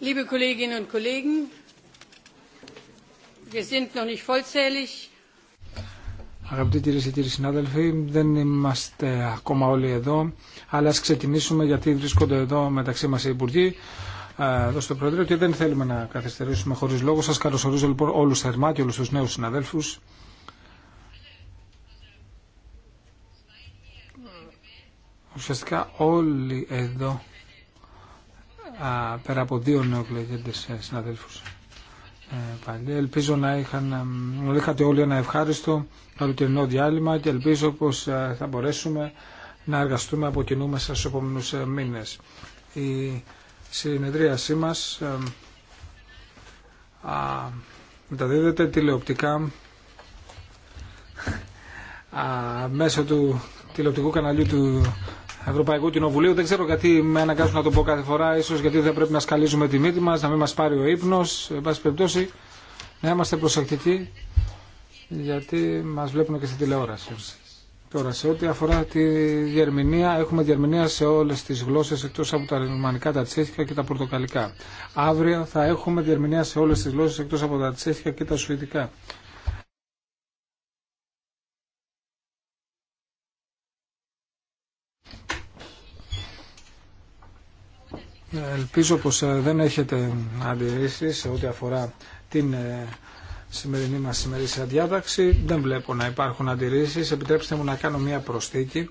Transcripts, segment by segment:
liebe Kolleginnen und Αγαπητοί κυρίε και κύριοι συνάδελφοι, δεν είμαστε ακόμα όλοι εδώ, αλλά ας ξεκινήσουμε γιατί βρίσκονται εδώ μεταξύ μας οι Υπουργοί ε, εδώ στο Προεδρείο και δεν θέλουμε να καθυστερήσουμε χωρίς λόγο. Σας καλωσορίζω λοιπόν όλους θερμά και όλους τους νέους συναδέλφους. Ουσιαστικά όλοι εδώ πέρα από δύο νεοκλεγέντες ε, συναδέλφους ε, πάλι. Ελπίζω να είχαν, ε, είχατε όλοι ένα ευχάριστο καλοκαιρινό διάλειμμα και ελπίζω πως θα μπορέσουμε να εργαστούμε από κοινού μέσα στους επόμενους μήνες. Η συνεδρίασή μας μεταδίδεται τηλεοπτικά μέσω του τηλεοπτικού καναλιού του Ευρωπαϊκού Κοινοβουλίου. Δεν ξέρω γιατί με αναγκάζουν να το πω κάθε φορά, ίσω γιατί δεν πρέπει να σκαλίζουμε τη μύτη μα, να μην μα πάρει ο ύπνο. Εν πάση περιπτώσει, να είμαστε προσεκτικοί, γιατί μα βλέπουν και στη τηλεόραση. Τώρα, σε ό,τι αφορά τη διερμηνία, έχουμε διερμηνία σε όλε τι γλώσσε εκτό από τα ρουμανικά, τα τσέχικα και τα πορτοκαλικά. Αύριο θα έχουμε διερμηνία σε όλε τι γλώσσε εκτό από τα τσέχικα και τα σουηδικά. Ελπίζω πως ε, δεν έχετε αντιρρήσει σε ό,τι αφορά την ε, σημερινή μας σημερινή διάταξη. Δεν βλέπω να υπάρχουν αντιρρήσεις. Επιτρέψτε μου να κάνω μία προσθήκη.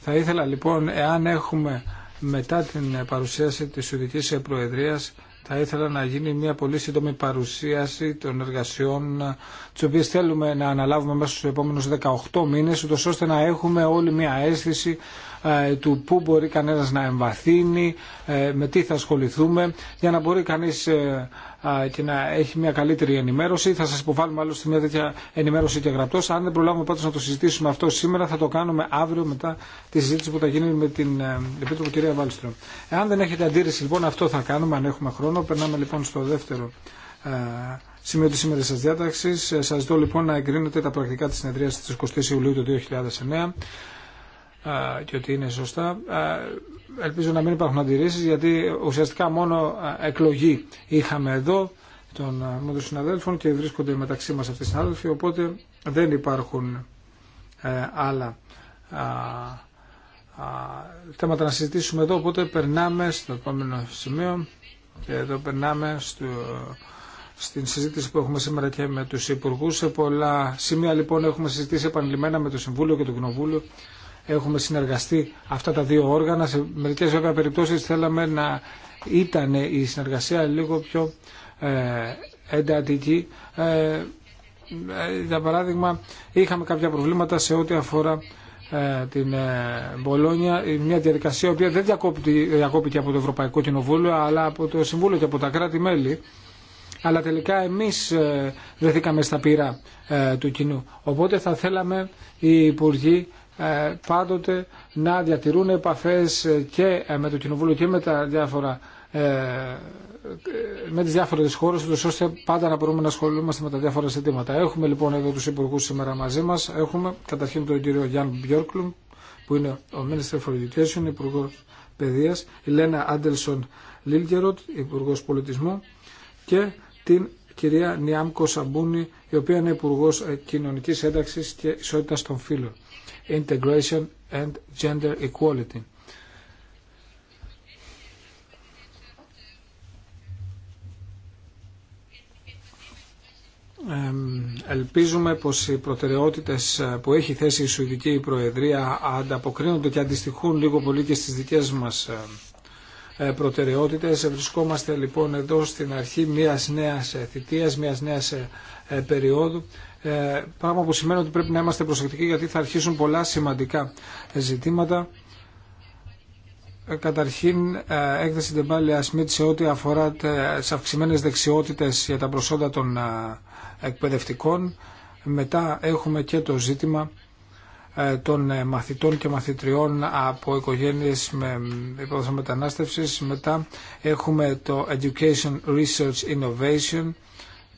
Θα ήθελα λοιπόν, εάν έχουμε μετά την παρουσίαση της Σουδικής Προεδρίας, θα ήθελα να γίνει μια πολύ σύντομη παρουσίαση των εργασιών ε, τις οποίες θέλουμε να αναλάβουμε μέσα στους επόμενους 18 μήνες, ούτως ώστε να έχουμε όλη μια αίσθηση ε, του πού μπορεί κανένας να εμβαθύνει, ε, με τι θα ασχοληθούμε, για να μπορεί κανείς ε, και να έχει μια καλύτερη ενημέρωση. Θα σας υποβάλουμε άλλωστε μια τέτοια ενημέρωση και γραπτός. Αν δεν προλάβουμε πάντως να το συζητήσουμε αυτό σήμερα, θα το κάνουμε αύριο μετά τη συζήτηση που θα γίνει με την Επίτροπο κυρία Βάλστρο. Αν δεν έχετε αντίρρηση λοιπόν αυτό θα κάνουμε αν έχουμε χρόνο. Περνάμε λοιπόν στο δεύτερο σημείο τη σήμερα σα διάταξη. Σα ζητώ λοιπόν να εγκρίνετε τα πρακτικά τη συνεδρία τη 20 Ιουλίου του 2009 και ότι είναι σωστά. Ελπίζω να μην υπάρχουν αντιρρήσεις γιατί ουσιαστικά μόνο εκλογή είχαμε εδώ των αρμόδιων συναδέλφων και βρίσκονται μεταξύ μας αυτοί οι συνάδελφοι οπότε δεν υπάρχουν ε, άλλα θέματα να συζητήσουμε εδώ οπότε περνάμε στο επόμενο σημείο και εδώ περνάμε στο, στην συζήτηση που έχουμε σήμερα και με τους υπουργούς σε πολλά σημεία λοιπόν έχουμε συζητήσει επανειλημμένα με το Συμβούλιο και το Κοινοβούλιο έχουμε συνεργαστεί αυτά τα δύο όργανα. Σε μερικές βέβαια περιπτώσεις θέλαμε να ήταν η συνεργασία λίγο πιο ε, εντατική. Ε, ε, για παράδειγμα, είχαμε κάποια προβλήματα σε ό,τι αφορά την Μπολόνια, μια διαδικασία η οποία δεν διακόπηκε από το Ευρωπαϊκό Κοινοβούλιο, αλλά από το Συμβούλιο και από τα κράτη-μέλη. Αλλά τελικά εμείς βρεθήκαμε στα πύρα του κοινού. Οπότε θα θέλαμε οι Υπουργοί ε, πάντοτε να διατηρούν επαφές ε, και ε, με το Κοινοβούλιο και με τα διάφορα με τις διάφορες χώρες ώστε πάντα να μπορούμε να ασχολούμαστε με τα διάφορα ζητήματα. Έχουμε λοιπόν εδώ τους υπουργού σήμερα μαζί μας. Έχουμε καταρχήν τον κύριο Γιάνν Μπιόρκλουμ που είναι ο Minister for Education, υπουργό Παιδείας, η Λένα Άντελσον Λίλκεροτ, υπουργό Πολιτισμού και την κυρία Νιάμκο Σαμπούνη, η οποία είναι υπουργό Κοινωνικής Ένταξης και Ισότητας των Φύλων integration and gender equality. Ελπίζουμε πως οι προτεραιότητες ε, που έχει θέσει η Σουηδική Προεδρία ανταποκρίνονται και αντιστοιχούν λίγο πολύ και στις δικές μας ε, ε, προτεραιότητες. Βρισκόμαστε λοιπόν εδώ στην αρχή μιας νέας θητείας, μιας νέας περίοδου ε, πράγμα που σημαίνει ότι πρέπει να είμαστε προσεκτικοί γιατί θα αρχίσουν πολλά σημαντικά ζητήματα. Ε, καταρχήν, ε, έκθεση Ντεμπάλια Σμιτ σε ό,τι αφορά τι αυξημένε δεξιότητε για τα προσόντα των εκπαιδευτικών. Μετά έχουμε και το ζήτημα των μαθητών και μαθητριών από οικογένειες με υπόθεση μετανάστευσης. Μετά έχουμε το Education Research Innovation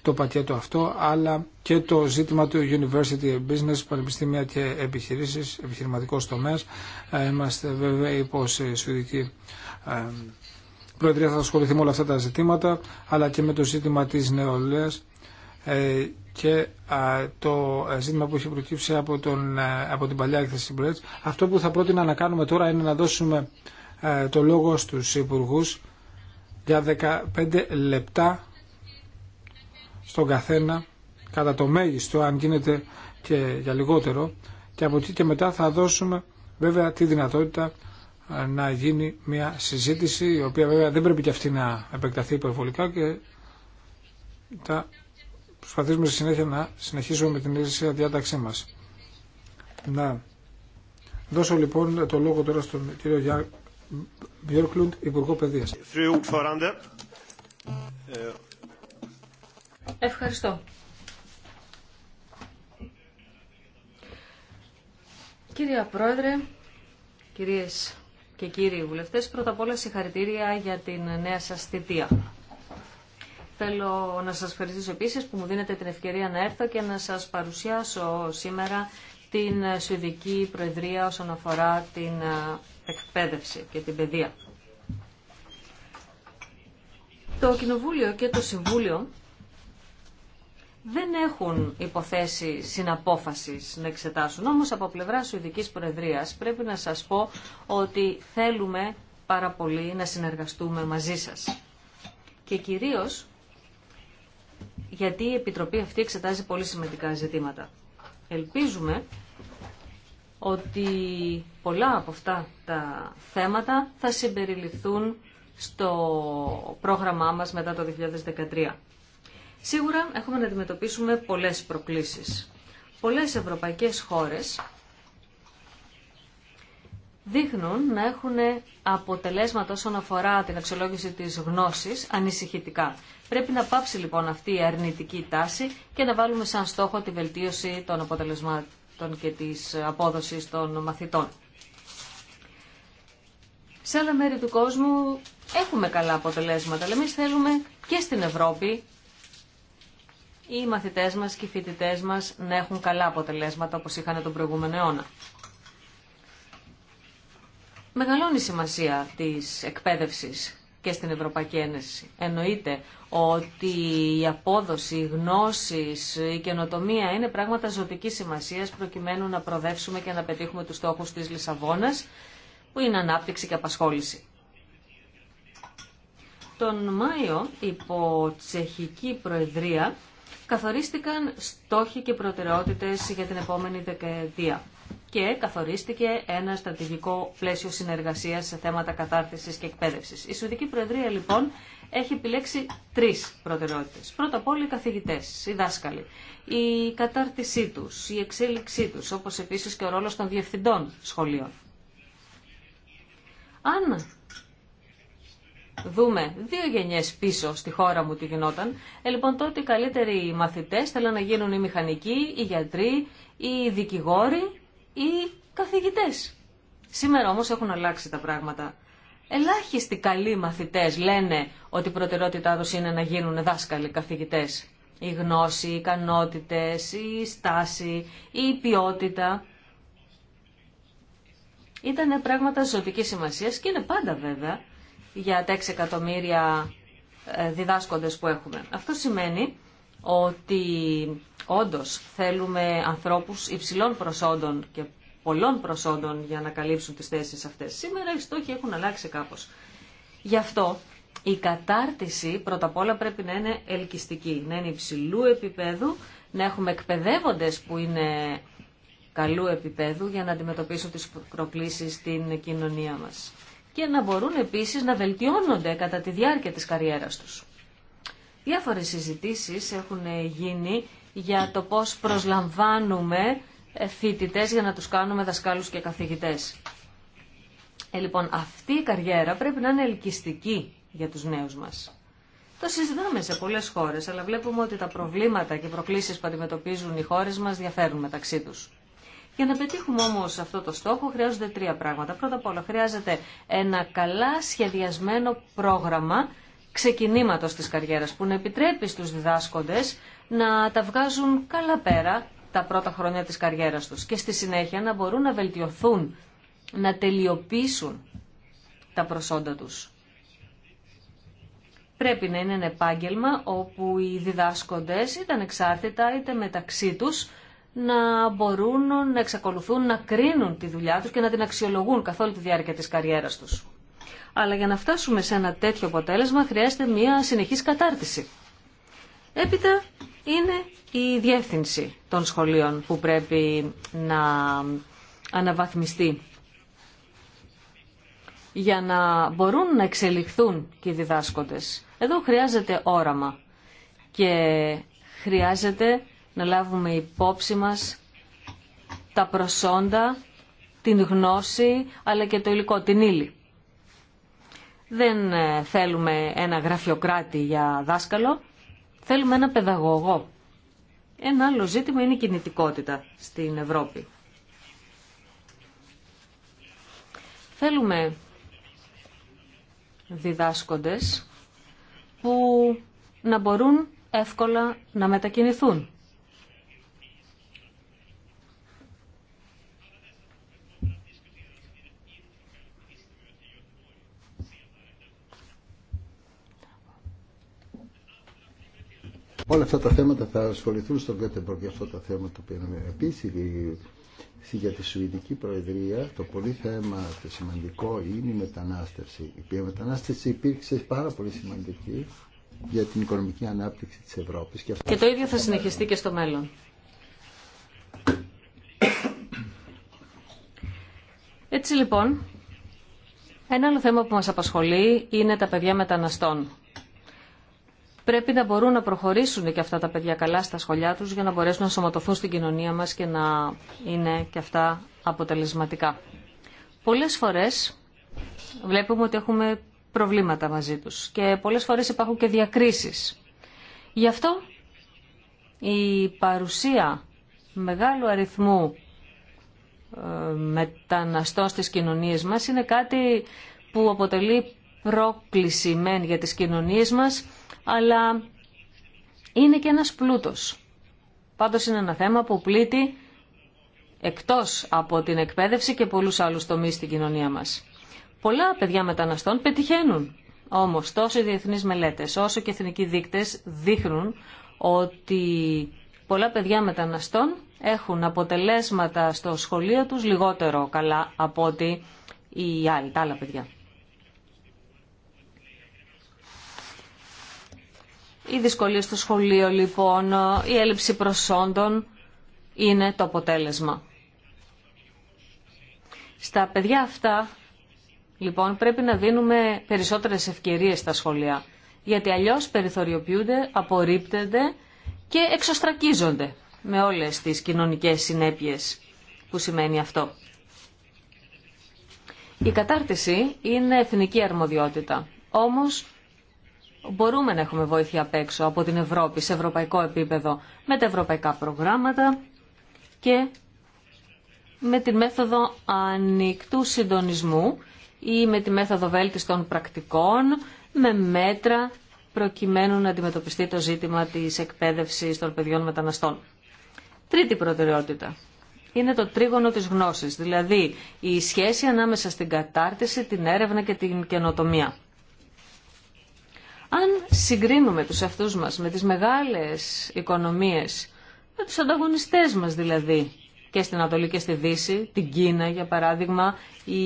το πακέτο αυτό, αλλά και το ζήτημα του University of Business, Πανεπιστήμια και Επιχειρήσεις, επιχειρηματικός τομέας. Ε, είμαστε βέβαια πως η Σουηδική ε, Προεδρία θα ασχοληθεί με όλα αυτά τα ζητήματα, αλλά και με το ζήτημα της νεολαίας ε, και το ζήτημα που έχει προκύψει από, τον, από την παλιά έκθεση Αυτό που θα πρότεινα να κάνουμε τώρα είναι να δώσουμε το λόγο στους υπουργούς για 15 λεπτά στον καθένα κατά το μέγιστο, αν γίνεται και για λιγότερο, και από εκεί και μετά θα δώσουμε βέβαια τη δυνατότητα ε, να γίνει μια συζήτηση, η οποία βέβαια δεν πρέπει και αυτή να επεκταθεί υπερβολικά και θα προσπαθήσουμε στη συνέχεια να συνεχίσουμε με την ίδια διάταξή μας. Να δώσω λοιπόν το λόγο τώρα στον κύριο Μπιόρκλουντ, Υπουργό Παιδείας. Ευχαριστώ. Κυρία Πρόεδρε, κυρίες και κύριοι βουλευτές, πρώτα απ' όλα συγχαρητήρια για την νέα σας θητεία. Θέλω να σας ευχαριστήσω επίσης που μου δίνετε την ευκαιρία να έρθω και να σας παρουσιάσω σήμερα την Σουηδική Προεδρία όσον αφορά την εκπαίδευση και την παιδεία. Το Κοινοβούλιο και το Συμβούλιο δεν έχουν υποθέσει συναπόφασης να εξετάσουν. Όμως από πλευρά ειδική Προεδρίας πρέπει να σας πω ότι θέλουμε πάρα πολύ να συνεργαστούμε μαζί σας. Και κυρίω γιατί η Επιτροπή αυτή εξετάζει πολύ σημαντικά ζητήματα. Ελπίζουμε ότι πολλά από αυτά τα θέματα θα συμπεριληφθούν στο πρόγραμμά μας μετά το 2013. Σίγουρα έχουμε να αντιμετωπίσουμε πολλές προκλήσεις. Πολλές ευρωπαϊκές χώρες δείχνουν να έχουν αποτελέσματα όσον αφορά την αξιολόγηση της γνώσης ανησυχητικά. Πρέπει να πάψει λοιπόν αυτή η αρνητική τάση και να βάλουμε σαν στόχο τη βελτίωση των αποτελεσμάτων και της απόδοσης των μαθητών. Σε άλλα μέρη του κόσμου έχουμε καλά αποτελέσματα, αλλά εμεί θέλουμε και στην Ευρώπη οι μαθητές μας και οι φοιτητέ μας να έχουν καλά αποτελέσματα όπως είχαν τον προηγούμενο αιώνα. Μεγαλώνει η σημασία της εκπαίδευση και στην Ευρωπαϊκή Ένωση. Εννοείται ότι η απόδοση, οι γνώσεις, η καινοτομία είναι πράγματα ζωτικής σημασίας προκειμένου να προδεύσουμε και να πετύχουμε τους στόχους της Λισαβόνα που είναι ανάπτυξη και απασχόληση. Τον Μάιο, υπό τσεχική προεδρία, καθορίστηκαν στόχοι και προτεραιότητες για την επόμενη δεκαετία και καθορίστηκε ένα στρατηγικό πλαίσιο συνεργασίας σε θέματα κατάρτισης και εκπαίδευσης. Η Σουηδική Προεδρία λοιπόν έχει επιλέξει τρεις προτεραιότητες. Πρώτα απ' όλα οι καθηγητές, οι δάσκαλοι, η κατάρτισή τους, η εξέλιξή τους, όπως επίσης και ο ρόλος των διευθυντών σχολείων. Αν δούμε δύο γενιές πίσω στη χώρα μου τι γινόταν, ε, λοιπόν τότε οι καλύτεροι μαθητές θέλαν να γίνουν οι μηχανικοί, οι γιατροί, οι δικηγόροι, οι καθηγητές. Σήμερα όμως έχουν αλλάξει τα πράγματα. Ελάχιστοι καλοί μαθητές λένε ότι η προτεραιότητά του είναι να γίνουν δάσκαλοι καθηγητές. Η γνώση, οι ικανότητες, η στάση, η ποιότητα. Ήταν πράγματα ζωτική σημασία και είναι πάντα βέβαια για τα 6 εκατομμύρια ε, διδάσκοντες που έχουμε. Αυτό σημαίνει ότι όντως θέλουμε ανθρώπους υψηλών προσόντων και πολλών προσόντων για να καλύψουν τις θέσεις αυτές. Σήμερα οι στόχοι έχουν αλλάξει κάπως. Γι' αυτό η κατάρτιση πρώτα απ' όλα πρέπει να είναι ελκυστική, να είναι υψηλού επίπεδου, να έχουμε εκπαιδεύοντες που είναι καλού επίπεδου για να αντιμετωπίσουν τις προκλήσεις στην κοινωνία μας και να μπορούν επίσης να βελτιώνονται κατά τη διάρκεια της καριέρας τους. Διάφορες συζητήσεις έχουν γίνει για το πώς προσλαμβάνουμε φοιτητέ για να τους κάνουμε δασκάλους και καθηγητές. Ε, λοιπόν, αυτή η καριέρα πρέπει να είναι ελκυστική για τους νέους μας. Το συζητάμε σε πολλές χώρες, αλλά βλέπουμε ότι τα προβλήματα και προκλήσεις που αντιμετωπίζουν οι χώρες μας διαφέρουν μεταξύ τους. Για να πετύχουμε όμω αυτό το στόχο χρειάζονται τρία πράγματα. Πρώτα απ' όλα χρειάζεται ένα καλά σχεδιασμένο πρόγραμμα ξεκινήματο της καριέρας που να επιτρέπει στους διδάσκοντες να τα βγάζουν καλά πέρα τα πρώτα χρόνια της καριέρας τους και στη συνέχεια να μπορούν να βελτιωθούν, να τελειοποιήσουν τα προσόντα τους. Πρέπει να είναι ένα επάγγελμα όπου οι διδάσκοντες ήταν εξάρτητα είτε μεταξύ τους να μπορούν να εξακολουθούν να κρίνουν τη δουλειά τους και να την αξιολογούν καθ' όλη τη διάρκεια της καριέρας τους. Αλλά για να φτάσουμε σε ένα τέτοιο αποτέλεσμα χρειάζεται μια συνεχής κατάρτιση. Έπειτα είναι η διεύθυνση των σχολείων που πρέπει να αναβαθμιστεί για να μπορούν να εξελιχθούν και οι διδάσκοντες. Εδώ χρειάζεται όραμα και χρειάζεται να λάβουμε υπόψη μας τα προσόντα, την γνώση, αλλά και το υλικό, την ύλη. Δεν ε, θέλουμε ένα γραφειοκράτη για δάσκαλο, θέλουμε ένα παιδαγωγό. Ένα άλλο ζήτημα είναι η κινητικότητα στην Ευρώπη. Θέλουμε διδάσκοντες που να μπορούν εύκολα να μετακινηθούν. Όλα αυτά τα θέματα θα ασχοληθούν στον για και αυτά τα θέματα που είναι Επίση, για τη Σουηδική Προεδρία το πολύ θέμα, το σημαντικό είναι η μετανάστευση. Η μετανάστευση υπήρξε πάρα πολύ σημαντική για την οικονομική ανάπτυξη της Ευρώπης. Και, και το ίδιο θα συνεχιστεί και στο μέλλον. Έτσι λοιπόν, ένα άλλο θέμα που μας απασχολεί είναι τα παιδιά μεταναστών πρέπει να μπορούν να προχωρήσουν και αυτά τα παιδιά καλά στα σχολιά τους για να μπορέσουν να σωματωθούν στην κοινωνία μας και να είναι και αυτά αποτελεσματικά. Πολλές φορές βλέπουμε ότι έχουμε προβλήματα μαζί τους και πολλές φορές υπάρχουν και διακρίσεις. Γι' αυτό η παρουσία μεγάλου αριθμού ε, μεταναστών στις κοινωνίες μας είναι κάτι που αποτελεί πρόκληση μεν για τις κοινωνίες μας αλλά είναι και ένας πλούτος. Πάντως είναι ένα θέμα που πλήττει εκτός από την εκπαίδευση και πολλούς άλλους τομείς στην κοινωνία μας. Πολλά παιδιά μεταναστών πετυχαίνουν. Όμως τόσο οι διεθνείς μελέτες όσο και εθνικοί δείκτες δείχνουν ότι πολλά παιδιά μεταναστών έχουν αποτελέσματα στο σχολείο τους λιγότερο καλά από ότι οι άλλοι, άλλα παιδιά. η δυσκολία στο σχολείο λοιπόν, η έλλειψη προσόντων είναι το αποτέλεσμα. Στα παιδιά αυτά λοιπόν πρέπει να δίνουμε περισσότερες ευκαιρίες στα σχολεία γιατί αλλιώς περιθωριοποιούνται, απορρίπτονται και εξωστρακίζονται με όλες τις κοινωνικές συνέπειες που σημαίνει αυτό. Η κατάρτιση είναι εθνική αρμοδιότητα, όμως μπορούμε να έχουμε βοήθεια απ' έξω από την Ευρώπη σε ευρωπαϊκό επίπεδο με τα ευρωπαϊκά προγράμματα και με τη μέθοδο ανοιχτού συντονισμού ή με τη μέθοδο βέλτιστων πρακτικών με μέτρα προκειμένου να αντιμετωπιστεί το ζήτημα της εκπαίδευσης των παιδιών μεταναστών. Τρίτη προτεραιότητα είναι το τρίγωνο της γνώσης, δηλαδή η σχέση ανάμεσα στην κατάρτιση, την έρευνα και την καινοτομία. Αν συγκρίνουμε τους αυτούς μας με τις μεγάλες οικονομίες, με τους ανταγωνιστές μας δηλαδή, και στην Ανατολή και στη Δύση, την Κίνα για παράδειγμα, ή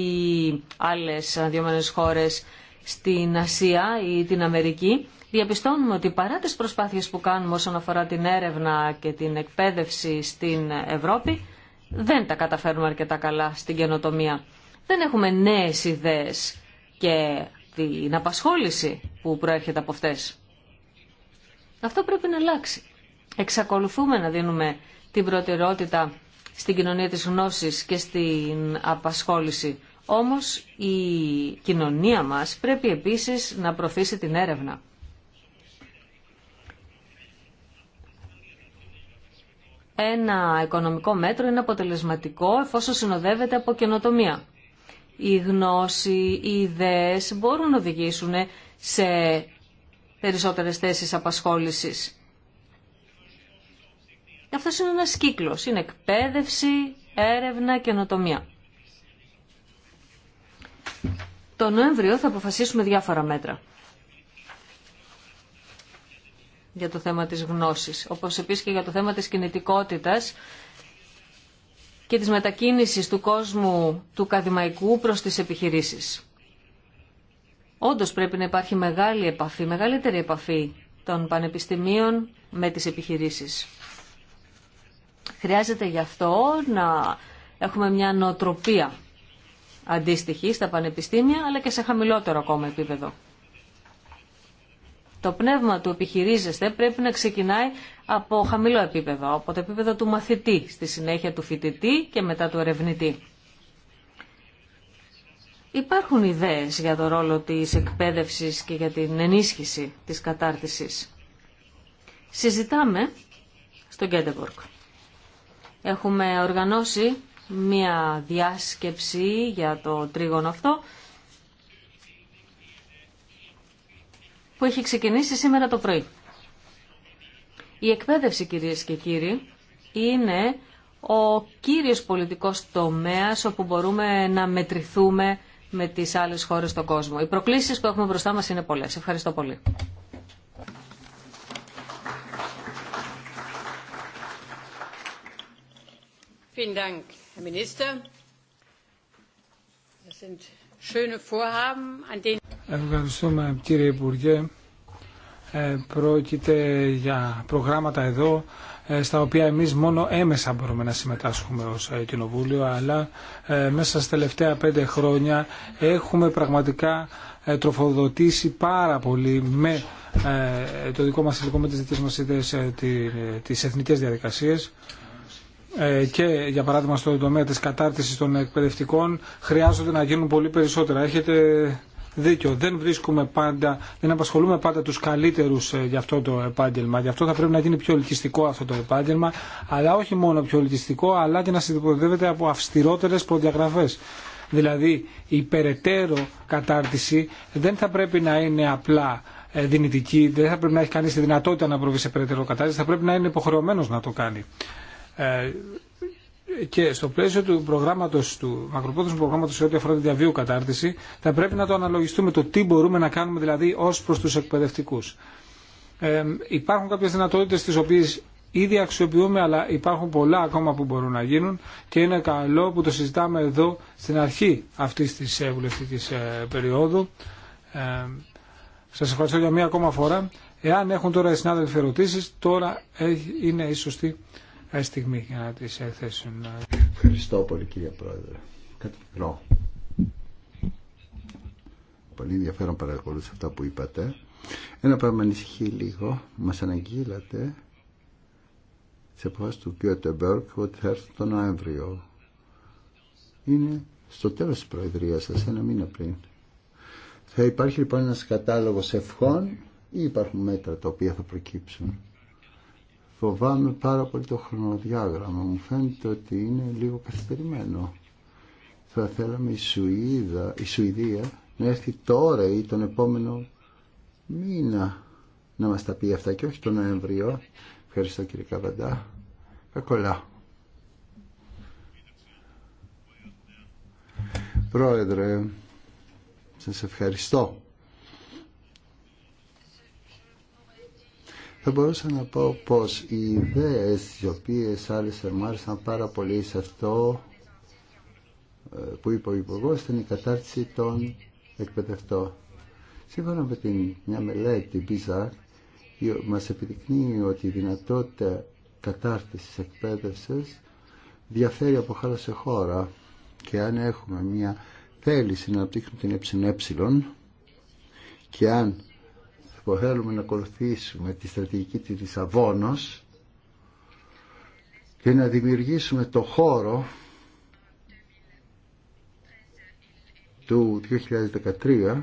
άλλες αναδυόμενες χώρες στην Ασία ή την Αμερική, διαπιστώνουμε ότι παρά τις προσπάθειες που κάνουμε όσον αφορά την έρευνα και την εκπαίδευση στην Ευρώπη, δεν τα καταφέρουμε αρκετά καλά στην καινοτομία. Δεν έχουμε νέες ιδέες και την απασχόληση που προέρχεται από αυτές. Αυτό πρέπει να αλλάξει. Εξακολουθούμε να δίνουμε την προτεραιότητα στην κοινωνία της γνώσης και στην απασχόληση. Όμως η κοινωνία μας πρέπει επίσης να προωθήσει την έρευνα. Ένα οικονομικό μέτρο είναι αποτελεσματικό εφόσον συνοδεύεται από καινοτομία η γνώση, οι ιδέες μπορούν να οδηγήσουν σε περισσότερες θέσεις απασχόλησης. Αυτός είναι ένας κύκλος. Είναι εκπαίδευση, έρευνα, καινοτομία. Το Νοέμβριο θα αποφασίσουμε διάφορα μέτρα για το θέμα της γνώσης, όπως επίσης και για το θέμα της κινητικότητας και της μετακίνησης του κόσμου του καδημαϊκού προς τις επιχειρήσεις. Όντως πρέπει να υπάρχει μεγάλη επαφή, μεγαλύτερη επαφή των πανεπιστημίων με τις επιχειρήσεις. Χρειάζεται γι' αυτό να έχουμε μια νοοτροπία αντίστοιχη στα πανεπιστήμια, αλλά και σε χαμηλότερο ακόμα επίπεδο το πνεύμα του επιχειρίζεστε πρέπει να ξεκινάει από χαμηλό επίπεδο, από το επίπεδο του μαθητή, στη συνέχεια του φοιτητή και μετά του ερευνητή. Υπάρχουν ιδέες για το ρόλο της εκπαίδευσης και για την ενίσχυση της κατάρτισης. Συζητάμε στο Γκέντεμπορκ. Έχουμε οργανώσει μία διάσκεψη για το τρίγωνο αυτό που έχει ξεκινήσει σήμερα το πρωί. Η εκπαίδευση, κυρίες και κύριοι, είναι ο κύριος πολιτικός τομέας όπου μπορούμε να μετρηθούμε με τις άλλες χώρες στον κόσμο. Οι προκλήσεις που έχουμε μπροστά μας είναι πολλές. Ευχαριστώ πολύ. Ευχαριστούμε κύριε Υπουργέ. Ε, πρόκειται για προγράμματα εδώ ε, στα οποία εμείς μόνο έμεσα μπορούμε να συμμετάσχουμε ως ε, Κοινοβούλιο, αλλά ε, μέσα στα τελευταία πέντε χρόνια έχουμε πραγματικά τροφοδοτήσει πάρα πολύ με το δικό μας ειδικό με τις δικές μας ιδέες, τις εθνικές διαδικασίες και για παράδειγμα στον τομέα της κατάρτισης των εκπαιδευτικών χρειάζονται να γίνουν πολύ περισσότερα. Έχετε δίκιο. Δεν βρίσκουμε πάντα, δεν απασχολούμε πάντα τους καλύτερους ε, για αυτό το επάγγελμα. Γι' αυτό θα πρέπει να γίνει πιο ελκυστικό αυτό το επάγγελμα, αλλά όχι μόνο πιο ελκυστικό, αλλά και να συνδυοδεύεται από αυστηρότερε προδιαγραφέ. Δηλαδή η περαιτέρω κατάρτιση δεν θα πρέπει να είναι απλά ε, δυνητική, δεν θα πρέπει να έχει κανεί τη δυνατότητα να προβεί σε περαιτέρω κατάρτιση, θα πρέπει να είναι υποχρεωμένο να το κάνει. Ε, και στο πλαίσιο του προγράμματος του μακροπρόθεσμου προγράμματος σε ό,τι αφορά τη διαβίου κατάρτιση θα πρέπει να το αναλογιστούμε το τι μπορούμε να κάνουμε δηλαδή ω προ του εκπαιδευτικού. Ε, υπάρχουν κάποιε δυνατότητε τι οποίε ήδη αξιοποιούμε αλλά υπάρχουν πολλά ακόμα που μπορούν να γίνουν και είναι καλό που το συζητάμε εδώ στην αρχή αυτής της ε, ε περίοδου. Ε, σας ευχαριστώ για μία ακόμα φορά. Εάν έχουν τώρα οι συνάδελφοι ερωτήσει, τώρα είναι η σωστή στιγμή για να τις έθεσουν. Ευχαριστώ πολύ κύριε Πρόεδρε. Κάτι Πολύ ενδιαφέρον παρακολούθησα αυτά που είπατε. Ένα πράγμα ανησυχεί λίγο. Μας αναγγείλατε σε αποφάσεις του Κιωτεμπερκ ότι θα έρθει τον Νοέμβριο. Είναι στο τέλος της Προεδρίας σας, ένα μήνα πριν. Θα υπάρχει λοιπόν ένας κατάλογος ευχών ή υπάρχουν μέτρα τα οποία θα προκύψουν. Φοβάμαι πάρα πολύ το χρονοδιάγραμμα. Μου φαίνεται ότι είναι λίγο καθυστερημένο. Θα θέλαμε η, η Σουηδία να έρθει τώρα ή τον επόμενο μήνα να μας τα πει αυτά και όχι τον Νοέμβριο. Ευχαριστώ κύριε Καβαντά. Κακολά. Πρόεδρε, σας ευχαριστώ. θα μπορούσα να πω πως οι ιδέες τις οποίες άλλωστε μου πάρα πολύ σε αυτό ε, που είπε ο υπουργό ήταν η κατάρτιση των εκπαιδευτών. Σύμφωνα με την, μια μελέτη πίζα, μας επιδεικνύει ότι η δυνατότητα κατάρτισης εκπαίδευσης διαφέρει από χώρα σε χώρα και αν έχουμε μια θέληση να αναπτύξουμε την ΕΕ και αν που θέλουμε να ακολουθήσουμε τη στρατηγική της Λισαβόνος και να δημιουργήσουμε το χώρο του 2013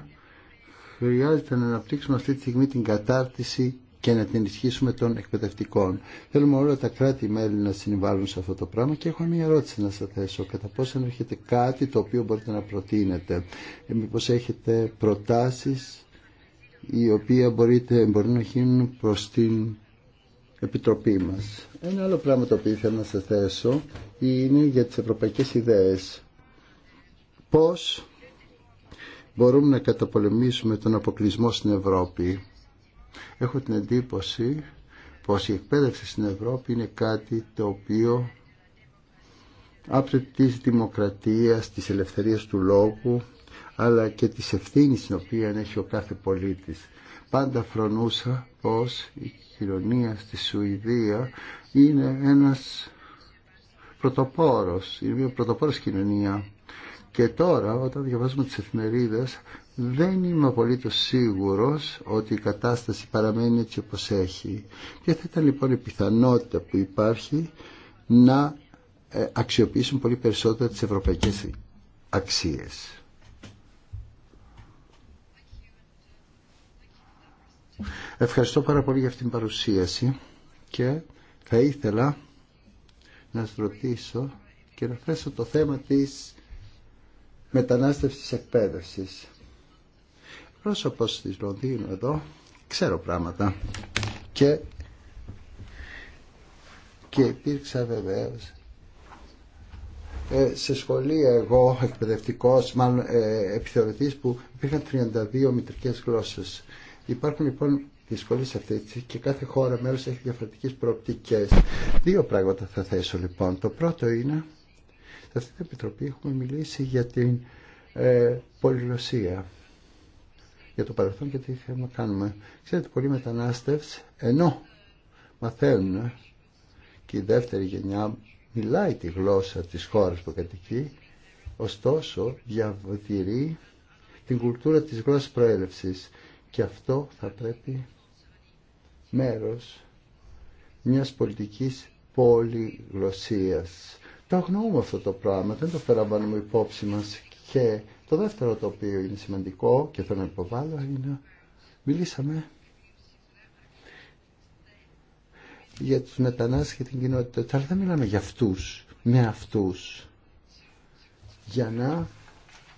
χρειάζεται να αναπτύξουμε αυτή τη στιγμή την κατάρτιση και να την ενισχύσουμε των εκπαιδευτικών. Θέλουμε όλα τα κράτη-μέλη να συμβάλλουν σε αυτό το πράγμα και έχω μια ερώτηση να σας θέσω. Κατά πόσο έρχεται κάτι το οποίο μπορείτε να προτείνετε. Ε, μήπως έχετε προτάσεις η οποία μπορείτε, μπορεί να γίνουν προς την Επιτροπή μας. Ένα άλλο πράγμα το οποίο ήθελα να σας θέσω είναι για τις ευρωπαϊκές ιδέες. Πώς μπορούμε να καταπολεμήσουμε τον αποκλεισμό στην Ευρώπη. Έχω την εντύπωση πως η εκπαίδευση στην Ευρώπη είναι κάτι το οποίο άπτεται της δημοκρατίας, της ελευθερίας του λόγου αλλά και της ευθύνης την οποία έχει ο κάθε πολίτης. Πάντα φρονούσα πως η κοινωνία στη Σουηδία είναι ένας πρωτοπόρος, είναι μια πρωτοπόρος κοινωνία. Και τώρα όταν διαβάζουμε τις εφημερίδες δεν είμαι απολύτω σίγουρος ότι η κατάσταση παραμένει έτσι όπως έχει. Και θα ήταν λοιπόν η πιθανότητα που υπάρχει να ε, αξιοποιήσουν πολύ περισσότερο τις ευρωπαϊκές αξίες. Ευχαριστώ πάρα πολύ για αυτήν την παρουσίαση και θα ήθελα να σας ρωτήσω και να θέσω το θέμα της μετανάστευσης εκπαίδευσης. Πρόσωπος της Λονδίνου εδώ, ξέρω πράγματα και, και υπήρξα βεβαίως ε, σε σχολεία εγώ εκπαιδευτικός, μάλλον ε, επιθεωρητής που υπήρχαν 32 μητρικές γλώσσες. Υπάρχουν λοιπόν δυσκολίε αυτές και κάθε χώρα μέλος έχει διαφορετικέ προοπτικές. Δύο πράγματα θα θέσω λοιπόν. Το πρώτο είναι, σε αυτή την Επιτροπή έχουμε μιλήσει για την ε, για το παρελθόν και τι θέλουμε να κάνουμε. Ξέρετε, πολλοί μετανάστευς, ενώ μαθαίνουν και η δεύτερη γενιά μιλάει τη γλώσσα τη χώρα που κατοικεί, ωστόσο διαβοτηρεί την κουλτούρα της γλώσσας προέλευσης και αυτό θα πρέπει μέρος μιας πολιτικής πολυγλωσσίας. Το αγνοούμε αυτό το πράγμα, δεν το περαμβάνουμε υπόψη μας και το δεύτερο το οποίο είναι σημαντικό και θέλω να υποβάλω είναι μιλήσαμε για τους μετανάστες και την κοινότητα. Αλλά δεν μιλάμε για αυτούς, με αυτούς. Για να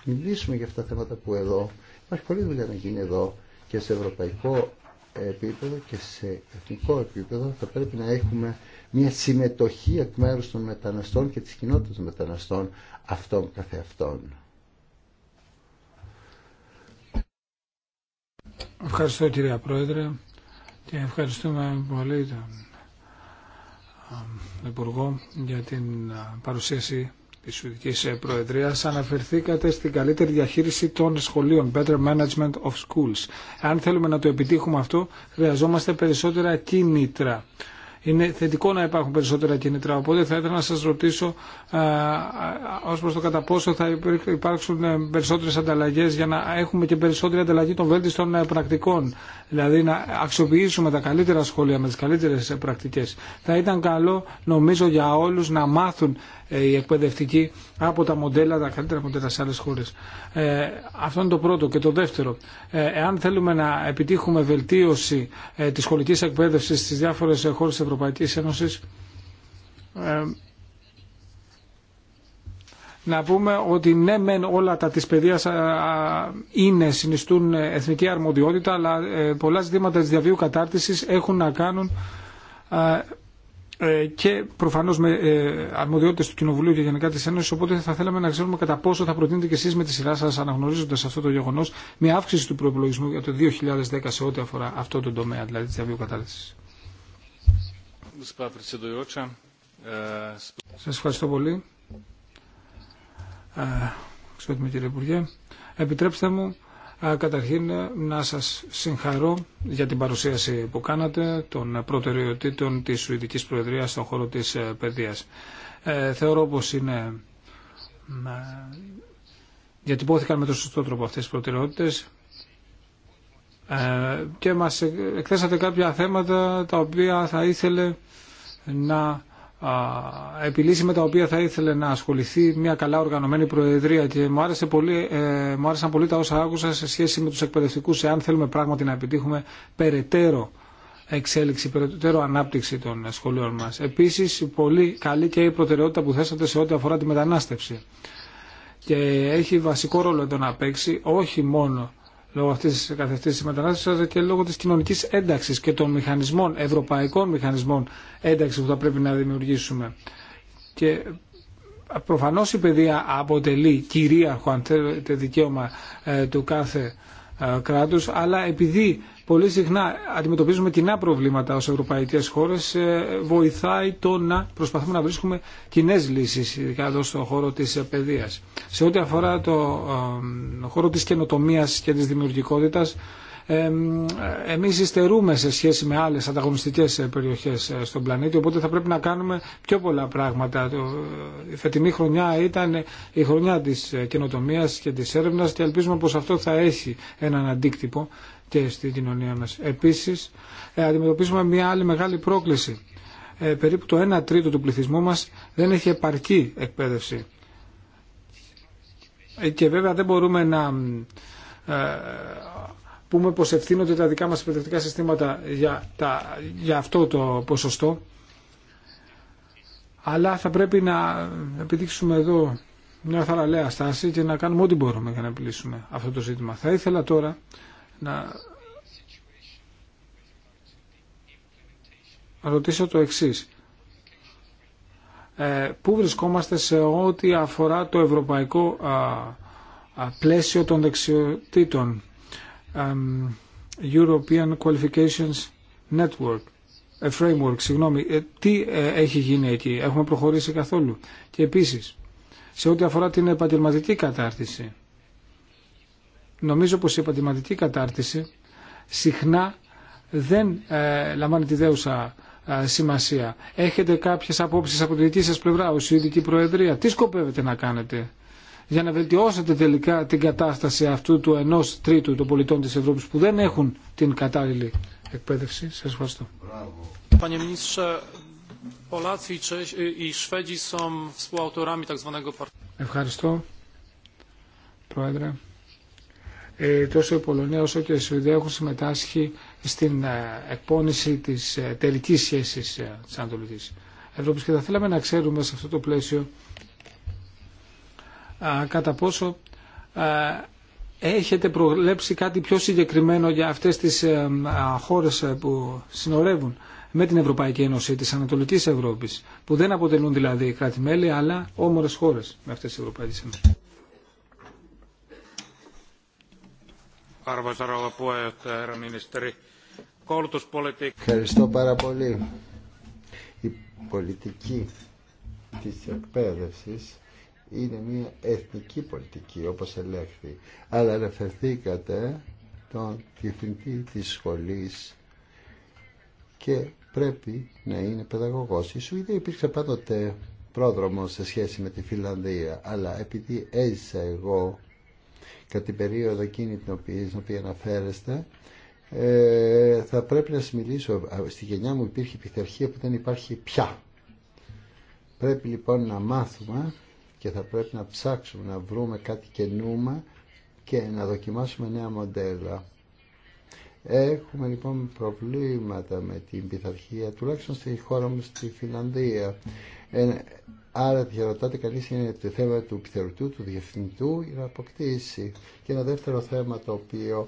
μιλήσουμε για αυτά τα θέματα που εδώ. Υπάρχει πολλή δουλειά να γίνει εδώ και σε ευρωπαϊκό επίπεδο και σε εθνικό επίπεδο θα πρέπει να έχουμε μια συμμετοχή εκ μέρου των μεταναστών και της κοινότητας των μεταναστών αυτών καθεαυτών. Ευχαριστώ κυρία Πρόεδρε και ευχαριστούμε πολύ τον Υπουργό για την παρουσίαση της Σουηδικής ε, προεδρία, αναφερθήκατε στην καλύτερη διαχείριση των σχολείων, better management of schools. Αν θέλουμε να το επιτύχουμε αυτό, χρειαζόμαστε περισσότερα κίνητρα. Είναι θετικό να υπάρχουν περισσότερα κίνητρα, οπότε θα ήθελα να σας ρωτήσω ως προς το κατά πόσο θα υπάρξουν ε, περισσότερες ανταλλαγές για να έχουμε και περισσότερη ανταλλαγή των βέλτιστων ε, πρακτικών δηλαδή να αξιοποιήσουμε τα καλύτερα σχόλια με τις καλύτερες πρακτικές. Θα ήταν καλό νομίζω για όλους να μάθουν ε, οι εκπαιδευτικοί από τα μοντέλα, τα καλύτερα μοντέλα σε άλλες χώρες. Ε, αυτό είναι το πρώτο. Και το δεύτερο, ε, εάν θέλουμε να επιτύχουμε βελτίωση ε, της σχολικής εκπαίδευσης στις διάφορες χώρες της Ευρωπαϊκής Ένωσης, να πούμε ότι ναι μεν όλα τα της παιδείας είναι, συνιστούν εθνική αρμοδιότητα, αλλά ε, πολλά ζητήματα της διαβίου κατάρτισης έχουν να κάνουν ε, και προφανώ με ε, αρμοδιότητε του Κοινοβουλίου και γενικά τη Ένωση. Οπότε θα θέλαμε να ξέρουμε κατά πόσο θα προτείνετε και εσεί με τη σειρά σα, αναγνωρίζοντα αυτό το γεγονό, μια αύξηση του προπολογισμού για το 2010 σε ό,τι αφορά αυτό το τομέα, δηλαδή τη διαβίου κατάρτισης. Σα ευχαριστώ πολύ με κύριε Υπουργέ, επιτρέψτε μου καταρχήν να σας συγχαρώ για την παρουσίαση που κάνατε των προτεραιοτήτων της Σουηδικής Προεδρίας στον χώρο της ε, παιδείας. Ε, θεωρώ πως είναι... Διατυπώθηκαν με τον σωστό τρόπο αυτές τις προτεραιότητες ε, και μας εκθέσατε κάποια θέματα τα οποία θα ήθελε να επιλύσει με τα οποία θα ήθελε να ασχοληθεί μια καλά οργανωμένη προεδρία και ε, μου, άρεσαν πολύ τα όσα άκουσα σε σχέση με τους εκπαιδευτικούς εάν θέλουμε πράγματι να επιτύχουμε περαιτέρω εξέλιξη, περαιτέρω ανάπτυξη των σχολείων μας. Επίσης, πολύ καλή και η προτεραιότητα που θέσατε σε ό,τι αφορά τη μετανάστευση. Και έχει βασικό ρόλο εδώ να παίξει όχι μόνο λόγω αυτή τη τη μετανάστευση, αλλά και λόγω τη κοινωνική ένταξη και των μηχανισμών, ευρωπαϊκών μηχανισμών ένταξη που θα πρέπει να δημιουργήσουμε. Και προφανώ η παιδεία αποτελεί κυρίαρχο, αν θέλετε, δικαίωμα ε, του κάθε ε, κράτους, αλλά επειδή πολύ συχνά αντιμετωπίζουμε κοινά προβλήματα ως ευρωπαϊκές χώρες, ε, βοηθάει το να προσπαθούμε να βρίσκουμε κοινέ λύσεις, ειδικά εδώ στον χώρο της παιδείας. Σε ό,τι αφορά το ε, ε, χώρο της καινοτομία και της δημιουργικότητας, εμείς υστερούμε σε σχέση με άλλες ανταγωνιστικές περιοχές στον πλανήτη, οπότε θα πρέπει να κάνουμε πιο πολλά πράγματα. Η φετινή χρονιά ήταν η χρονιά της καινοτομίας και της έρευνας και ελπίζουμε πως αυτό θα έχει έναν αντίκτυπο και στην κοινωνία μας. Επίσης, ε, αντιμετωπίζουμε μια άλλη μεγάλη πρόκληση. Ε, περίπου το 1 τρίτο του πληθυσμού μας δεν έχει επαρκή εκπαίδευση. Ε, και βέβαια δεν μπορούμε να πούμε πως ευθύνονται τα δικά μας εκπαιδευτικά συστήματα για, τα, για αυτό το ποσοστό. Αλλά θα πρέπει να επιδείξουμε εδώ μια θαραλέα στάση και να κάνουμε ό,τι μπορούμε για να επιλύσουμε αυτό το ζήτημα. Θα ήθελα τώρα να ρωτήσω το εξής. Ε, πού βρισκόμαστε σε ό,τι αφορά το ευρωπαϊκό α, πλαίσιο των δεξιοτήτων European Qualifications Network ε, framework, συγγνώμη, ε, τι ε, έχει γίνει εκεί, έχουμε προχωρήσει καθόλου. Και επίσης, σε ό,τι αφορά την επαγγελματική κατάρτιση, νομίζω πως η επαγγελματική κατάρτιση συχνά δεν ε, λαμβάνει τη δέουσα ε, σημασία. Έχετε κάποιες απόψεις από τη δική σας πλευρά ως ειδική προεδρία. Τι σκοπεύετε να κάνετε για να βελτιώσετε τελικά την κατάσταση αυτού του ενός τρίτου των πολιτών της Ευρώπης που δεν έχουν την κατάλληλη εκπαίδευση. Σας ευχαριστώ. Ευχαριστώ, Πρόεδρε. Ε, τόσο η Πολωνία όσο και η Σουηδία έχουν συμμετάσχει στην ε, εκπόνηση της ε, τελικής σχέσης της Ανατολικής Ευρώπης και θα θέλαμε να ξέρουμε σε αυτό το πλαίσιο κατά πόσο έχετε προβλέψει κάτι πιο συγκεκριμένο για αυτές τις χώρες που συνορεύουν με την Ευρωπαϊκή Ένωση της Ανατολικής Ευρώπης που δεν αποτελούν δηλαδή κράτη-μέλη αλλά όμορες χώρες με αυτές τις Ευρωπαϊκές Ένωσες. Ευχαριστώ πάρα πολύ. Η πολιτική της εκπαίδευσης είναι μια εθνική πολιτική, όπως ελέγχθη. Αλλά αναφερθήκατε τον διευθυντή της σχολής και πρέπει να είναι παιδαγωγός. Η Σουηδία υπήρξε πάντοτε πρόδρομο σε σχέση με τη Φιλανδία, αλλά επειδή έζησα εγώ κατά την περίοδο εκείνη την οποία, την οποία αναφέρεστε, ε, θα πρέπει να συμμιλήσω. Στη γενιά μου υπήρχε πειθαρχία που δεν υπάρχει πια. Πρέπει λοιπόν να μάθουμε και θα πρέπει να ψάξουμε να βρούμε κάτι καινούμα και να δοκιμάσουμε νέα μοντέλα. Έχουμε λοιπόν προβλήματα με την πειθαρχία, τουλάχιστον στη χώρα μου στη Φιλανδία. Ε, Άρα διαρωτάται κανείς είναι το θέμα του επιθεωρητού, του διευθυντού για να αποκτήσει. Και ένα δεύτερο θέμα το οποίο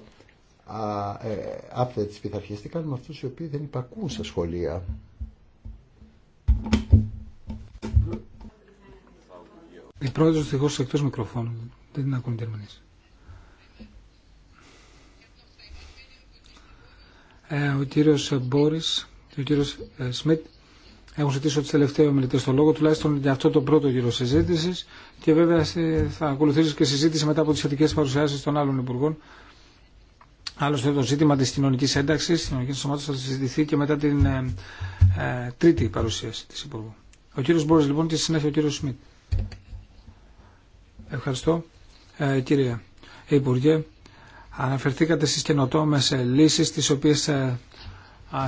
α, ε, άπτεται τις πειθαρχίες, τι κάνουμε αυτούς οι οποίοι δεν υπακούν στα σχολεία. Η πρόεδρος δυστυχώς εκτός μικροφώνου, δεν την ακούνε Ε, ο κύριος Μπόρις και ο κύριος ε, Σμιτ έχουν ζητήσει του τελευταίου ομιλητέ το λόγο, τουλάχιστον για αυτό το πρώτο γύρο συζήτηση. Και βέβαια θα ακολουθήσει και συζήτηση μετά από τι σχετικέ παρουσιάσει των άλλων υπουργών. Άλλωστε το ζήτημα τη κοινωνική ένταξη, τη κοινωνική σωμάτωση θα συζητηθεί και μετά την ε, ε, τρίτη παρουσίαση τη υπουργού. Ο κύριο Μπόρε λοιπόν και στη συνέχεια ο κύριο Σμιτ. Ευχαριστώ. Ε, κύριε Υπουργέ, αναφερθήκατε στι καινοτόμε λύσει τι οποίε. Ε,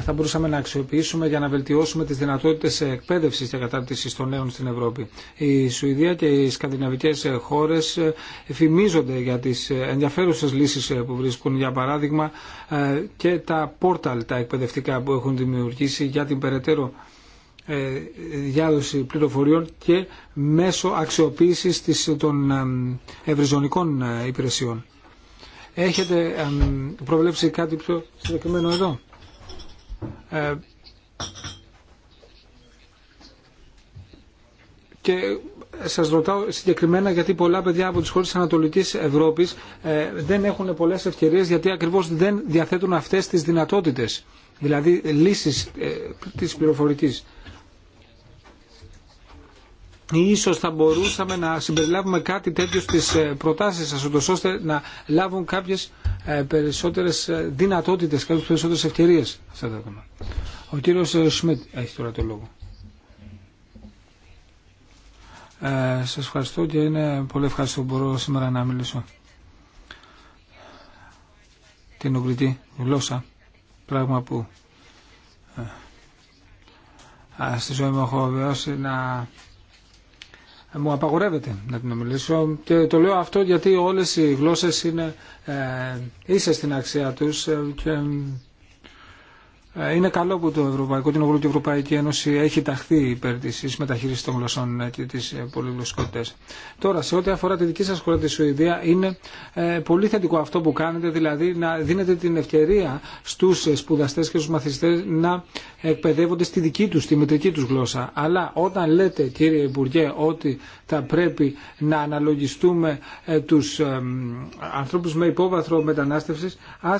θα μπορούσαμε να αξιοποιήσουμε για να βελτιώσουμε τις δυνατότητες εκπαίδευσης και κατάρτισης των νέων στην Ευρώπη. Η Σουηδία και οι Σκανδιναβικέ χώρες ε, φημίζονται για τις ενδιαφέρουσες λύσεις ε, που βρίσκουν, για παράδειγμα, ε, και τα πόρταλ τα εκπαιδευτικά που έχουν δημιουργήσει για την περαιτέρω διάδοση πληροφοριών και μέσω αξιοποίησης των ευρυζωνικών υπηρεσιών. Έχετε προβλέψει κάτι πιο συγκεκριμένο εδώ. Ε, και σας ρωτάω συγκεκριμένα γιατί πολλά παιδιά από τις χώρες της Ανατολικής Ευρώπης ε, δεν έχουν πολλές ευκαιρίες γιατί ακριβώς δεν διαθέτουν αυτές τις δυνατότητες, δηλαδή λύσεις ε, της πληροφορικής. Ίσως θα μπορούσαμε να συμπεριλάβουμε κάτι τέτοιο στις ε, προτάσεις σας, ώστε να λάβουν κάποιες ε, περισσότερες ε, δυνατότητες, κάποιες περισσότερες ευκαιρίες Ο κύριος Σμιτ έχει τώρα το λόγο. Ε, σας ευχαριστώ και είναι πολύ ευχαριστώ που μπορώ σήμερα να μιλήσω την ογκριτή γλώσσα, πράγμα που στη ζωή μου έχω βιώσει να μου απαγορεύεται να την ομιλήσω και το λέω αυτό γιατί όλες οι γλώσσες είναι ε, ίσες στην αξία τους ε, και ε, είναι καλό που το Ευρωπαϊκό Κοινοβούλιο και η Ευρωπαϊκή Ένωση έχει ταχθεί υπέρ τη μεταχείριση των γλωσσών ε, και τη ε, πολυγλωσσικότητα. Τώρα, σε ό,τι αφορά τη δική σα χώρα, τη Σουηδία, είναι πολύ θετικό αυτό που κάνετε, δηλαδή να δίνετε την ευκαιρία στου σπουδαστέ και στου μαθητέ να εκπαιδεύονται στη δική του, στη μητρική του γλώσσα. Αλλά όταν λέτε, κύριε Υπουργέ, ότι θα πρέπει να αναλογιστούμε του ανθρώπου με υπόβαθρο μετανάστευση, α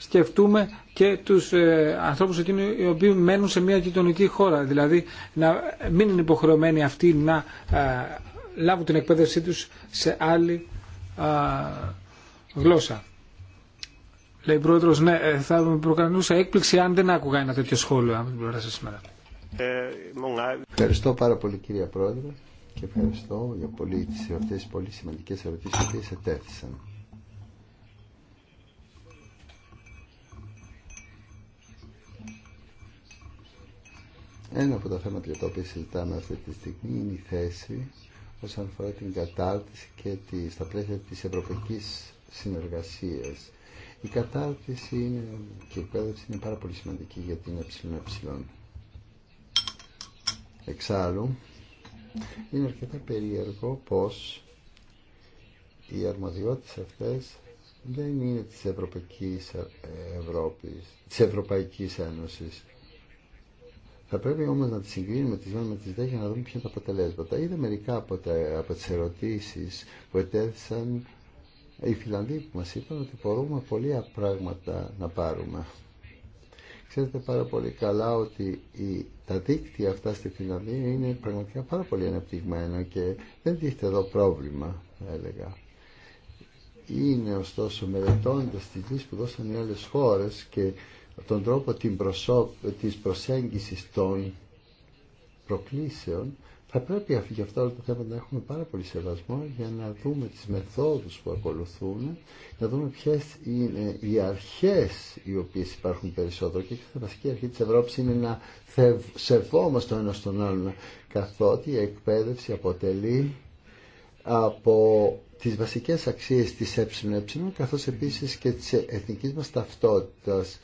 σκεφτούμε και τους ε, ανθρώπους εκείνους οι οποίοι μένουν σε μια γειτονική χώρα. Δηλαδή να μην είναι υποχρεωμένοι αυτοί να ε, λάβουν την εκπαίδευσή τους σε άλλη ε, γλώσσα. Λέει πρόεδρος, ναι, ε, θα με προκαλούσε έκπληξη αν δεν άκουγα ένα τέτοιο σχόλιο από σήμερα. Ευχαριστώ πάρα πολύ κύριε Πρόεδρε και ευχαριστώ για πολύ, τις πολύ σημαντικές ερωτήσεις που ετέθησαν. Ένα από τα θέματα για τα οποία συζητάμε αυτή τη στιγμή είναι η θέση όσον αφορά την κατάρτιση και τη, στα πλαίσια της ευρωπαϊκής συνεργασίας. Η κατάρτιση είναι, και η εκπαίδευση είναι πάρα πολύ σημαντική για την ΕΕ. Εξάλλου, είναι αρκετά περίεργο πως οι αρμοδιότητες αυτές δεν είναι της Ευρωπαϊκής, Ευρώπης, της Ευρωπαϊκής θα πρέπει όμως να τις συγκρίνουμε τις 1 με τις να δούμε ποια είναι τα αποτελέσματα. Είδα μερικά από, τα, από τις ερωτήσεις που ετέθησαν οι Φιλανδοί που μας είπαν ότι μπορούμε πολλοί πράγματα να πάρουμε. Ξέρετε πάρα πολύ καλά ότι η, τα δίκτυα αυτά στη Φιλανδία είναι πραγματικά πάρα πολύ αναπτυγμένα και δεν δείχνει εδώ πρόβλημα, θα έλεγα. Είναι ωστόσο μελετώντας τη λύσεις που δώσαν οι άλλες χώρες και τον τρόπο την προσώ... της προσέγγισης των προκλήσεων θα πρέπει για αυτό το θέμα. να έχουμε πάρα πολύ σεβασμό για να δούμε τις μεθόδους που ακολουθούν, να δούμε ποιες είναι οι αρχές οι οποίες υπάρχουν περισσότερο και η βασική αρχή της Ευρώπης είναι να σεβόμαστε ο ένα τον άλλον καθότι η εκπαίδευση αποτελεί από τις βασικές αξίες της ΕΕ καθώς επίσης και της εθνικής μας ταυτότητας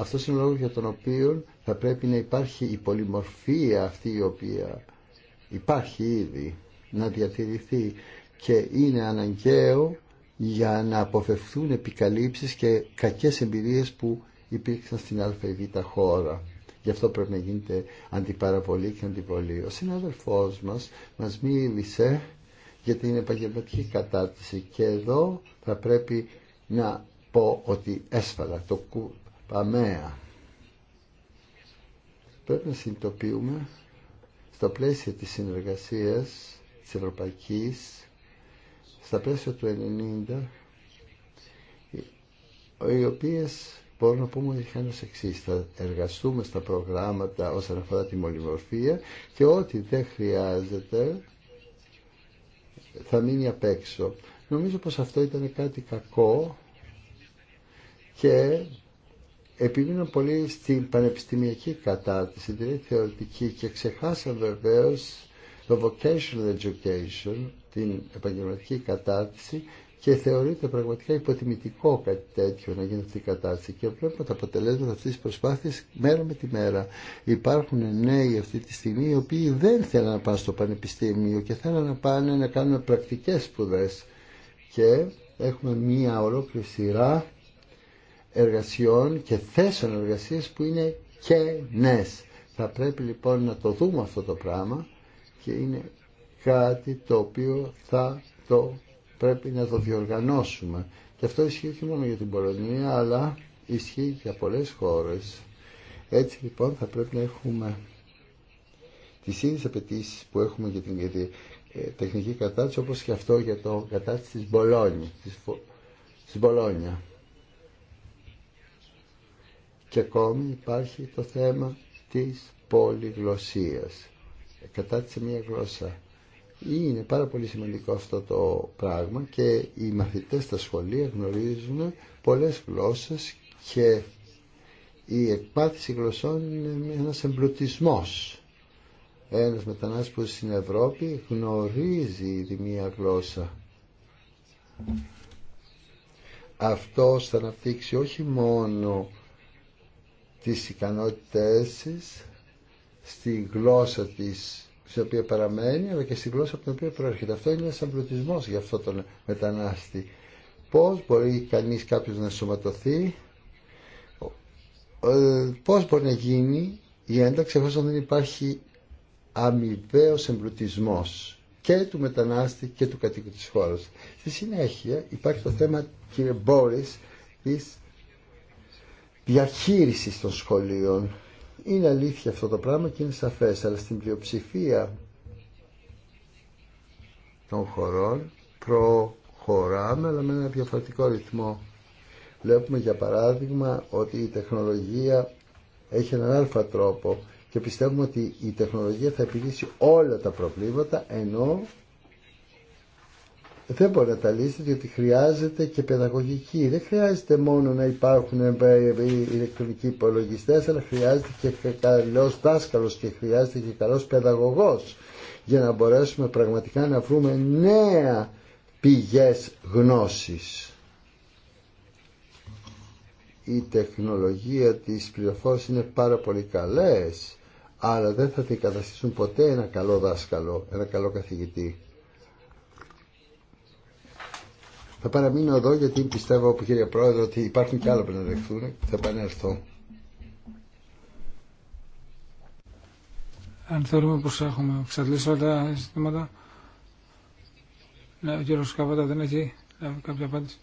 αυτός είναι ο λόγος για τον οποίο θα πρέπει να υπάρχει η πολυμορφία αυτή η οποία υπάρχει ήδη να διατηρηθεί και είναι αναγκαίο για να αποφευθούν επικαλύψεις και κακές εμπειρίες που υπήρξαν στην ΑΒ χώρα. Γι' αυτό πρέπει να γίνεται αντιπαραβολή και αντιβολή. Ο συνάδελφός μας μας μίλησε για την επαγγελματική κατάρτιση και εδώ θα πρέπει να πω ότι έσφαλα. Το, Παμαία. Πρέπει να συνειδητοποιούμε στα πλαίσια της συνεργασίας της Ευρωπαϊκής στα πλαίσια του 90 οι οποίες μπορούμε να πούμε ότι είχαν ως εξής θα εργαστούμε στα προγράμματα όσον αφορά τη μολυμορφία και ό,τι δεν χρειάζεται θα μείνει απ' έξω. Νομίζω πως αυτό ήταν κάτι κακό και επιμείνω πολύ στην πανεπιστημιακή κατάρτιση, δηλαδή θεωρητική και ξεχάσαμε βεβαίω το vocational education, την επαγγελματική κατάρτιση και θεωρείται πραγματικά υποτιμητικό κάτι τέτοιο να γίνει αυτή η κατάρτιση και βλέπουμε τα αποτελέσματα αυτής της προσπάθειας μέρα με τη μέρα. Υπάρχουν νέοι αυτή τη στιγμή οι οποίοι δεν θέλουν να πάνε στο πανεπιστήμιο και θέλουν να πάνε να κάνουν πρακτικές σπουδές και έχουμε μία ολόκληρη σειρά εργασιών και θέσεων εργασίας που είναι και νές, Θα πρέπει λοιπόν να το δούμε αυτό το πράγμα και είναι κάτι το οποίο θα το πρέπει να το διοργανώσουμε. Και αυτό ισχύει όχι μόνο για την Πολωνία αλλά ισχύει για πολλές χώρες. Έτσι λοιπόν θα πρέπει να έχουμε τις ίδιες απαιτήσει που έχουμε για την, ε, τεχνική κατάσταση όπως και αυτό για το κατάσταση της Μπολόνια. της Μπολόνια. Και ακόμη υπάρχει το θέμα της πολυγλωσσίας. Κατά σε μία γλώσσα. Είναι πάρα πολύ σημαντικό αυτό το πράγμα και οι μαθητές στα σχολεία γνωρίζουν πολλές γλώσσες και η εκπάθηση γλωσσών είναι ένας εμπλουτισμός. Ένας μετανάστης που στην Ευρώπη γνωρίζει ήδη μία γλώσσα. Αυτό θα αναπτύξει όχι μόνο τις ικανότητές της στη γλώσσα της στην οποία παραμένει αλλά και στη γλώσσα από την οποία προέρχεται. Αυτό είναι ένας αμπλουτισμός για αυτό τον μετανάστη. Πώς μπορεί κανείς κάποιος να σωματωθεί, ε, πώς μπορεί να γίνει η ένταξη εφόσον δεν υπάρχει αμοιβαίος εμπλουτισμός και του μετανάστη και του κατοίκου της χώρας. Στη συνέχεια υπάρχει το θέμα κύριε Μπόρις της διαχείρισης των σχολείων. Είναι αλήθεια αυτό το πράγμα και είναι σαφές, αλλά στην πλειοψηφία των χωρών προχωράμε, αλλά με ένα διαφορετικό ρυθμό. Βλέπουμε για παράδειγμα ότι η τεχνολογία έχει έναν αλφα τρόπο και πιστεύουμε ότι η τεχνολογία θα επιλύσει όλα τα προβλήματα ενώ δεν μπορεί να τα λύσει διότι χρειάζεται και παιδαγωγική. Δεν χρειάζεται μόνο να υπάρχουν ε, ε, ε, ηλεκτρονικοί υπολογιστέ, αλλά χρειάζεται και καλό δάσκαλο και χρειάζεται και καλό παιδαγωγό για να μπορέσουμε πραγματικά να βρούμε νέα πηγέ γνώσης. Η τεχνολογία της πληροφόρηση είναι πάρα πολύ καλές, αλλά δεν θα την καταστήσουν ποτέ ένα καλό δάσκαλο, ένα καλό καθηγητή. Θα παραμείνω εδώ γιατί πιστεύω, κύριε Πρόεδρε, ότι υπάρχουν και άλλα που να δεχθούν. Θα επανέλθω. Αν θεωρούμε πώ έχουμε εξαντλήσει όλα τα ζητήματα, ναι, ο κύριος Καβάτα δεν έχει ε, κάποια απάντηση.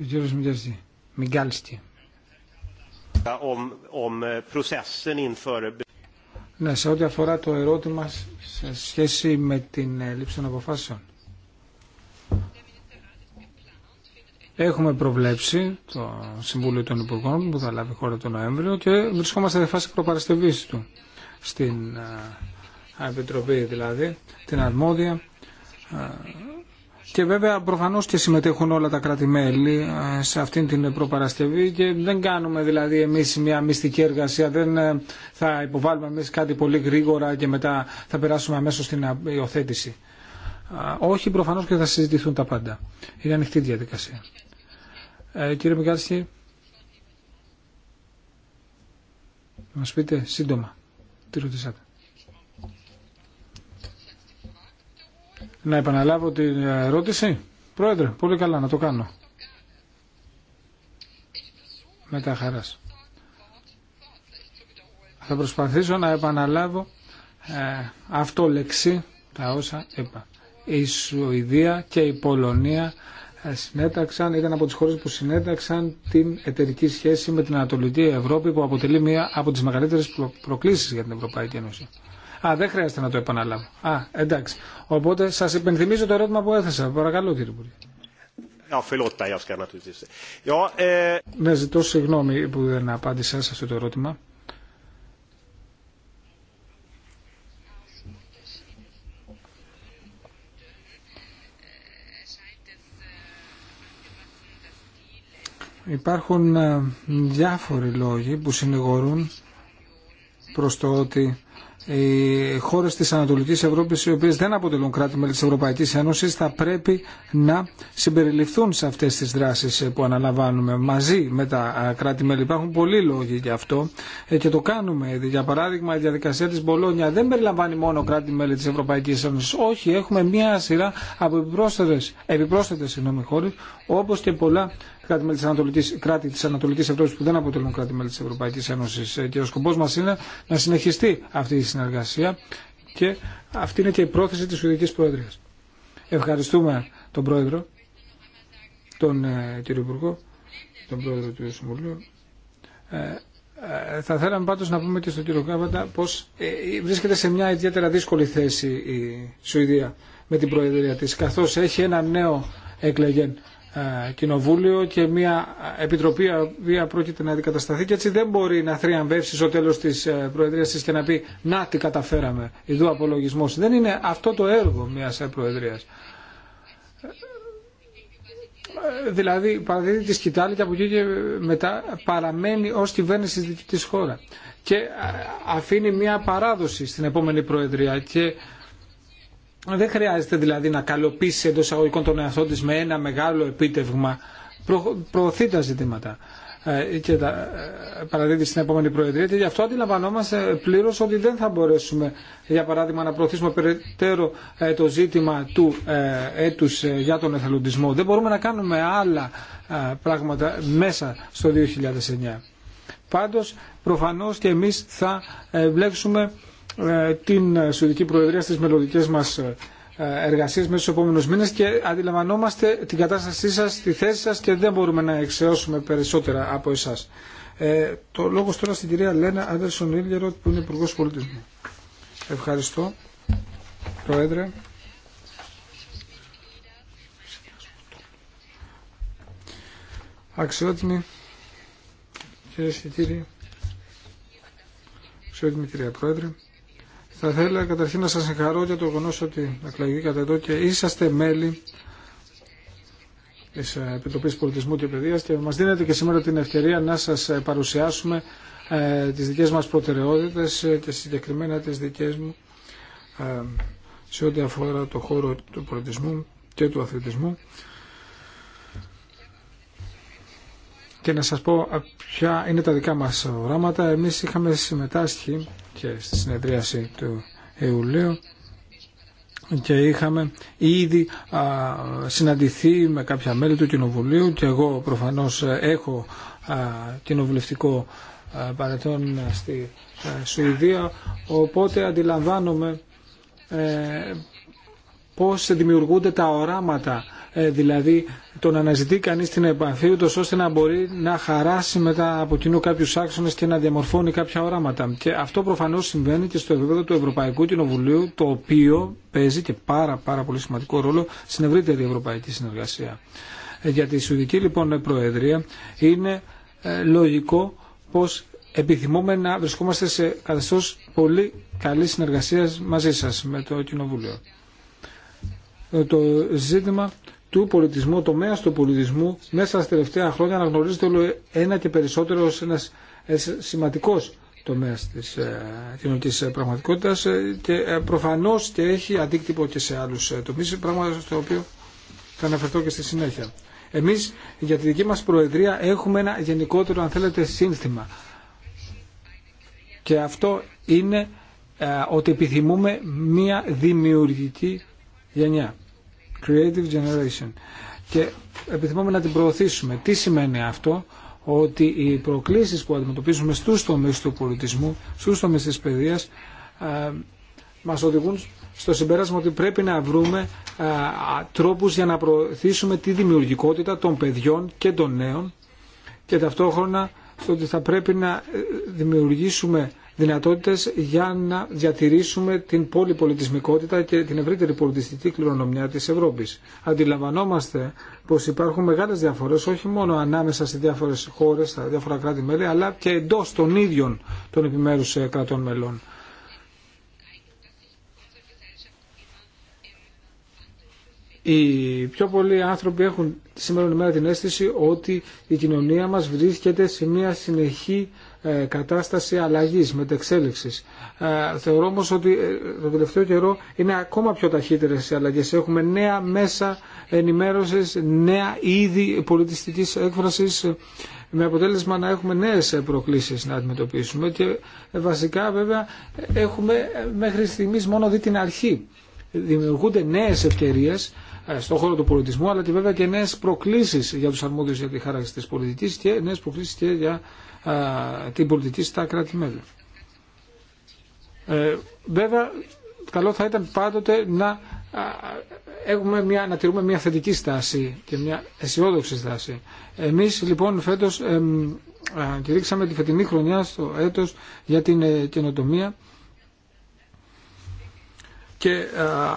Ο κύριος Μιγκάλστη. Ε, ναι, σε ό,τι αφορά το ερώτημα σε σχέση με την ε, λήψη των αποφάσεων. Έχουμε προβλέψει το Συμβούλιο των Υπουργών που θα λάβει χώρα τον Νοέμβριο και βρισκόμαστε σε φάση προπαρασκευής του στην Επιτροπή δηλαδή, την αρμόδια και βέβαια προφανώ και συμμετέχουν όλα τα κράτη-μέλη σε αυτήν την προπαρασκευή και δεν κάνουμε δηλαδή εμεί μια μυστική εργασία. Δεν ε, θα υποβάλουμε εμεί κάτι πολύ γρήγορα και μετά θα περάσουμε αμέσω στην υιοθέτηση. Όχι, προφανώ και θα συζητηθούν τα πάντα. Είναι ανοιχτή διαδικασία. Ε, κύριε να μας πείτε σύντομα τι ρωτήσατε. Να επαναλάβω την ερώτηση. Πρόεδρε, πολύ καλά να το κάνω. Με τα χαράς. Θα προσπαθήσω να επαναλάβω ε, αυτό λεξί τα όσα είπα. Η Σουηδία και η Πολωνία συνέταξαν, ήταν από τις χώρες που συνέταξαν την εταιρική σχέση με την Ανατολική Ευρώπη που αποτελεί μία από τις μεγαλύτερες προκλήσεις για την Ευρωπαϊκή Ένωση. Α, δεν χρειάζεται να το επαναλάβω. Α, εντάξει. Οπότε σας υπενθυμίζω το ερώτημα που έθεσα. Παρακαλώ κύριε Υπουργέ. Ε, ναι, ζητώ συγγνώμη που δεν απάντησα σε αυτό το ερώτημα. Υπάρχουν ε, διάφοροι λόγοι που συνηγορούν προς το ότι οι χώρες της Ανατολικής Ευρώπης οι οποίες δεν αποτελούν κράτη μέλη της Ευρωπαϊκής Ένωσης θα πρέπει να συμπεριληφθούν σε αυτές τις δράσεις που αναλαμβάνουμε μαζί με τα ε, κράτη μέλη. Υπάρχουν πολλοί λόγοι γι' αυτό ε, και το κάνουμε. Για παράδειγμα η διαδικασία της Μπολόνια δεν περιλαμβάνει μόνο κράτη μέλη της Ευρωπαϊκής Ένωσης. Όχι, έχουμε μία σειρά από επιπρόσθετες, επιπρόσθετες συγγνώμη, χώρες όπως και πολλά κράτη-μέλη της Ανατολικής, κράτη Ευρώπης που δεν αποτελούν κράτη-μέλη της Ευρωπαϊκής Ένωσης ε, και ο σκοπός μας είναι να συνεχιστεί αυτή η συνεργασία και αυτή είναι και η πρόθεση της Σουηδικής Προεδρίας. Ευχαριστούμε τον Πρόεδρο, τον ε, κύριο Υπουργό, τον Πρόεδρο του Συμβουλίου. Ε, ε θα θέλαμε πάντως να πούμε και στον κύριο Κάβατα πως ε, βρίσκεται σε μια ιδιαίτερα δύσκολη θέση η Σουηδία με την Προεδρία της καθώς έχει ένα νέο εκλεγέν ε, κοινοβούλιο και μια επιτροπή η οποία πρόκειται να αντικατασταθεί και έτσι δεν μπορεί να θριαμβεύσει στο τέλος της ε, Προεδρίας της και να πει να τι καταφέραμε, ειδού απολογισμός. Δεν είναι αυτό το έργο μιας ε, Προεδρίας. Δηλαδή παραδίδει τη σκητάλη και από εκεί και μετά παραμένει ως κυβέρνηση της χώρα και αφήνει μια παράδοση στην επόμενη Προεδρία και δεν χρειάζεται δηλαδή να καλοποιήσει εντό αγωγικών τον εαυτό τη με ένα μεγάλο επίτευγμα. Προ, προωθεί τα ζητήματα ε, και τα ε, στην επόμενη Προεδρία και γι' αυτό αντιλαμβανόμαστε πλήρω ότι δεν θα μπορέσουμε, για παράδειγμα, να προωθήσουμε περαιτέρω ε, το ζήτημα του έτου για τον εθελοντισμό. Δεν μπορούμε να κάνουμε άλλα πράγματα μέσα στο 2009. Πάντως, προφανώς και εμείς θα βλέξουμε ε, την Σουηδική Προεδρία στις μελλοντικέ μας ε, εργασίες μέσα στους επόμενους μήνες και αντιλαμβανόμαστε την κατάστασή σας, τη θέση σας και δεν μπορούμε να εξαιώσουμε περισσότερα από εσάς. Ε, το λόγο τώρα στην κυρία Λένα Άντερσον Ήλγερο που είναι Υπουργός Πολιτισμού. Ευχαριστώ, Πρόεδρε. Αξιότιμη κυρίες και κύριοι, αξιότιμη κυρία Πρόεδρε, θα ήθελα καταρχήν να σας συγχαρώ για το γεγονό ότι εκλαγήκατε εδώ και είσαστε μέλη της Επιτροπής Πολιτισμού και Παιδείας και μας δίνετε και σήμερα την ευκαιρία να σας παρουσιάσουμε ε, τις δικές μας προτεραιότητες και συγκεκριμένα τις δικές μου ε, σε ό,τι αφορά το χώρο του πολιτισμού και του αθλητισμού και να σας πω ποια είναι τα δικά μας οράματα. Εμείς είχαμε συμμετάσχει και στη συνεδρίαση του Ιουλίου και είχαμε ήδη συναντηθεί με κάποια μέλη του Κοινοβουλίου και εγώ προφανώς έχω κοινοβουλευτικό παρετών στη Σουηδία οπότε αντιλαμβάνομαι ε, πώς δημιουργούνται τα οράματα ε, δηλαδή το να αναζητεί κανείς την επαφή ούτως ώστε να μπορεί να χαράσει μετά από κοινού κάποιους άξονες και να διαμορφώνει κάποια οράματα. Και αυτό προφανώς συμβαίνει και στο επίπεδο του Ευρωπαϊκού Κοινοβουλίου το οποίο παίζει και πάρα, πάρα πολύ σημαντικό ρόλο στην ευρύτερη ευρωπαϊκή συνεργασία. Ε, για τη Σουδική λοιπόν Προεδρία είναι ε, λογικό πως επιθυμούμε να βρισκόμαστε σε καθεστώς πολύ καλή συνεργασία μαζί σας με το Κοινοβούλιο. Το ζήτημα του πολιτισμού, τομέα του πολιτισμού, μέσα στα τελευταία χρόνια αναγνωρίζεται όλο ένα και περισσότερο ως ένας σημαντικός τομέας της ε, κοινωνικής πραγματικότητας ε, και ε, προφανώς και έχει αντίκτυπο και σε άλλους τομείς, πράγμα στο οποίο θα αναφερθώ και στη συνέχεια. Εμείς για τη δική μας Προεδρία έχουμε ένα γενικότερο, αν θέλετε, σύνθημα. Και αυτό είναι ότι επιθυμούμε μία δημιουργική γενιά. Creative Generation. Και επιθυμούμε να την προωθήσουμε. Τι σημαίνει αυτό, ότι οι προκλήσεις που αντιμετωπίζουμε στους τομείς του πολιτισμού, στους τομείς της παιδείας, ε, μας οδηγούν στο συμπέρασμα ότι πρέπει να βρούμε ε, τρόπους για να προωθήσουμε τη δημιουργικότητα των παιδιών και των νέων και ταυτόχρονα στο ότι θα πρέπει να ε, δημιουργήσουμε δυνατότητες για να διατηρήσουμε την πολυπολιτισμικότητα και την ευρύτερη πολιτιστική κληρονομιά της Ευρώπης. Αντιλαμβανόμαστε πως υπάρχουν μεγάλες διαφορές όχι μόνο ανάμεσα σε διάφορες χώρες, στα διάφορα κράτη-μέλη, αλλά και εντός των ίδιων των επιμέρους ε, κρατών μελών. Οι πιο πολλοί άνθρωποι έχουν σήμερα την αίσθηση ότι η κοινωνία μας βρίσκεται σε μια συνεχή ε, κατάσταση αλλαγής, μετεξέλιξης. Ε, θεωρώ όμως ότι ε, το τελευταίο καιρό είναι ακόμα πιο ταχύτερες οι αλλαγές. Έχουμε νέα μέσα ενημέρωσης, νέα είδη πολιτιστικής έκφρασης με αποτέλεσμα να έχουμε νέες προκλήσεις να αντιμετωπίσουμε και βασικά βέβαια έχουμε μέχρι στιγμής μόνο δει την αρχή. Δημιουργούνται νέες ευκαιρίες στον χώρο του πολιτισμού αλλά και βέβαια και νέε προκλήσει για του αρμόδιου για τη χάραξη τη πολιτική και νέε προκλήσει και για την πολιτική στα κράτη-μέλη. Ε, βέβαια, καλό θα ήταν πάντοτε να, έχουμε μια, να τηρούμε μια θετική στάση και μια αισιόδοξη στάση. Εμείς λοιπόν φέτος κηρύξαμε τη φετινή χρονιά στο έτος για την ε, καινοτομία και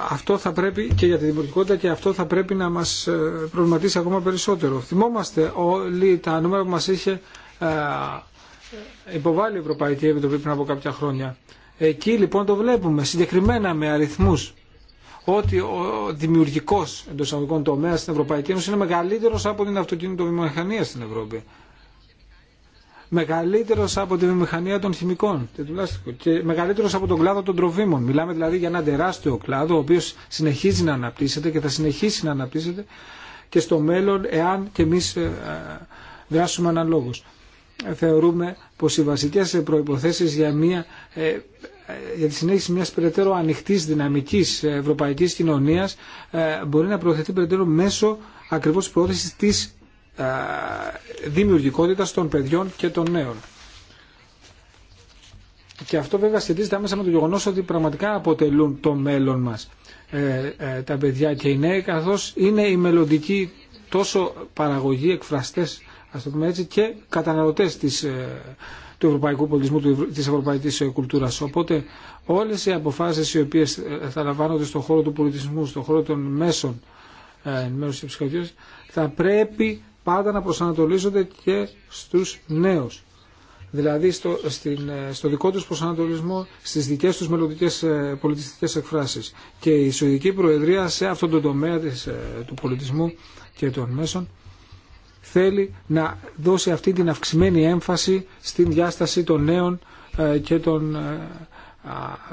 αυτό θα πρέπει και για τη δημιουργικότητα και αυτό θα πρέπει να μας ε, προβληματίσει ακόμα περισσότερο. Θυμόμαστε όλοι τα νούμερα που μας είχε ε, υποβάλει η Ευρωπαϊκή Επιτροπή πριν από κάποια χρόνια. Εκεί λοιπόν το βλέπουμε συγκεκριμένα με αριθμού ότι ο δημιουργικό εντό εισαγωγικών τομέα στην Ευρωπαϊκή Ένωση είναι μεγαλύτερο από την αυτοκίνητο βιομηχανία στην Ευρώπη. Μεγαλύτερο από τη βιομηχανία των χημικών και του και μεγαλύτερος από τον κλάδο των τροφίμων. Μιλάμε δηλαδή για ένα τεράστιο κλάδο ο οποίο συνεχίζει να αναπτύσσεται και θα συνεχίσει να αναπτύσσεται και στο μέλλον εάν και εμεί ε, ε, δράσουμε αναλόγω θεωρούμε πως οι βασικές προϋποθέσεις για, μια, ε, για τη συνέχιση μιας περαιτέρω ανοιχτής δυναμικής ευρωπαϊκής κοινωνίας ε, μπορεί να προωθηθεί περαιτέρω μέσω ακριβώς προώθησης της ε, δημιουργικότητας των παιδιών και των νέων. Και αυτό βέβαια σχετίζεται άμεσα με το γεγονό ότι πραγματικά αποτελούν το μέλλον μας τα παιδιά και οι νέοι, καθώς είναι η μελλοντική τόσο παραγωγή εκφραστέ ας το πούμε έτσι, και καταναλωτές της, ε, του ευρωπαϊκού πολιτισμού, της ευρωπαϊκής ε, κουλτούρας. Οπότε όλες οι αποφάσεις οι οποίες ε, θα λαμβάνονται στον χώρο του πολιτισμού, στον χώρο των μέσων ενημέρωσης και ψυχαγωγίας, θα πρέπει πάντα να προσανατολίζονται και στους νέους. Δηλαδή στο, στην, στο δικό τους προσανατολισμό, στις δικές τους μελλοντικές πολιτιστικές εκφράσεις. Και η Σουηδική Προεδρία σε αυτόν τον τομέα της, του πολιτισμού και των μέσων θέλει να δώσει αυτή την αυξημένη έμφαση στην διάσταση των νέων ε, και των ε,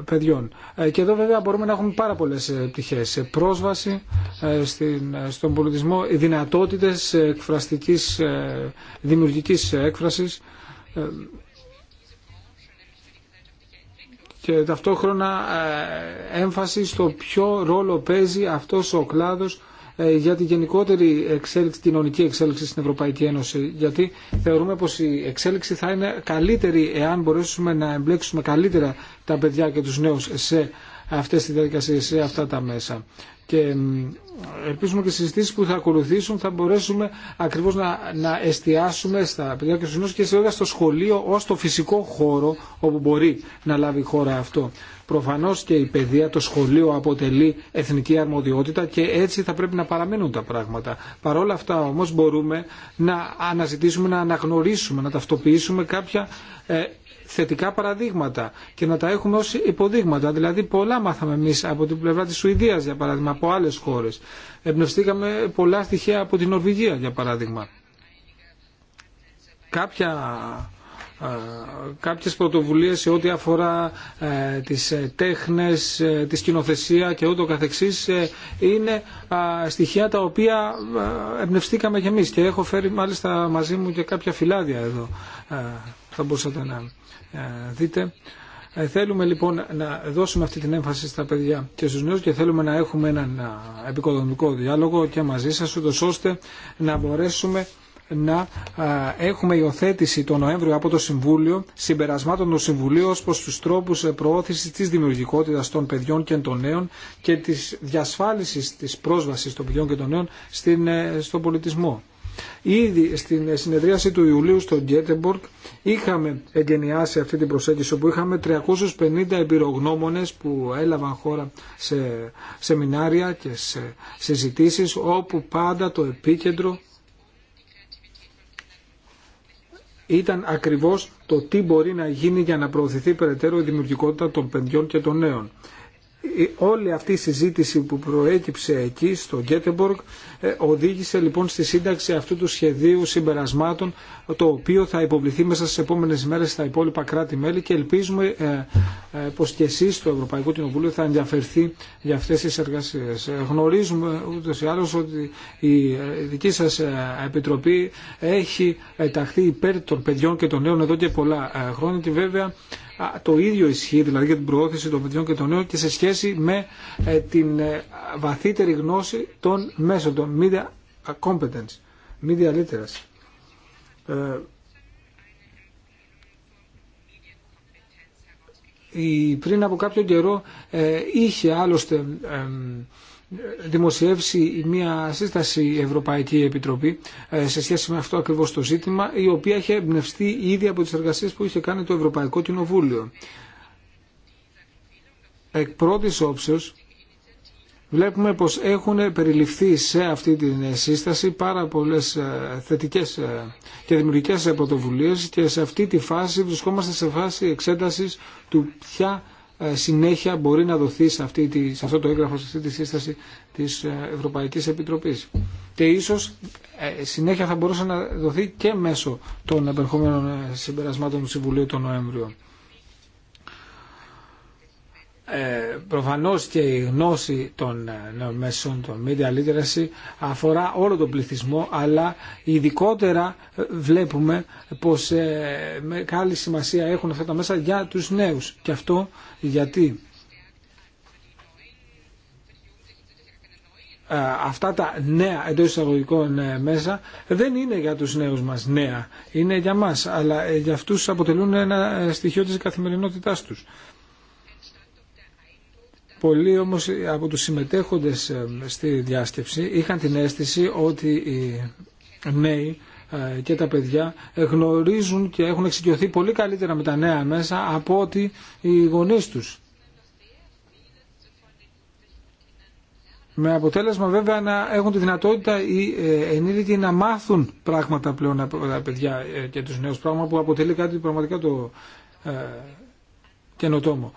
παιδιών. Ε, και εδώ βέβαια μπορούμε να έχουμε πάρα πολλές πτυχές. Πρόσβαση στον πολιτισμό, δυνατότητες εκφραστικής, δημιουργικής έκφρασης και ταυτόχρονα έμφαση στο ποιο ρόλο παίζει αυτός ο κλάδος ε, για την γενικότερη εξέλιξη, κοινωνική εξέλιξη στην Ευρωπαϊκή Ένωση. Γιατί θεωρούμε πω η εξέλιξη θα είναι καλύτερη εάν μπορέσουμε να εμπλέξουμε καλύτερα τα παιδιά και του νέου σε αυτές τις διαδικασίες, σε αυτά τα μέσα. Και ελπίζουμε και στις συζητήσεις που θα ακολουθήσουν θα μπορέσουμε ακριβώς να, να εστιάσουμε στα παιδιά και στους και σε όλα στο σχολείο ως το φυσικό χώρο όπου μπορεί να λάβει η χώρα αυτό. Προφανώς και η παιδεία, το σχολείο αποτελεί εθνική αρμοδιότητα και έτσι θα πρέπει να παραμένουν τα πράγματα. Παρ' όλα αυτά όμως μπορούμε να αναζητήσουμε, να αναγνωρίσουμε, να ταυτοποιήσουμε κάποια ε, θετικά παραδείγματα και να τα έχουμε ως υποδείγματα. Δηλαδή πολλά μάθαμε εμείς από την πλευρά της Σουηδίας για παράδειγμα, από άλλες χώρες. Εμπνευστήκαμε πολλά στοιχεία από την Νορβηγία για παράδειγμα. Κάποια κάποιες πρωτοβουλίες σε ό,τι αφορά ε, τις ε, τέχνες, ε, τη σκηνοθεσία και ούτω καθεξής είναι στοιχεία τα οποία εμπνευστήκαμε κι εμείς και έχω φέρει μάλιστα μαζί μου και κάποια φυλάδια εδώ θα μπορούσατε να δείτε. Ε, θέλουμε λοιπόν να δώσουμε αυτή την έμφαση στα παιδιά και στους νέους και θέλουμε να έχουμε έναν επικοδομικό διάλογο και μαζί σας ούτως ώστε να μπορέσουμε να έχουμε υιοθέτηση τον Νοέμβριο από το Συμβούλιο συμπερασμάτων του Συμβουλίου ως προς τους τρόπους ε, προώθησης της δημιουργικότητας των παιδιών και των νέων και της διασφάλισης της πρόσβασης των παιδιών και των νέων ε, στον πολιτισμό. Ήδη στην συνεδρίαση του Ιουλίου στο Γκέτεμπορκ είχαμε εγκαινιάσει αυτή την προσέγγιση όπου είχαμε 350 εμπειρογνώμονες που έλαβαν χώρα σε σεμινάρια και σε συζητήσεις όπου πάντα το επίκεντρο ήταν ακριβώς το τι μπορεί να γίνει για να προωθηθεί περαιτέρω η δημιουργικότητα των παιδιών και των νέων όλη αυτή η συζήτηση που προέκυψε εκεί στο Γκέτεμποργκ ε, οδήγησε λοιπόν στη σύνταξη αυτού του σχεδίου συμπερασμάτων το οποίο θα υποβληθεί μέσα στις επόμενες μέρες στα υπόλοιπα κράτη-μέλη και ελπίζουμε ε, ε, πως και εσείς στο Ευρωπαϊκό Κοινοβούλιο θα ενδιαφερθεί για αυτές τις εργασίες. Γνωρίζουμε ούτως ή άλλως ότι η δική σας Επιτροπή έχει ταχθεί υπέρ των παιδιών και των νέων εδώ και πολλά χρόνια και βέβαια το ίδιο ισχύει δηλαδή για την προώθηση των παιδιών και των νέων και σε σχέση με ε, την ε, βαθύτερη γνώση των μέσων, των media competence, media literacy. Ε, πριν από κάποιο καιρό είχε άλλωστε δημοσιεύσει μια σύσταση η Ευρωπαϊκή Επιτροπή ε, σε σχέση με αυτό ακριβώς το ζήτημα, η οποία είχε εμπνευστεί ήδη από τις εργασίες που είχε κάνει το Ευρωπαϊκό Κοινοβούλιο. Εκ πρώτης όψεως, βλέπουμε πως έχουν περιληφθεί σε αυτή την σύσταση πάρα πολλές ε, θετικές ε, και δημιουργικές πρωτοβουλίε και σε αυτή τη φάση βρισκόμαστε σε φάση εξέτασης του ποια ε, συνέχεια μπορεί να δοθεί σε, αυτή τη, σε αυτό το έγγραφο, σε αυτή τη σύσταση της ε, Ευρωπαϊκής Επιτροπής. Και ίσω ε, συνέχεια θα μπορούσε να δοθεί και μέσω των επερχόμενων συμπερασμάτων του Συμβουλίου τον Νοέμβριο ε, προφανώς και η γνώση των ε, νέων μέσων, των media literacy αφορά όλο τον πληθυσμό αλλά ειδικότερα ε, βλέπουμε πως ε, μεγάλη σημασία έχουν αυτά τα μέσα για τους νέους και αυτό γιατί ε, αυτά τα νέα εντό εισαγωγικών μέσα δεν είναι για τους νέους μας νέα, είναι για μας αλλά για αυτούς αποτελούν ένα στοιχείο της καθημερινότητάς τους. Πολλοί όμως από τους συμμετέχοντες ε, στη διάσκεψη είχαν την αίσθηση ότι οι νέοι ε, και τα παιδιά γνωρίζουν και έχουν εξοικειωθεί πολύ καλύτερα με τα νέα μέσα από ότι οι γονείς τους. Με αποτέλεσμα βέβαια να έχουν τη δυνατότητα οι ε, ενήλικοι να μάθουν πράγματα πλέον από τα παιδιά και τους νέους πράγματα που αποτελεί κάτι πραγματικά το καινοτόμο.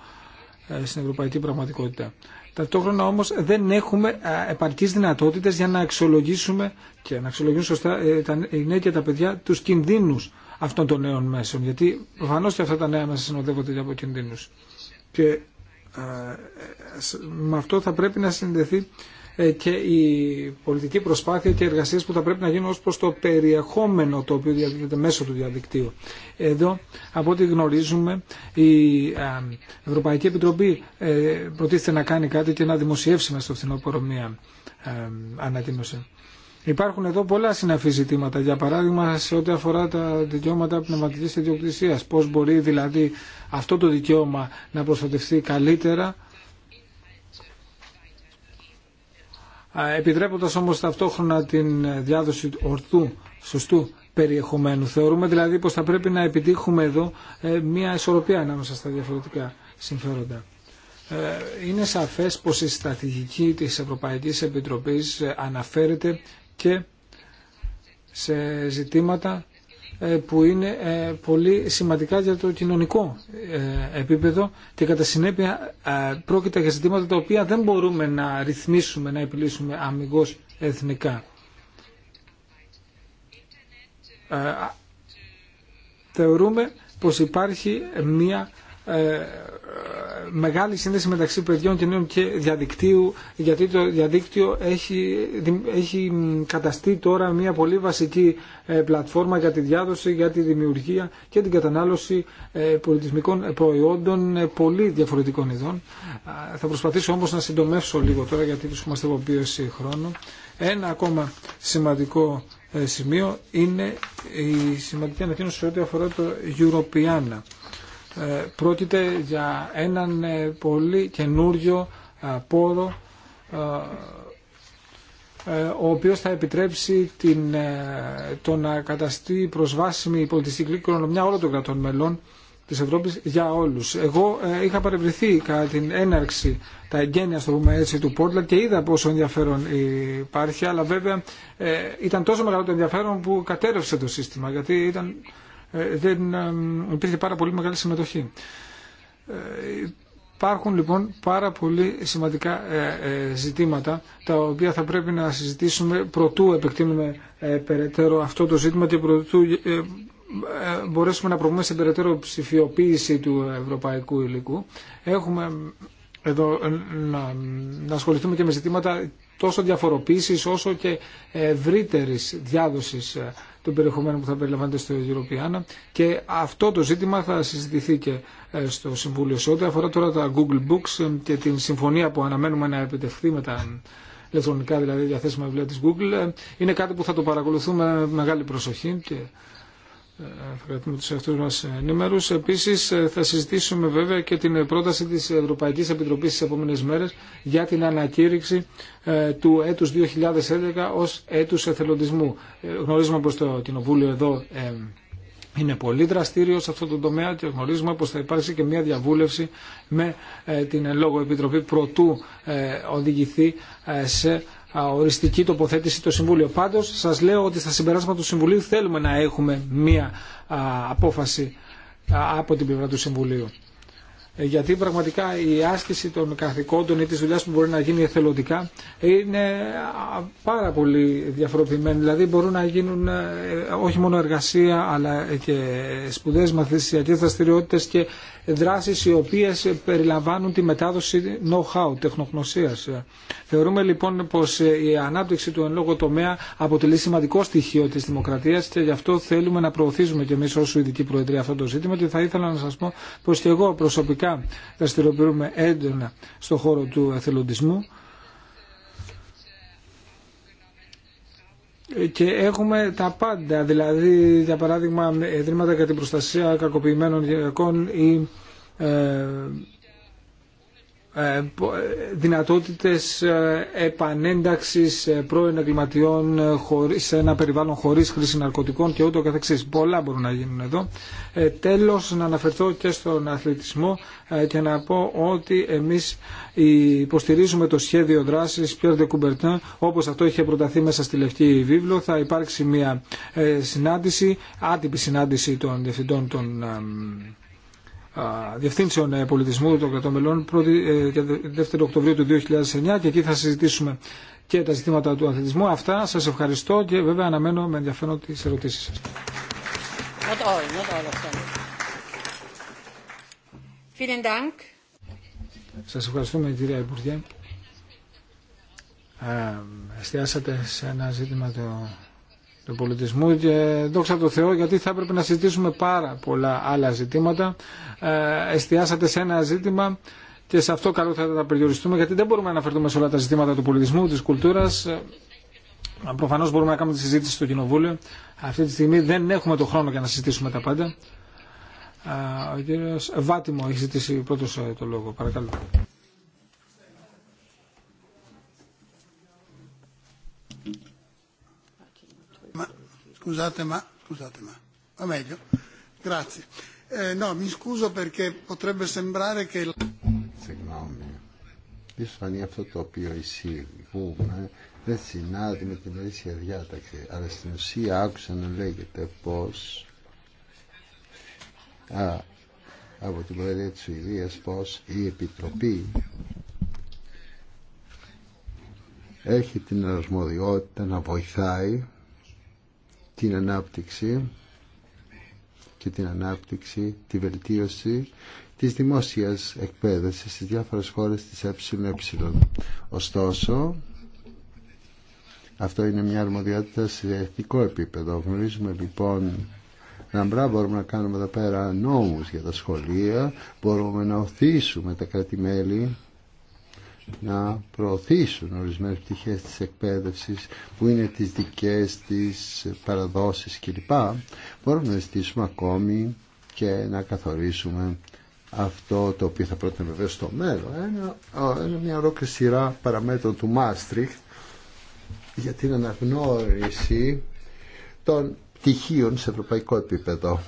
Ε, στην ευρωπαϊκή πραγματικότητα. Ταυτόχρονα όμως δεν έχουμε ε, επαρκείς δυνατότητες για να αξιολογήσουμε και να αξιολογήσουν σωστά ε, οι νέοι και τα παιδιά του κινδύνους αυτών των νέων μέσων. Γιατί προφανώς και αυτά τα νέα μέσα συνοδεύονται από κινδύνους. Και με αυτό θα πρέπει να συνδεθεί ε, και η πολιτική προσπάθεια και οι εργασίες που θα πρέπει να γίνουν ως προς το περιεχόμενο το οποίο διαδίδεται μέσω του διαδικτύου. Εδώ, από ό,τι γνωρίζουμε, η ε, Ευρωπαϊκή Επιτροπή ε, προτίθεται να κάνει κάτι και να δημοσιεύσει μέσα στο φθινόπωρο μία ανακοίνωση. Υπάρχουν εδώ πολλά συναφή ζητήματα, για παράδειγμα σε ό,τι αφορά τα δικαιώματα πνευματικής ιδιοκτησίας. Πώς μπορεί δηλαδή αυτό το δικαίωμα να προστατευτεί καλύτερα επιτρέποντας όμως ταυτόχρονα την διάδοση ορθού, σωστού περιεχομένου. Θεωρούμε δηλαδή πως θα πρέπει να επιτύχουμε εδώ ε, μια ισορροπία ανάμεσα στα διαφορετικά συμφέροντα. Ε, είναι σαφές πως η στρατηγική της Ευρωπαϊκής Επιτροπής ε, αναφέρεται και σε ζητήματα ε, που είναι ε, πολύ σημαντικά για το κοινωνικό ε, επίπεδο και κατά συνέπεια πρόκειται για ζητήματα τα οποία δεν μπορούμε να ρυθμίσουμε, να επιλύσουμε αμυγός εθνικά. Θεωρούμε πως υπάρχει μία μεγάλη σύνδεση μεταξύ παιδιών και νέων και διαδικτύου, γιατί το διαδίκτυο έχει, καταστεί τώρα μια πολύ βασική ε, πλατφόρμα για τη διάδοση, για τη δημιουργία και την κατανάλωση ε, πολιτισμικών ε, προϊόντων πολύ διαφορετικών ειδών. Θα προσπαθήσω όμως να συντομεύσω λίγο τώρα, γιατί τους είμαστε πίεση χρόνο. Ένα ακόμα σημαντικό σημείο είναι η σημαντική ανακοίνωση σε ό,τι αφορά το Europeana ε, πρόκειται για έναν ε, πολύ καινούριο ε, πόρο ο οποίος θα επιτρέψει την, το να καταστεί προσβάσιμη η πολιτιστική κληρονομιά όλων των κρατών μελών της Ευρώπης για όλους. Εγώ είχα παρευρεθεί κατά την έναρξη τα εγγένεια στο έτσι του πόρτλα και είδα πόσο ενδιαφέρον υπάρχει αλλά βέβαια ήταν τόσο μεγάλο το ενδιαφέρον που κατέρευσε το σύστημα γιατί ήταν ε, δεν ε, υπήρχε πάρα πολύ μεγάλη συμμετοχή. Ε, υπάρχουν λοιπόν πάρα πολύ σημαντικά ζητήματα τα οποία θα πρέπει να συζητήσουμε προτού επεκτείνουμε περαιτέρω αυτό το ζήτημα και προτού μπορέσουμε να προβούμε σε περαιτέρω ψηφιοποίηση του ευρωπαϊκού υλικού. Έχουμε εδώ να, να ασχοληθούμε και με ζητήματα τόσο διαφοροποίησης όσο και ευρύτερης διάδοσης το περιεχόμενο που θα περιλαμβάνεται στο Europeana και αυτό το ζήτημα θα συζητηθεί και ε, στο Συμβούλιο σε ό,τι αφορά τώρα τα Google Books ε, και την συμφωνία που αναμένουμε να επιτευχθεί με τα ηλεκτρονικά δηλαδή διαθέσιμα βιβλία της Google ε, είναι κάτι που θα το παρακολουθούμε με μεγάλη προσοχή και θα τους εαυτούς μας ενήμερους. Επίσης ε, θα συζητήσουμε βέβαια και την πρόταση της Ευρωπαϊκής Επιτροπής στις επόμενες μέρες για την ανακήρυξη ε, του έτους 2011 ως έτους εθελοντισμού. Ε, γνωρίζουμε πως το Κοινοβούλιο εδώ είναι πολύ δραστήριο σε αυτό το τομέα και γνωρίζουμε πως θα υπάρξει και μια διαβούλευση με την Λόγο Επιτροπή προτού οδηγηθεί σε οριστική τοποθέτηση το Συμβούλιο. Πάντως σας λέω ότι στα συμπεράσματα του Συμβουλίου θέλουμε να έχουμε μία απόφαση από την πλευρά του Συμβουλίου. Ε, γιατί πραγματικά η άσκηση των καθηκόντων ή της δουλειάς που μπορεί να γίνει εθελοντικά είναι πάρα πολύ διαφοροποιημένη. Δηλαδή μπορούν να γίνουν ε, όχι μόνο εργασία αλλά και σπουδές μαθησιακές δραστηριότητες και δράσεις οι οποίες περιλαμβάνουν τη μετάδοση know-how, τεχνογνωσίας. Θεωρούμε λοιπόν πως η ανάπτυξη του εν λόγω τομέα αποτελεί σημαντικό στοιχείο της δημοκρατίας και γι' αυτό θέλουμε να προωθήσουμε και εμείς ως ειδική Προεδρία αυτό το ζήτημα και θα ήθελα να σας πω πως και εγώ προσωπικά δραστηριοποιούμε έντονα στον χώρο του εθελοντισμού και έχουμε τα πάντα, δηλαδή για παράδειγμα ιδρύματα για την προστασία κακοποιημένων γυναικών ή ε, ε, ε, δυνατότητες ε, επανένταξης πρώην εγκληματιών σε ένα περιβάλλον χωρίς χρήση ναρκωτικών και ούτω καθεξής. Πολλά μπορούν να γίνουν εδώ. Τέλος, να αναφερθώ και στον αθλητισμό και να πω ότι εμείς υποστηρίζουμε το σχέδιο δράσης Pierre de Coubertin όπως αυτό είχε προταθεί μέσα στη Λευκή Βίβλο. Θα υπάρξει μια συνάντηση, άτυπη συνάντηση των διευθυντών των διευθύνσεων ε, πολιτισμού των κρατών ε, και 2 Οκτωβρίου του 2009 και εκεί θα συζητήσουμε και τα ζητήματα του αθλητισμού. Αυτά σας ευχαριστώ και βέβαια αναμένω με ενδιαφέρον τις ερωτήσεις σας. Σας ευχαριστούμε κυρία Υπουργέ. Ε, εστιάσατε σε ένα ζήτημα το του πολιτισμού και δόξα τω Θεώ γιατί θα έπρεπε να συζητήσουμε πάρα πολλά άλλα ζητήματα. Ε, εστιάσατε σε ένα ζήτημα και σε αυτό καλό θα τα περιοριστούμε γιατί δεν μπορούμε να αναφερθούμε σε όλα τα ζητήματα του πολιτισμού, της κουλτούρας. Ε, Προφανώ μπορούμε να κάνουμε τη συζήτηση στο Κοινοβούλιο. Αυτή τη στιγμή δεν έχουμε το χρόνο για να συζητήσουμε τα πάντα. Ε, ο κύριο Βάτιμο έχει ζητήσει πρώτο το λόγο. Παρακαλώ. Συγγνώμη. Ίσως φανεί αυτό το οποίο εισηγούμε δεν συνάδει με την αίσια διάταξη. Αλλά στην ουσία άκουσα να λέγεται πώ. από την Προεδρία τη Σουηδίας πω η Επιτροπή έχει την αρμοδιότητα να βοηθάει την ανάπτυξη και την ανάπτυξη, τη βελτίωση της δημόσιας εκπαίδευσης στις διάφορες χώρες της ΕΕ. Ωστόσο, αυτό είναι μια αρμοδιότητα σε εθνικό επίπεδο. Γνωρίζουμε λοιπόν να μπορούμε να κάνουμε εδώ πέρα νόμους για τα σχολεία, μπορούμε να οθήσουμε τα κρατημέλη να προωθήσουν ορισμένες πτυχές της εκπαίδευσης που είναι τις δικές της παραδόσεις κλπ. Μπορούμε να ζητήσουμε ακόμη και να καθορίσουμε αυτό το οποίο θα πρότεινε βεβαίως στο μέλλον. Ένα, μια ολόκληρη σειρά παραμέτρων του Μάστριχτ για την αναγνώριση των πτυχίων σε ευρωπαϊκό επίπεδο.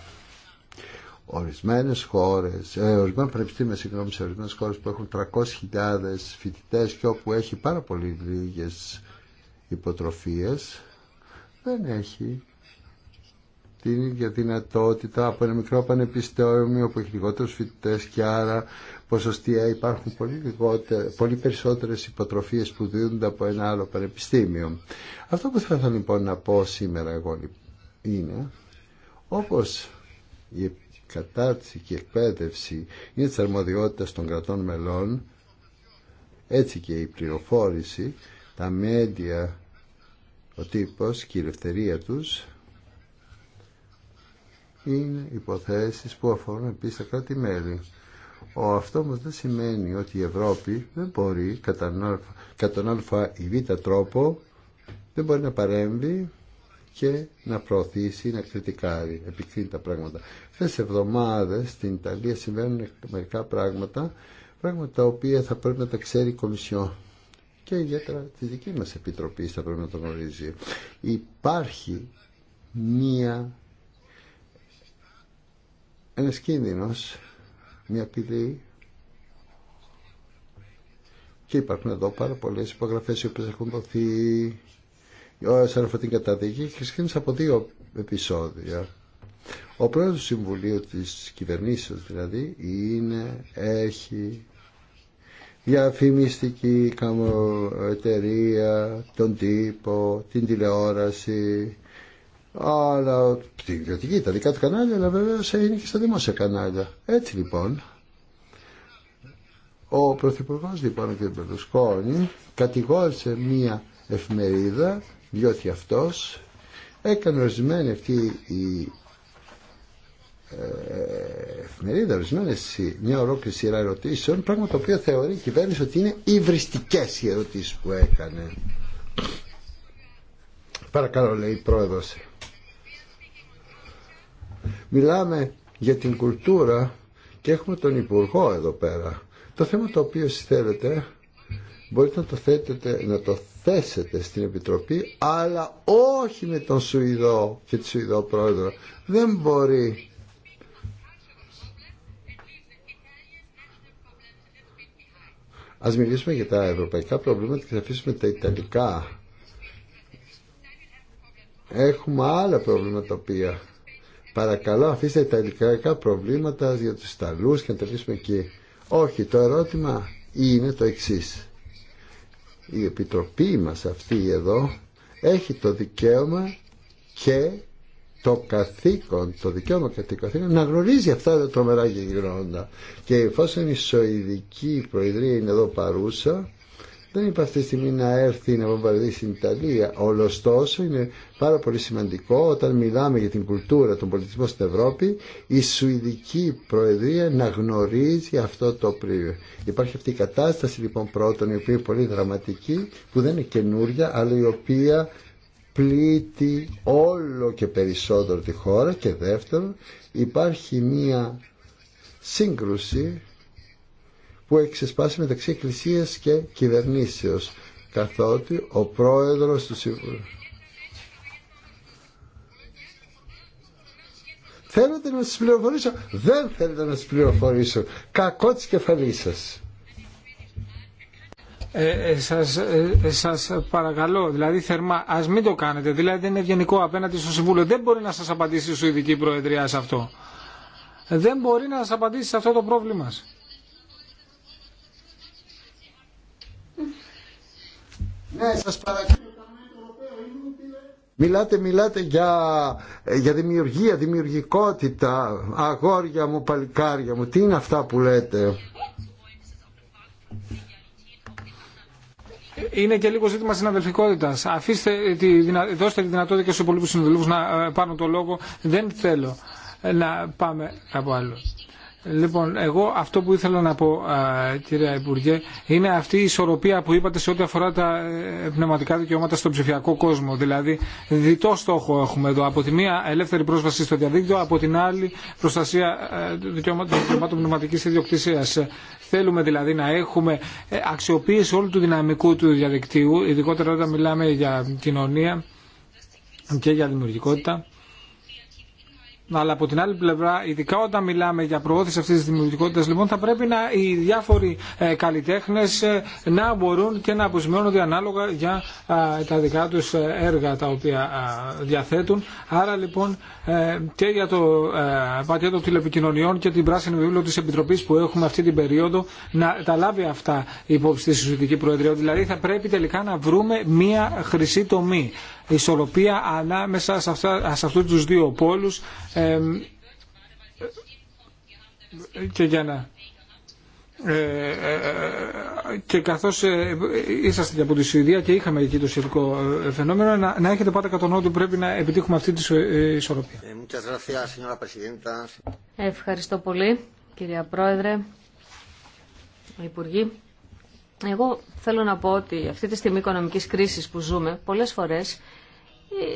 Ορισμένε χώρε, ε, ορισμένα πανεπιστήμια, συγγνώμη, σε ορισμένε χώρε που έχουν 300.000 φοιτητέ και όπου έχει πάρα πολύ λίγε υποτροφίε, δεν έχει την ίδια δυνατότητα από ένα μικρό πανεπιστήμιο που έχει λιγότερου φοιτητέ και άρα ποσοστία υπάρχουν πολύ, πολύ περισσότερες υποτροφίες που δίνονται από ένα άλλο πανεπιστήμιο. Αυτό που θα ήθελα λοιπόν να πω σήμερα εγώ λοιπόν είναι όπως κατάρτιση και εκπαίδευση είναι της αρμοδιότητας των κρατών μελών, έτσι και η πληροφόρηση, τα μέντια, ο τύπος και η ελευθερία τους είναι υποθέσεις που αφορούν επίσης τα κράτη-μέλη. Ο αυτό όμως δεν σημαίνει ότι η Ευρώπη δεν μπορεί κατά τον α ή β τρόπο δεν μπορεί να παρέμβει και να προωθήσει, να κριτικάρει, επικρίνει τα πράγματα. Σε εβδομάδε στην Ιταλία συμβαίνουν μερικά πράγματα, πράγματα τα οποία θα πρέπει να τα ξέρει η Κομισιόν και ιδιαίτερα τη δική μας Επιτροπή θα πρέπει να το γνωρίζει. Υπάρχει μία, ένας κίνδυνος, μία πηγή και υπάρχουν εδώ πάρα πολλές υπογραφές οι οποίες έχουν δοθεί ...ο αυτήν την καταδίκη ξεκίνησε από δύο επεισόδια. Ο πρόεδρος του Συμβουλίου της κυβερνήσεως δηλαδή είναι, έχει διαφημιστική εταιρεία, τον τύπο, την τηλεόραση, αλλά την ιδιωτική, τα δικά του κανάλια, αλλά βέβαια είναι και στα δημόσια κανάλια. Έτσι λοιπόν, ο Πρωθυπουργός λοιπόν ο κ. κατηγόρησε μία εφημερίδα διότι αυτός έκανε ορισμένη αυτή η ε, εφημερίδα ορισμένε μια ολόκληρη σειρά ερωτήσεων πράγμα το οποίο θεωρεί η κυβέρνηση ότι είναι υβριστικές οι ερωτήσεις που έκανε παρακαλώ λέει η πρόεδρος μιλάμε για την κουλτούρα και έχουμε τον υπουργό εδώ πέρα το θέμα το οποίο θέλετε μπορείτε να το θέτετε να το θέσετε στην Επιτροπή αλλά όχι με τον Σουηδό και τη Σουηδό Πρόεδρο. Δεν μπορεί Ας μιλήσουμε για τα ευρωπαϊκά προβλήματα και θα αφήσουμε τα ιταλικά. Έχουμε άλλα προβλήματα τα οποία παρακαλώ αφήστε τα ιταλικά προβλήματα για τους Ιταλούς και να τα εκεί. Όχι, το ερώτημα είναι το εξής η Επιτροπή μας αυτή εδώ έχει το δικαίωμα και το καθήκον, το δικαίωμα και το καθήκον να γνωρίζει αυτά τα τρομερά γεγονότα. Και εφόσον η Σοηδική Προεδρία είναι εδώ παρούσα, δεν υπάρχει αυτή τη στιγμή να έρθει να βομβαρδίσει την Ιταλία. Ολωστόσο είναι πάρα πολύ σημαντικό όταν μιλάμε για την κουλτούρα, τον πολιτισμό στην Ευρώπη, η Σουηδική Προεδρία να γνωρίζει αυτό το πλοίο. Υπάρχει αυτή η κατάσταση λοιπόν πρώτον, η οποία είναι πολύ δραματική, που δεν είναι καινούρια, αλλά η οποία πλήττει όλο και περισσότερο τη χώρα και δεύτερον υπάρχει μία σύγκρουση που έχει ξεσπάσει μεταξύ Εκκλησίας και κυβερνήσεως καθότι ο πρόεδρος του Συμβουλίου Θέλετε να σας πληροφορήσω, δεν θέλετε να σας πληροφορήσω. Κακό της κεφαλής σας. Ε, ε, ε, ε, σας, παρακαλώ, δηλαδή θερμά, ας μην το κάνετε. Δηλαδή δεν είναι ευγενικό απέναντι στο Συμβούλιο. Δεν μπορεί να σας απαντήσει η Σουηδική Προεδρία σε αυτό. Δεν μπορεί να σας απαντήσει σε αυτό το πρόβλημα. Ναι, μιλάτε, μιλάτε για, ε, για δημιουργία, δημιουργικότητα, αγόρια μου, παλικάρια μου. Τι είναι αυτά που λέτε. Είναι και λίγο ζήτημα συναδελφικότητα. Αφήστε, τη, δώστε τη δυνατότητα και στου υπολείπου συναδελφού να ε, πάρουν το λόγο. Δεν θέλω να πάμε από άλλο. Λοιπόν, εγώ αυτό που ήθελα να πω, κύριε Υπουργέ, είναι αυτή η ισορροπία που είπατε σε ό,τι αφορά τα ε, πνευματικά δικαιώματα στον ψηφιακό κόσμο. Δηλαδή, διτό στόχο έχουμε εδώ. Από τη μία, ελεύθερη πρόσβαση στο διαδίκτυο, από την άλλη, προστασία ε, δικαιωμάτων πνευματική ιδιοκτησία. Θέλουμε δηλαδή να έχουμε ε, αξιοποίηση όλου του δυναμικού του διαδικτύου, ειδικότερα όταν μιλάμε για κοινωνία και για δημιουργικότητα. Αλλά από την άλλη πλευρά, ειδικά όταν μιλάμε για προώθηση αυτή τη δημιουργικότητα, λοιπόν, θα πρέπει να οι διάφοροι ε, καλλιτέχνε ε, να μπορούν και να αποζημιώνονται ανάλογα για τα δικά του ε, έργα τα οποία διαθέτουν. Άρα λοιπόν ε, και για το πακέτο τηλεπικοινωνιών και την πράσινη βιβλία τη Επιτροπή που έχουμε αυτή την περίοδο να τα λάβει αυτά υπόψη τη Συζητική Προεδρία. Δηλαδή θα πρέπει τελικά να βρούμε μία χρυσή τομή ισορροπία ανάμεσα σε, αυτά, σε αυτούς τους δύο πόλους ε, και για να ε, ε, ε και καθώς ήσασταν ε, και από τη Σουηδία και είχαμε εκεί το σχετικό φαινόμενο να, έχετε πάντα κατά ότι πρέπει να επιτύχουμε αυτή τη ισορροπία. Ευχαριστώ πολύ κυρία Πρόεδρε, Υπουργή. Εγώ θέλω να πω ότι αυτή τη στιγμή οικονομική κρίσης που ζούμε, πολλές φορές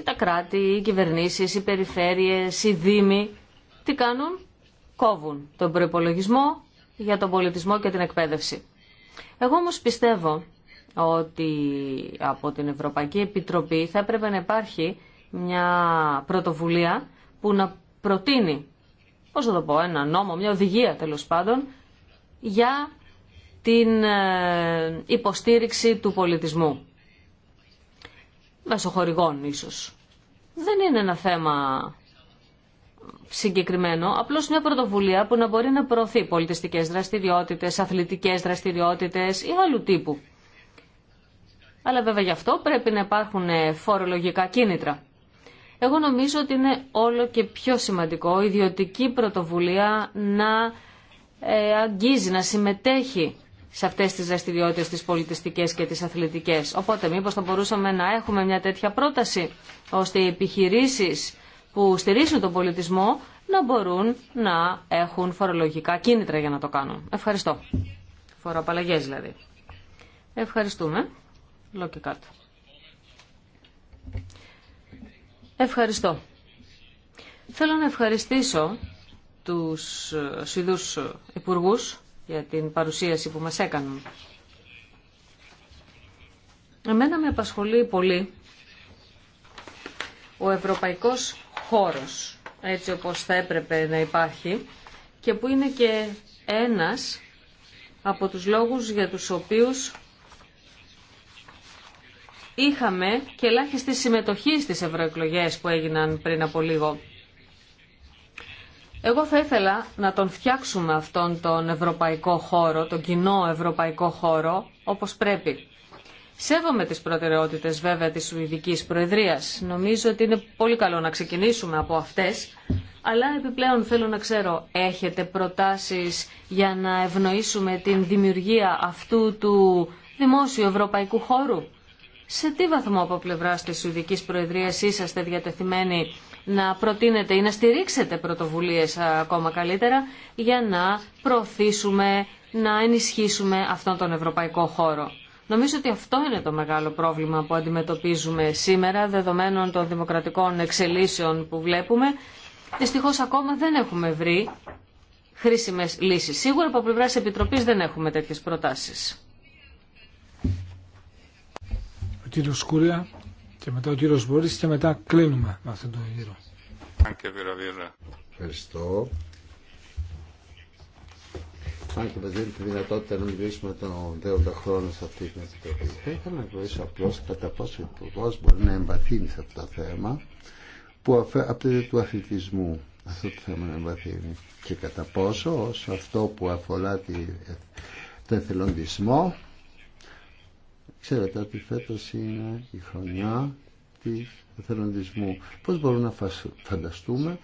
τα κράτη, οι κυβερνήσεις, οι περιφέρειες, οι δήμοι, τι κάνουν, κόβουν τον προπολογισμό για τον πολιτισμό και την εκπαίδευση. Εγώ όμω πιστεύω ότι από την Ευρωπαϊκή Επιτροπή θα έπρεπε να υπάρχει μια πρωτοβουλία που να προτείνει, πώς το πω, ένα νόμο, μια οδηγία τέλος πάντων, για την ε, υποστήριξη του πολιτισμού. Μεσοχορηγών ίσως. Δεν είναι ένα θέμα συγκεκριμένο, απλώς μια πρωτοβουλία που να μπορεί να προωθεί πολιτιστικές δραστηριότητες, αθλητικές δραστηριότητες ή άλλου τύπου. Αλλά βέβαια γι' αυτό πρέπει να υπάρχουν φορολογικά κίνητρα. Εγώ νομίζω ότι είναι όλο και πιο σημαντικό η ιδιωτική πρωτοβουλία να ε, αγγίζει, να συμμετέχει σε αυτές τις δραστηριότητες τις πολιτιστικές και τις αθλητικές. Οπότε μήπως θα μπορούσαμε να έχουμε μια τέτοια πρόταση ώστε οι επιχειρήσεις που στηρίζουν τον πολιτισμό να μπορούν να έχουν φορολογικά κίνητρα για να το κάνουν. Ευχαριστώ. Φοροαπαλλαγές δηλαδή. Ευχαριστούμε. και κάτω. Ευχαριστώ. Θέλω να ευχαριστήσω τους ε, Σιδούς ε, Υπουργούς για την παρουσίαση που μας έκαναν. Εμένα με απασχολεί πολύ ο ευρωπαϊκός χώρος, έτσι όπως θα έπρεπε να υπάρχει, και που είναι και ένας από τους λόγους για τους οποίους είχαμε και ελάχιστη συμμετοχή στις ευρωεκλογέ που έγιναν πριν από λίγο. Εγώ θα ήθελα να τον φτιάξουμε αυτόν τον ευρωπαϊκό χώρο, τον κοινό ευρωπαϊκό χώρο, όπως πρέπει. Σέβομαι τις προτεραιότητες βέβαια της Σουηδικής Προεδρίας. Νομίζω ότι είναι πολύ καλό να ξεκινήσουμε από αυτές, αλλά επιπλέον θέλω να ξέρω, έχετε προτάσεις για να ευνοήσουμε την δημιουργία αυτού του δημόσιου ευρωπαϊκού χώρου. Σε τι βαθμό από πλευρά τη Σουηδική Προεδρία είσαστε διατεθειμένοι να προτείνετε ή να στηρίξετε πρωτοβουλίες ε, ακόμα καλύτερα για να προωθήσουμε, να ενισχύσουμε αυτόν τον ευρωπαϊκό χώρο. Νομίζω ότι αυτό είναι το μεγάλο πρόβλημα που αντιμετωπίζουμε σήμερα, δεδομένων των δημοκρατικών εξελίσεων που βλέπουμε. Δυστυχώ ακόμα δεν έχουμε βρει χρήσιμες λύσεις. Σίγουρα από πλευρά Επιτροπής δεν έχουμε τέτοιες προτάσεις. Και μετά ο κύριος Μπορής και μετά κλείνουμε με αυτόν τον γύρο. Ευχαριστώ. Αν και μας δίνει τη δυνατότητα να μιλήσουμε τον δέοντα χρόνο σε αυτή την επιτροπή. Θα ήθελα να ρωτήσω απλώ κατά πόσο ο υπουργό μπορεί να εμβαθύνει σε αυτό το θέμα που απαιτείται του αθλητισμού. Αυτό το θέμα να εμβαθύνει. Και κατά πόσο όσο αυτό που αφορά τη, τον εθελοντισμό Ξέρετε ότι φέτος είναι η χρονιά της εθελοντισμού. Πώς μπορούμε να φανταστούμε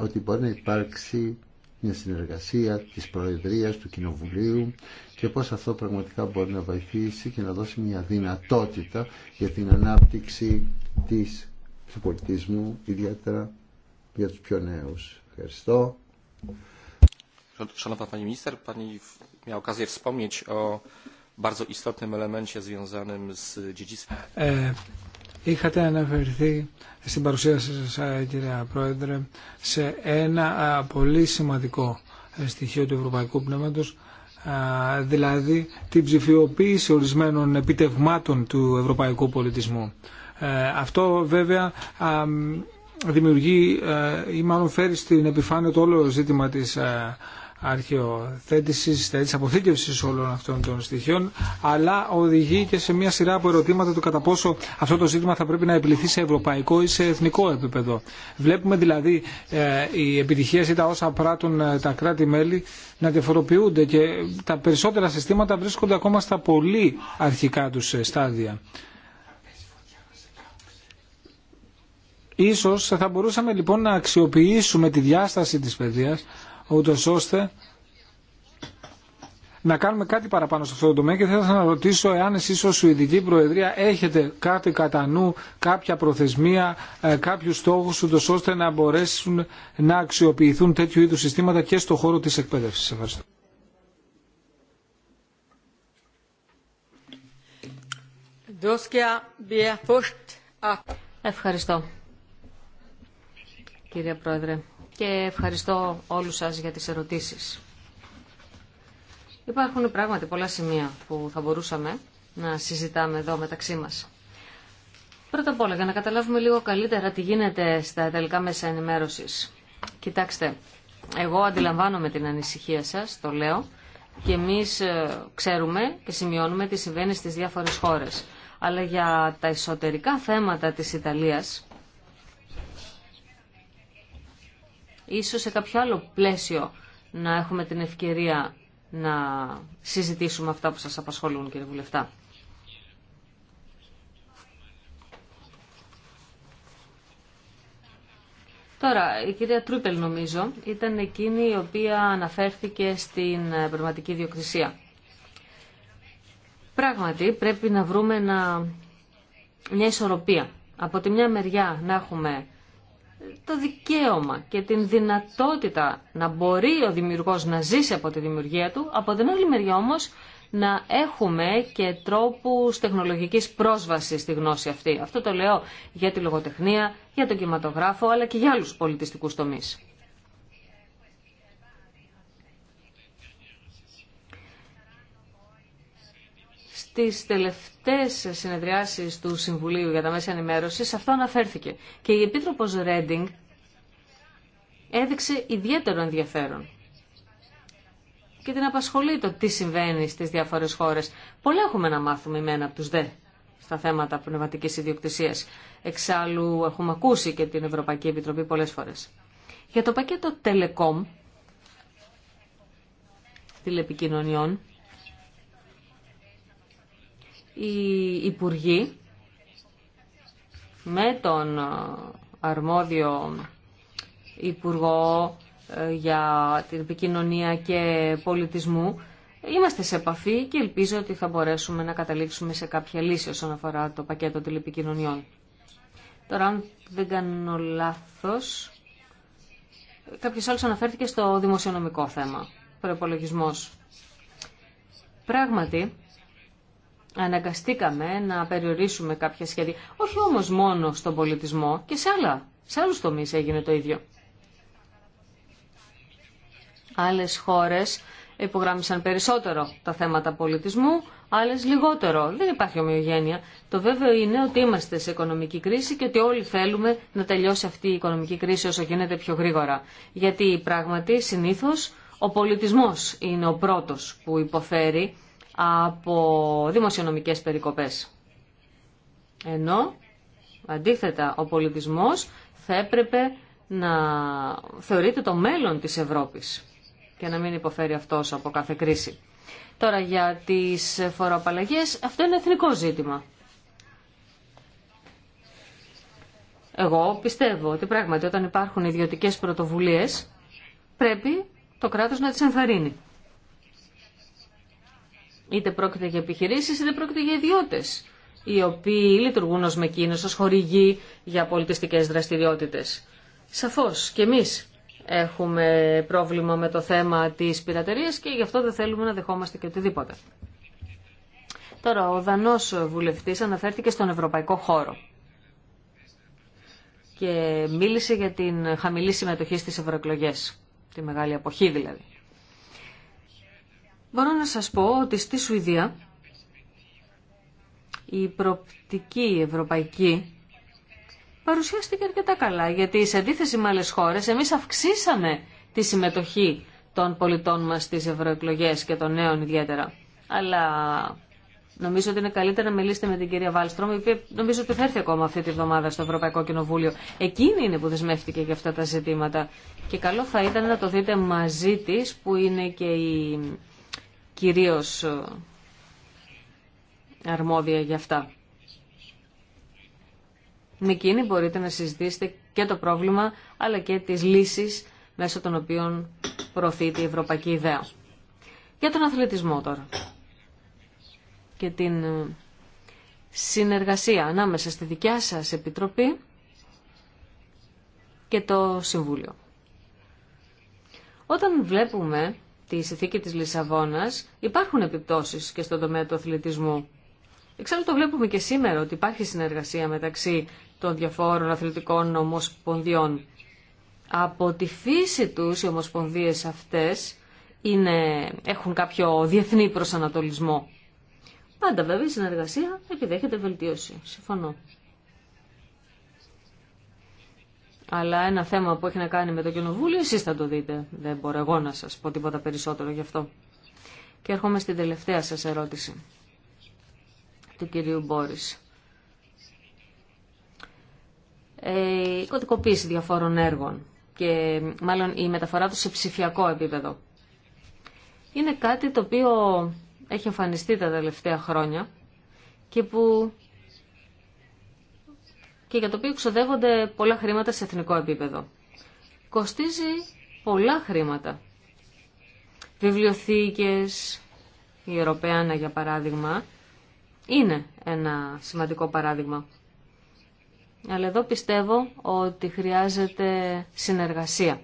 ότι μπορεί να υπάρξει μια συνεργασία της Προεδρίας, του Κοινοβουλίου και πώς αυτό πραγματικά μπορεί να βοηθήσει και να δώσει μια δυνατότητα για την ανάπτυξη της, του πολιτισμού, ιδιαίτερα για τους πιο νέους. Ευχαριστώ. Szanowna Pani Minister, Pani miała okazję E, είχατε αναφερθεί στην παρουσία σας, ε, κύριε Πρόεδρε, σε ένα ε, πολύ σημαντικό ε, στοιχείο του ευρωπαϊκού πνεύματος, δηλαδή την ψηφιοποίηση ορισμένων επιτευμάτων του ευρωπαϊκού πολιτισμού. Αυτό βέβαια δημιουργεί ή μάλλον φέρει στην επιφάνεια το όλο ζήτημα της αρχαιοθέτησης, δηλαδή της αποθήκευσης όλων αυτών των στοιχείων, αλλά οδηγεί και σε μια σειρά από ερωτήματα του κατά πόσο αυτό το ζήτημα θα πρέπει να επιληθεί σε ευρωπαϊκό ή σε εθνικό επίπεδο. Βλέπουμε δηλαδή ε, οι επιτυχίες ή τα όσα πράττουν ε, τα κράτη-μέλη να διαφοροποιούνται και τα περισσότερα συστήματα βρίσκονται ακόμα στα πολύ αρχικά τους ε, στάδια. Ίσως θα μπορούσαμε λοιπόν να αξιοποιήσουμε τη διάσταση της παιδείας ούτως ώστε να κάνουμε κάτι παραπάνω σε αυτό το τομέα και θα ήθελα να ρωτήσω εάν εσείς ως Σουηδική Προεδρία έχετε κάτι κατά νου, κάποια προθεσμία, ε, κάποιους στόχους ούτως ώστε να μπορέσουν να αξιοποιηθούν τέτοιου είδους συστήματα και στον χώρο της εκπαίδευσης. Ευχαριστώ. Ευχαριστώ. Κύριε Πρόεδρε και ευχαριστώ όλους σας για τις ερωτήσεις. Υπάρχουν πράγματι πολλά σημεία που θα μπορούσαμε να συζητάμε εδώ μεταξύ μας. Πρώτα απ' όλα, για να καταλάβουμε λίγο καλύτερα τι γίνεται στα τελικά μέσα ενημέρωσης. Κοιτάξτε, εγώ αντιλαμβάνομαι την ανησυχία σας, το λέω, και εμείς ε, ξέρουμε και σημειώνουμε τι συμβαίνει στις διάφορες χώρες. Αλλά για τα εσωτερικά θέματα της Ιταλίας, ίσως σε κάποιο άλλο πλαίσιο να έχουμε την ευκαιρία να συζητήσουμε αυτά που σας απασχολούν κύριε Βουλευτά. Τώρα, η κυρία Τρούπελ νομίζω ήταν εκείνη η οποία αναφέρθηκε στην ε, πνευματική διοκτησία. Πράγματι πρέπει να βρούμε μια ισορροπία. Από τη μια μεριά να έχουμε το δικαίωμα και την δυνατότητα να μπορεί ο δημιουργός να ζήσει από τη δημιουργία του, από την άλλη μεριά όμως να έχουμε και τρόπους τεχνολογικής πρόσβασης στη γνώση αυτή. Αυτό το λέω για τη λογοτεχνία, για τον κινηματογράφο, αλλά και για άλλους πολιτιστικούς τομείς. Στις τελευταίες τελευταίε συνεδριάσεις του Συμβουλίου για τα Μέσα ενημέρωση, αυτό αναφέρθηκε. Και η Επίτροπος Ρέντινγκ έδειξε ιδιαίτερο ενδιαφέρον και την απασχολεί το τι συμβαίνει στις διάφορες χώρες. Πολλά έχουμε να μάθουμε εμένα από τους δε στα θέματα πνευματικής ιδιοκτησίας. Εξάλλου έχουμε ακούσει και την Ευρωπαϊκή Επιτροπή πολλές φορές. Για το πακέτο Telecom τηλεπικοινωνιών οι υπουργοί με τον ε, αρμόδιο υπουργό ε, για την επικοινωνία και πολιτισμού Είμαστε σε επαφή και ελπίζω ότι θα μπορέσουμε να καταλήξουμε σε κάποια λύση όσον αφορά το πακέτο τηλεπικοινωνιών. Τώρα, αν δεν κάνω λάθος, κάποιος άλλος αναφέρθηκε στο δημοσιονομικό θέμα, προπολογισμό. Πράγματι, αναγκαστήκαμε να περιορίσουμε κάποια σχέδια. Όχι όμως μόνο στον πολιτισμό και σε, άλλα, σε άλλους τομείς έγινε το ίδιο. Άλλες χώρες υπογράμμισαν περισσότερο τα θέματα πολιτισμού, άλλες λιγότερο. Δεν υπάρχει ομοιογένεια. Το βέβαιο είναι ότι είμαστε σε οικονομική κρίση και ότι όλοι θέλουμε να τελειώσει αυτή η οικονομική κρίση όσο γίνεται πιο γρήγορα. Γιατί πράγματι συνήθως ο πολιτισμός είναι ο πρώτος που υποφέρει από δημοσιονομικές περικοπές. Ενώ, αντίθετα, ο πολιτισμός θα έπρεπε να θεωρείται το μέλλον της Ευρώπης και να μην υποφέρει αυτός από κάθε κρίση. Τώρα για τις φοροαπαλλαγές, αυτό είναι εθνικό ζήτημα. Εγώ πιστεύω ότι πράγματι όταν υπάρχουν ιδιωτικές πρωτοβουλίες πρέπει το κράτος να τις ενθαρρύνει. Είτε πρόκειται για επιχειρήσεις, είτε πρόκειται για ιδιώτε, οι οποίοι λειτουργούν ως μεκίνος ως χορηγοί για πολιτιστικέ δραστηριότητες. Σαφώς και εμείς έχουμε πρόβλημα με το θέμα της πειρατερία και γι' αυτό δεν θέλουμε να δεχόμαστε και οτιδήποτε. Τώρα, ο Δανός βουλευτής αναφέρθηκε στον ευρωπαϊκό χώρο και μίλησε για την χαμηλή συμμετοχή στις ευρωεκλογέ, τη μεγάλη αποχή δηλαδή. Μπορώ να σας πω ότι στη Σουηδία η προπτική ευρωπαϊκή παρουσιάστηκε αρκετά καλά, γιατί σε αντίθεση με άλλες χώρες εμείς αυξήσαμε τη συμμετοχή των πολιτών μας στις ευρωεκλογές και των νέων ιδιαίτερα. Αλλά νομίζω ότι είναι καλύτερα να μιλήσετε με την κυρία Βάλστρομ, η οποία νομίζω ότι θα έρθει ακόμα αυτή τη βδομάδα στο Ευρωπαϊκό Κοινοβούλιο. Εκείνη είναι που δεσμεύτηκε για αυτά τα ζητήματα. Και καλό θα ήταν να το δείτε μαζί της, που είναι και η κυρίως ε, αρμόδια για αυτά. Με εκείνη μπορείτε να συζητήσετε και το πρόβλημα, αλλά και τις λύσεις μέσω των οποίων προωθείται η ευρωπαϊκή ιδέα. Για τον αθλητισμό τώρα και την ε, συνεργασία ανάμεσα στη δικιά σας Επιτροπή και το Συμβούλιο. Όταν βλέπουμε τη συνθήκη της Λισαβόνας υπάρχουν επιπτώσεις και στον τομέα του αθλητισμού. Εξάλλου το βλέπουμε και σήμερα ότι υπάρχει συνεργασία μεταξύ των διαφόρων αθλητικών ομοσπονδιών. Από τη φύση τους οι ομοσπονδίες αυτές είναι, έχουν κάποιο διεθνή προσανατολισμό. Πάντα βέβαια η συνεργασία επιδέχεται βελτίωση. Συμφωνώ. Αλλά ένα θέμα που έχει να κάνει με το κοινοβούλιο, εσεί θα το δείτε. Δεν μπορώ εγώ να σα πω τίποτα περισσότερο γι' αυτό. Και έρχομαι στην τελευταία σα ερώτηση του κυρίου Μπόρι. Ε, η κωδικοποίηση διαφόρων έργων και μάλλον η μεταφορά του σε ψηφιακό επίπεδο. Είναι κάτι το οποίο έχει εμφανιστεί τα τελευταία χρόνια και που και για το οποίο ξοδεύονται πολλά χρήματα σε εθνικό επίπεδο. Κοστίζει πολλά χρήματα. Βιβλιοθήκες, η Ευρωπαίανα για παράδειγμα, είναι ένα σημαντικό παράδειγμα. Αλλά εδώ πιστεύω ότι χρειάζεται συνεργασία.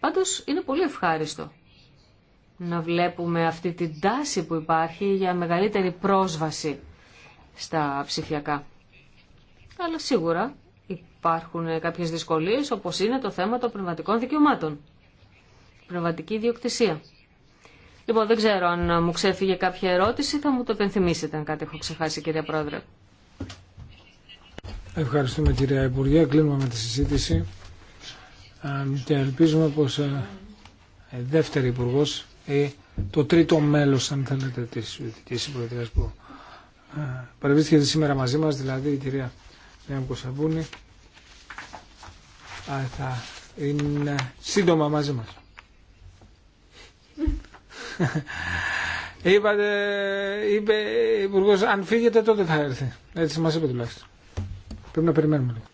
Πάντως είναι πολύ ευχάριστο να βλέπουμε αυτή την τάση που υπάρχει για μεγαλύτερη πρόσβαση στα ψηφιακά. Αλλά σίγουρα υπάρχουν κάποιες δυσκολίες όπως είναι το θέμα των πνευματικών δικαιωμάτων. Πνευματική ιδιοκτησία. Λοιπόν, δεν ξέρω αν μου ξέφυγε κάποια ερώτηση, θα μου το επενθυμίσετε αν κάτι έχω ξεχάσει κυρία Πρόεδρε. Ευχαριστούμε κυρία Υπουργέ. Κλείνουμε με τη συζήτηση ε, και ελπίζουμε πως ε, ε, δεύτερη υπουργό ή το τρίτο μέλος αν θέλετε της Ιουδικής που παρευρίσκεται σήμερα μαζί μας, δηλαδή η κυρία Νέα Α, θα είναι σύντομα μαζί μας. Είπατε, είπε ο αν φύγετε τότε θα έρθει. Έτσι μας είπε τουλάχιστον. Πρέπει να περιμένουμε λίγο.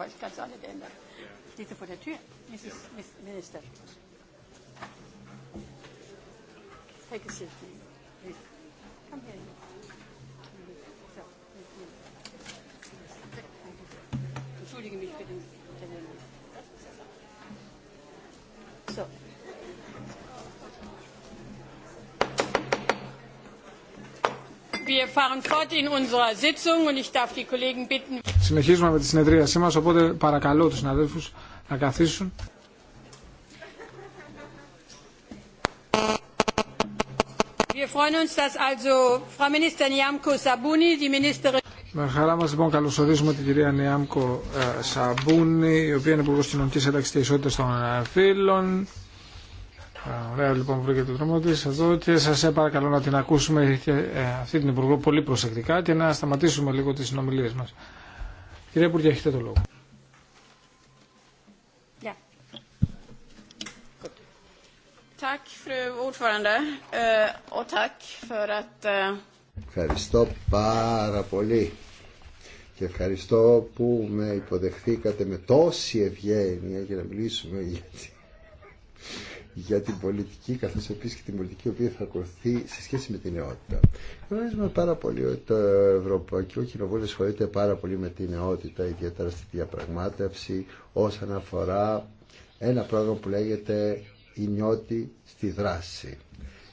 aber ich kann es auch nicht ändern. Steht vor der Tür, Mrs. Minister. Take a seat, please. Come here. Entschuldige mich bitte. Συνεχίζουμε με τη συνεδρίασή μας, οπότε παρακαλώ τους συναδέλφους να καθίσουν. με χαρά μας λοιπόν καλωσορίζουμε την κυρία Νιάμκο ε, Σαμπούνη, η οποία είναι Υπουργός Κοινωνικής Ένταξης και Ισότητας των ε, Φίλων. Ωραία λοιπόν βρήκε το δρόμο τη εδώ και σα παρακαλώ να την ακούσουμε και, ε, αυτή την Υπουργό πολύ προσεκτικά και να σταματήσουμε λίγο τι συνομιλίε μα. Κυρία Υπουργέ, έχετε το λόγο. Eh, eh, ευχαριστώ πάρα πολύ και ευχαριστώ που με υποδεχθήκατε με τόση ευγένεια για να μιλήσουμε γιατί για την πολιτική καθώς επίσης και την πολιτική η οποία θα ακολουθεί σε σχέση με την νεότητα. Γνωρίζουμε πάρα πολύ ότι το Ευρωπαϊκό Κοινοβούλιο ασχολείται πάρα πολύ με την νεότητα, ιδιαίτερα στη διαπραγμάτευση όσον αφορά ένα πρόγραμμα που λέγεται «Η νιώτη στη δράση»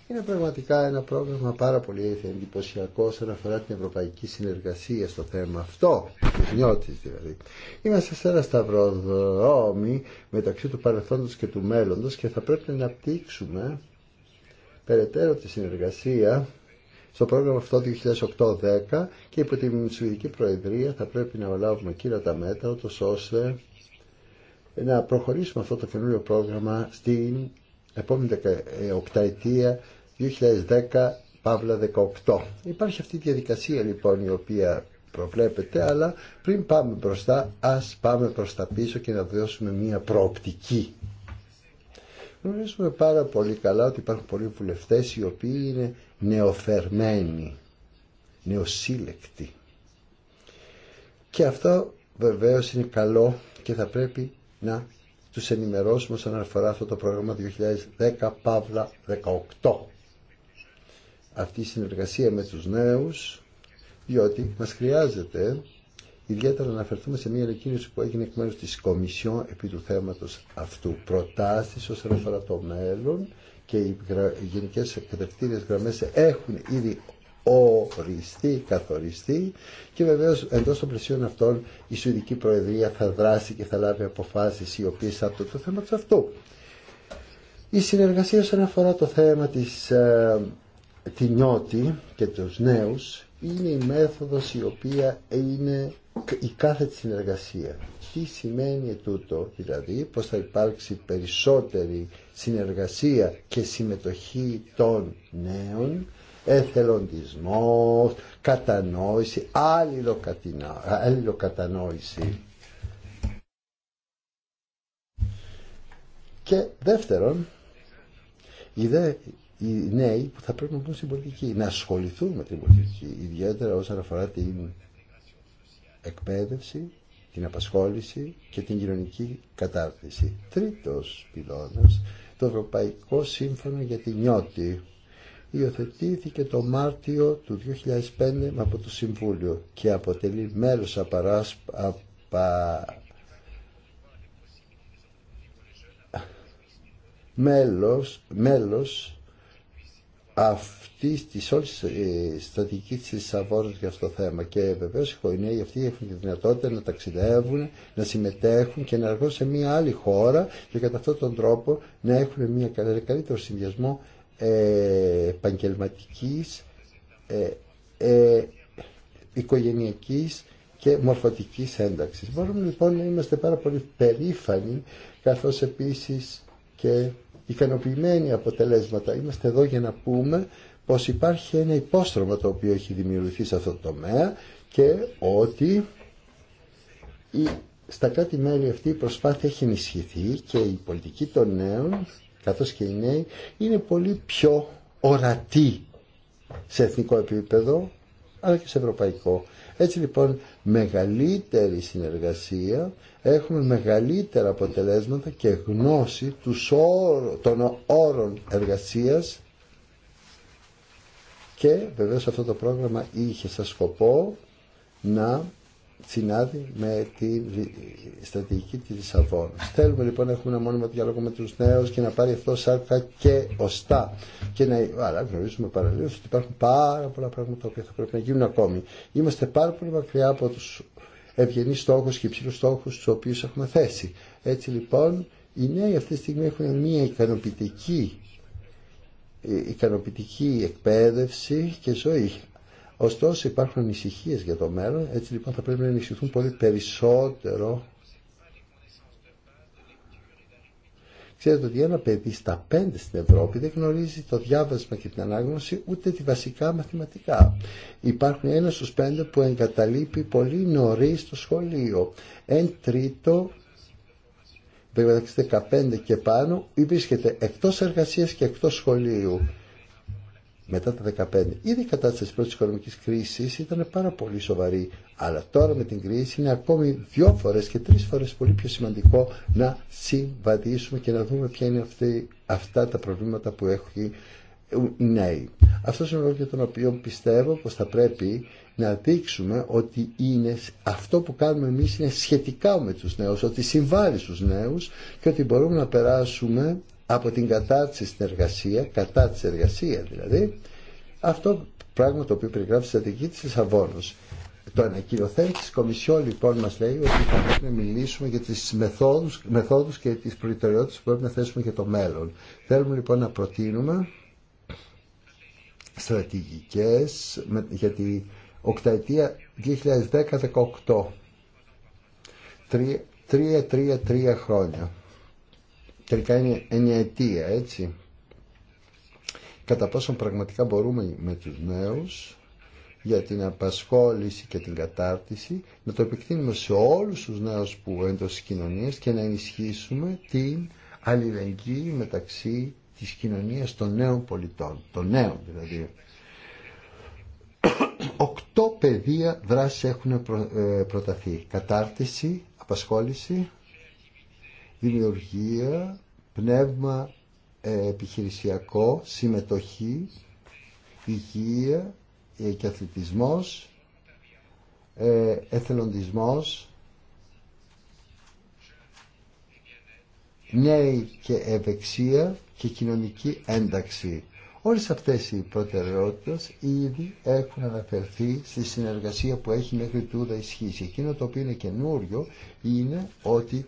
είναι πραγματικά ένα πρόγραμμα πάρα πολύ εντυπωσιακό όσον αφορά την ευρωπαϊκή συνεργασία στο θέμα αυτό, τη νιώτη δηλαδή. Είμαστε σε ένα σταυροδρόμι μεταξύ του παρελθόντος και του μέλλοντος και θα πρέπει να αναπτύξουμε περαιτέρω τη συνεργασία στο πρόγραμμα αυτό 2008-10 και υπό την Σουηδική Προεδρία θα πρέπει να λάβουμε κύρα τα μέτρα ώστε να προχωρήσουμε αυτό το καινούριο πρόγραμμα στην επόμενη οκταετία 2010 Παύλα 18. Υπάρχει αυτή η διαδικασία λοιπόν η οποία προβλέπεται, αλλά πριν πάμε μπροστά, ας πάμε προς τα πίσω και να δώσουμε μία προοπτική. Γνωρίζουμε πάρα πολύ καλά ότι υπάρχουν πολλοί βουλευτές οι οποίοι είναι νεοφερμένοι, νεοσύλλεκτοι. Και αυτό βεβαίως είναι καλό και θα πρέπει να τους ενημερώσουμε όσον αφορά αυτό το πρόγραμμα 2010 Παύλα 18 αυτή η συνεργασία με τους νέους, διότι μας χρειάζεται ιδιαίτερα να αναφερθούμε σε μια ανακοίνωση που έγινε εκ μέρου της Κομισιόν επί του θέματος αυτού. Προτάσεις όσον αφορά το μέλλον και οι γενικές κατευθύνες γραμμές έχουν ήδη οριστεί, καθοριστεί και βεβαίω εντό των πλαισίων αυτών η Σουηδική Προεδρία θα δράσει και θα λάβει αποφάσει οι οποίε από το θέμα του αυτού. Η συνεργασία όσον αφορά το θέμα της ε, τη νιώτη και τους νέους είναι η μέθοδος η οποία είναι η κάθε συνεργασία. Τι σημαίνει τούτο, δηλαδή, πως θα υπάρξει περισσότερη συνεργασία και συμμετοχή των νέων, εθελοντισμός, κατανόηση, αλληλοκατανόηση. Και δεύτερον, η οι νέοι που θα πρέπει να μπουν στην πολιτική, να ασχοληθούν με την πολιτική, ιδιαίτερα όσον αφορά την εκπαίδευση, την απασχόληση και την κοινωνική κατάρτιση. Τρίτος πυλώνας, το Ευρωπαϊκό Σύμφωνο για την Νιώτη, υιοθετήθηκε το Μάρτιο του 2005 από το Συμβούλιο και αποτελεί μέλος απαράσ... απα... μέλος, μέλος αυτή τη όλη ε, στρατηγική τη Λισαβόνα για αυτό το θέμα. Και βεβαίω οι χωρινέοι αυτοί έχουν τη δυνατότητα να ταξιδεύουν, να συμμετέχουν και να εργούν σε μια άλλη χώρα και κατά αυτόν τον τρόπο να έχουν μια, ένα καλύτερο συνδυασμό ε, επαγγελματική, ε, ε, οικογενειακή και μορφωτική ένταξη. Μπορούμε λοιπόν να είμαστε πάρα πολύ περήφανοι καθώ επίση και ικανοποιημένοι αποτελέσματα. Είμαστε εδώ για να πούμε πως υπάρχει ένα υπόστρωμα το οποίο έχει δημιουργηθεί σε αυτό το τομέα και ότι η, στα κάτι μέλη αυτή η προσπάθεια έχει ενισχυθεί και η πολιτική των νέων καθώς και οι νέοι είναι πολύ πιο ορατή σε εθνικό επίπεδο αλλά και σε ευρωπαϊκό. Έτσι λοιπόν μεγαλύτερη συνεργασία έχουμε μεγαλύτερα αποτελέσματα και γνώση των όρων εργασίας και βεβαίως αυτό το πρόγραμμα είχε σαν σκοπό να συνάδει με τη στρατηγική της Λισαβόνα. Θέλουμε λοιπόν να έχουμε ένα μόνιμο διάλογο με τους νέους και να πάρει αυτό σάρκα και οστά. Και να αλλά γνωρίζουμε παραλλήλως ότι υπάρχουν πάρα πολλά πράγματα που θα πρέπει να γίνουν ακόμη. Είμαστε πάρα πολύ μακριά από τους ευγενείς στόχους και υψηλούς στόχους τους οποίους έχουμε θέσει. Έτσι λοιπόν οι νέοι αυτή τη στιγμή έχουν μια ικανοποιητική ε, ικανοποιητική εκπαίδευση και ζωή. Ωστόσο υπάρχουν ανησυχίε για το μέλλον, έτσι λοιπόν θα πρέπει να ενισχυθούν πολύ περισσότερο. Ξέρετε ότι ένα παιδί στα πέντε στην Ευρώπη δεν γνωρίζει το διάβασμα και την ανάγνωση ούτε τη βασικά μαθηματικά. Υπάρχουν ένα στους πέντε που εγκαταλείπει πολύ νωρί το σχολείο. Εν τρίτο μεταξύ 15 και πάνω βρίσκεται εκτός εργασίας και εκτός σχολείου μετά τα 15. Ήδη η κατάσταση της πρώτης οικονομικής κρίσης ήταν πάρα πολύ σοβαρή, αλλά τώρα με την κρίση είναι ακόμη δυο φορές και τρεις φορές πολύ πιο σημαντικό να συμβαδίσουμε και να δούμε ποια είναι αυτή, αυτά τα προβλήματα που έχουν οι νέοι. Αυτό είναι ο λόγος για τον οποίο πιστεύω πως θα πρέπει να δείξουμε ότι είναι, αυτό που κάνουμε εμείς είναι σχετικά με τους νέους, ότι συμβάλλει στους νέους και ότι μπορούμε να περάσουμε από την κατάρτιση στην εργασία, κατά τη εργασία δηλαδή, αυτό πράγμα το οποίο περιγράφει η στρατηγική της Λισαβόνος. Το ανακοινωθέν της Κομισιόν λοιπόν μας λέει ότι θα πρέπει να μιλήσουμε για τις μεθόδους, και τις προτεραιότητε που πρέπει να θέσουμε για το μέλλον. Θέλουμε λοιπόν να προτείνουμε στρατηγικές για την οκταετία 2010-2018. Τρία, τρία, τρία χρόνια τελικά είναι αιτία έτσι. Κατά πόσο πραγματικά μπορούμε με τους νέους για την απασχόληση και την κατάρτιση να το επεκτείνουμε σε όλους τους νέους που εντός της κοινωνίας και να ενισχύσουμε την αλληλεγγύη μεταξύ της κοινωνίας των νέων πολιτών, των νέων δηλαδή. Οκτώ πεδία δράση έχουν ε, προταθεί. Κατάρτιση, απασχόληση, δημιουργία, πνεύμα ε, επιχειρησιακό, συμμετοχή, υγεία ε, και αθλητισμός, ε, εθελοντισμός, νέοι και ευεξία και κοινωνική ένταξη. Όλες αυτές οι προτεραιότητες ήδη έχουν αναφερθεί στη συνεργασία που έχει μέχρι τούδα ισχύσει. Εκείνο το οποίο είναι καινούριο είναι ότι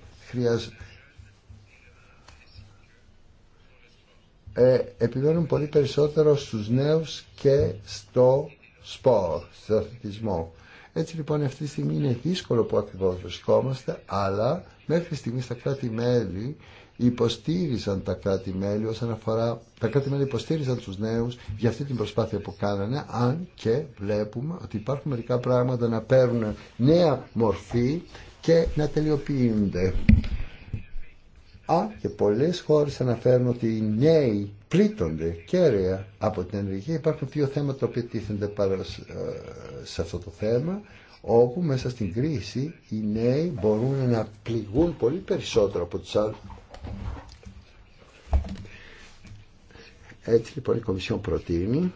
ε, επιμένουν πολύ περισσότερο στους νέους και στο σπορ, στο αθλητισμό. Έτσι λοιπόν αυτή τη στιγμή είναι δύσκολο που ακριβώ βρισκόμαστε, αλλά μέχρι στιγμή τα κράτη-μέλη υποστήριζαν τα κράτη-μέλη όσον αφορά. Τα κράτη-μέλη υποστήριζαν του νέου για αυτή την προσπάθεια που κάνανε, αν και βλέπουμε ότι υπάρχουν μερικά πράγματα να παίρνουν νέα μορφή και να τελειοποιούνται. Α, και πολλές χώρες αναφέρουν ότι οι νέοι πλήττονται κέραια από την ενεργία. Υπάρχουν δύο θέματα που τίθενται πάνω ε, σε αυτό το θέμα, όπου μέσα στην κρίση οι νέοι μπορούν να πληγούν πολύ περισσότερο από τους άλλους. Έτσι λοιπόν η Κομισιόν προτείνει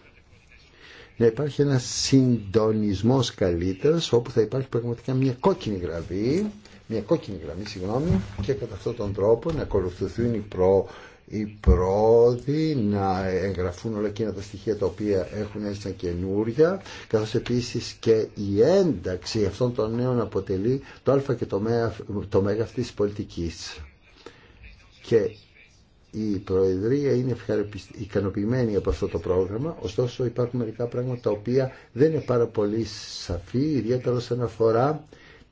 να υπάρχει ένα συντονισμός καλύτερος όπου θα υπάρχει πραγματικά μια κόκκινη γραβή, μια κόκκινη γραμμή συγγνώμη, και κατά αυτόν τον τρόπο να ακολουθηθούν οι, προ, οι πρόοδοι, να εγγραφούν όλα εκείνα τα στοιχεία τα οποία έχουν σαν καινούρια, καθώς επίσης και η ένταξη αυτών των νέων αποτελεί το α και το μέγα, το μέγα αυτής της πολιτικής. Και η Προεδρία είναι ικανοποιημένη από αυτό το πρόγραμμα, ωστόσο υπάρχουν μερικά πράγματα τα οποία δεν είναι πάρα πολύ σαφή, ιδιαίτερα όσον αφορά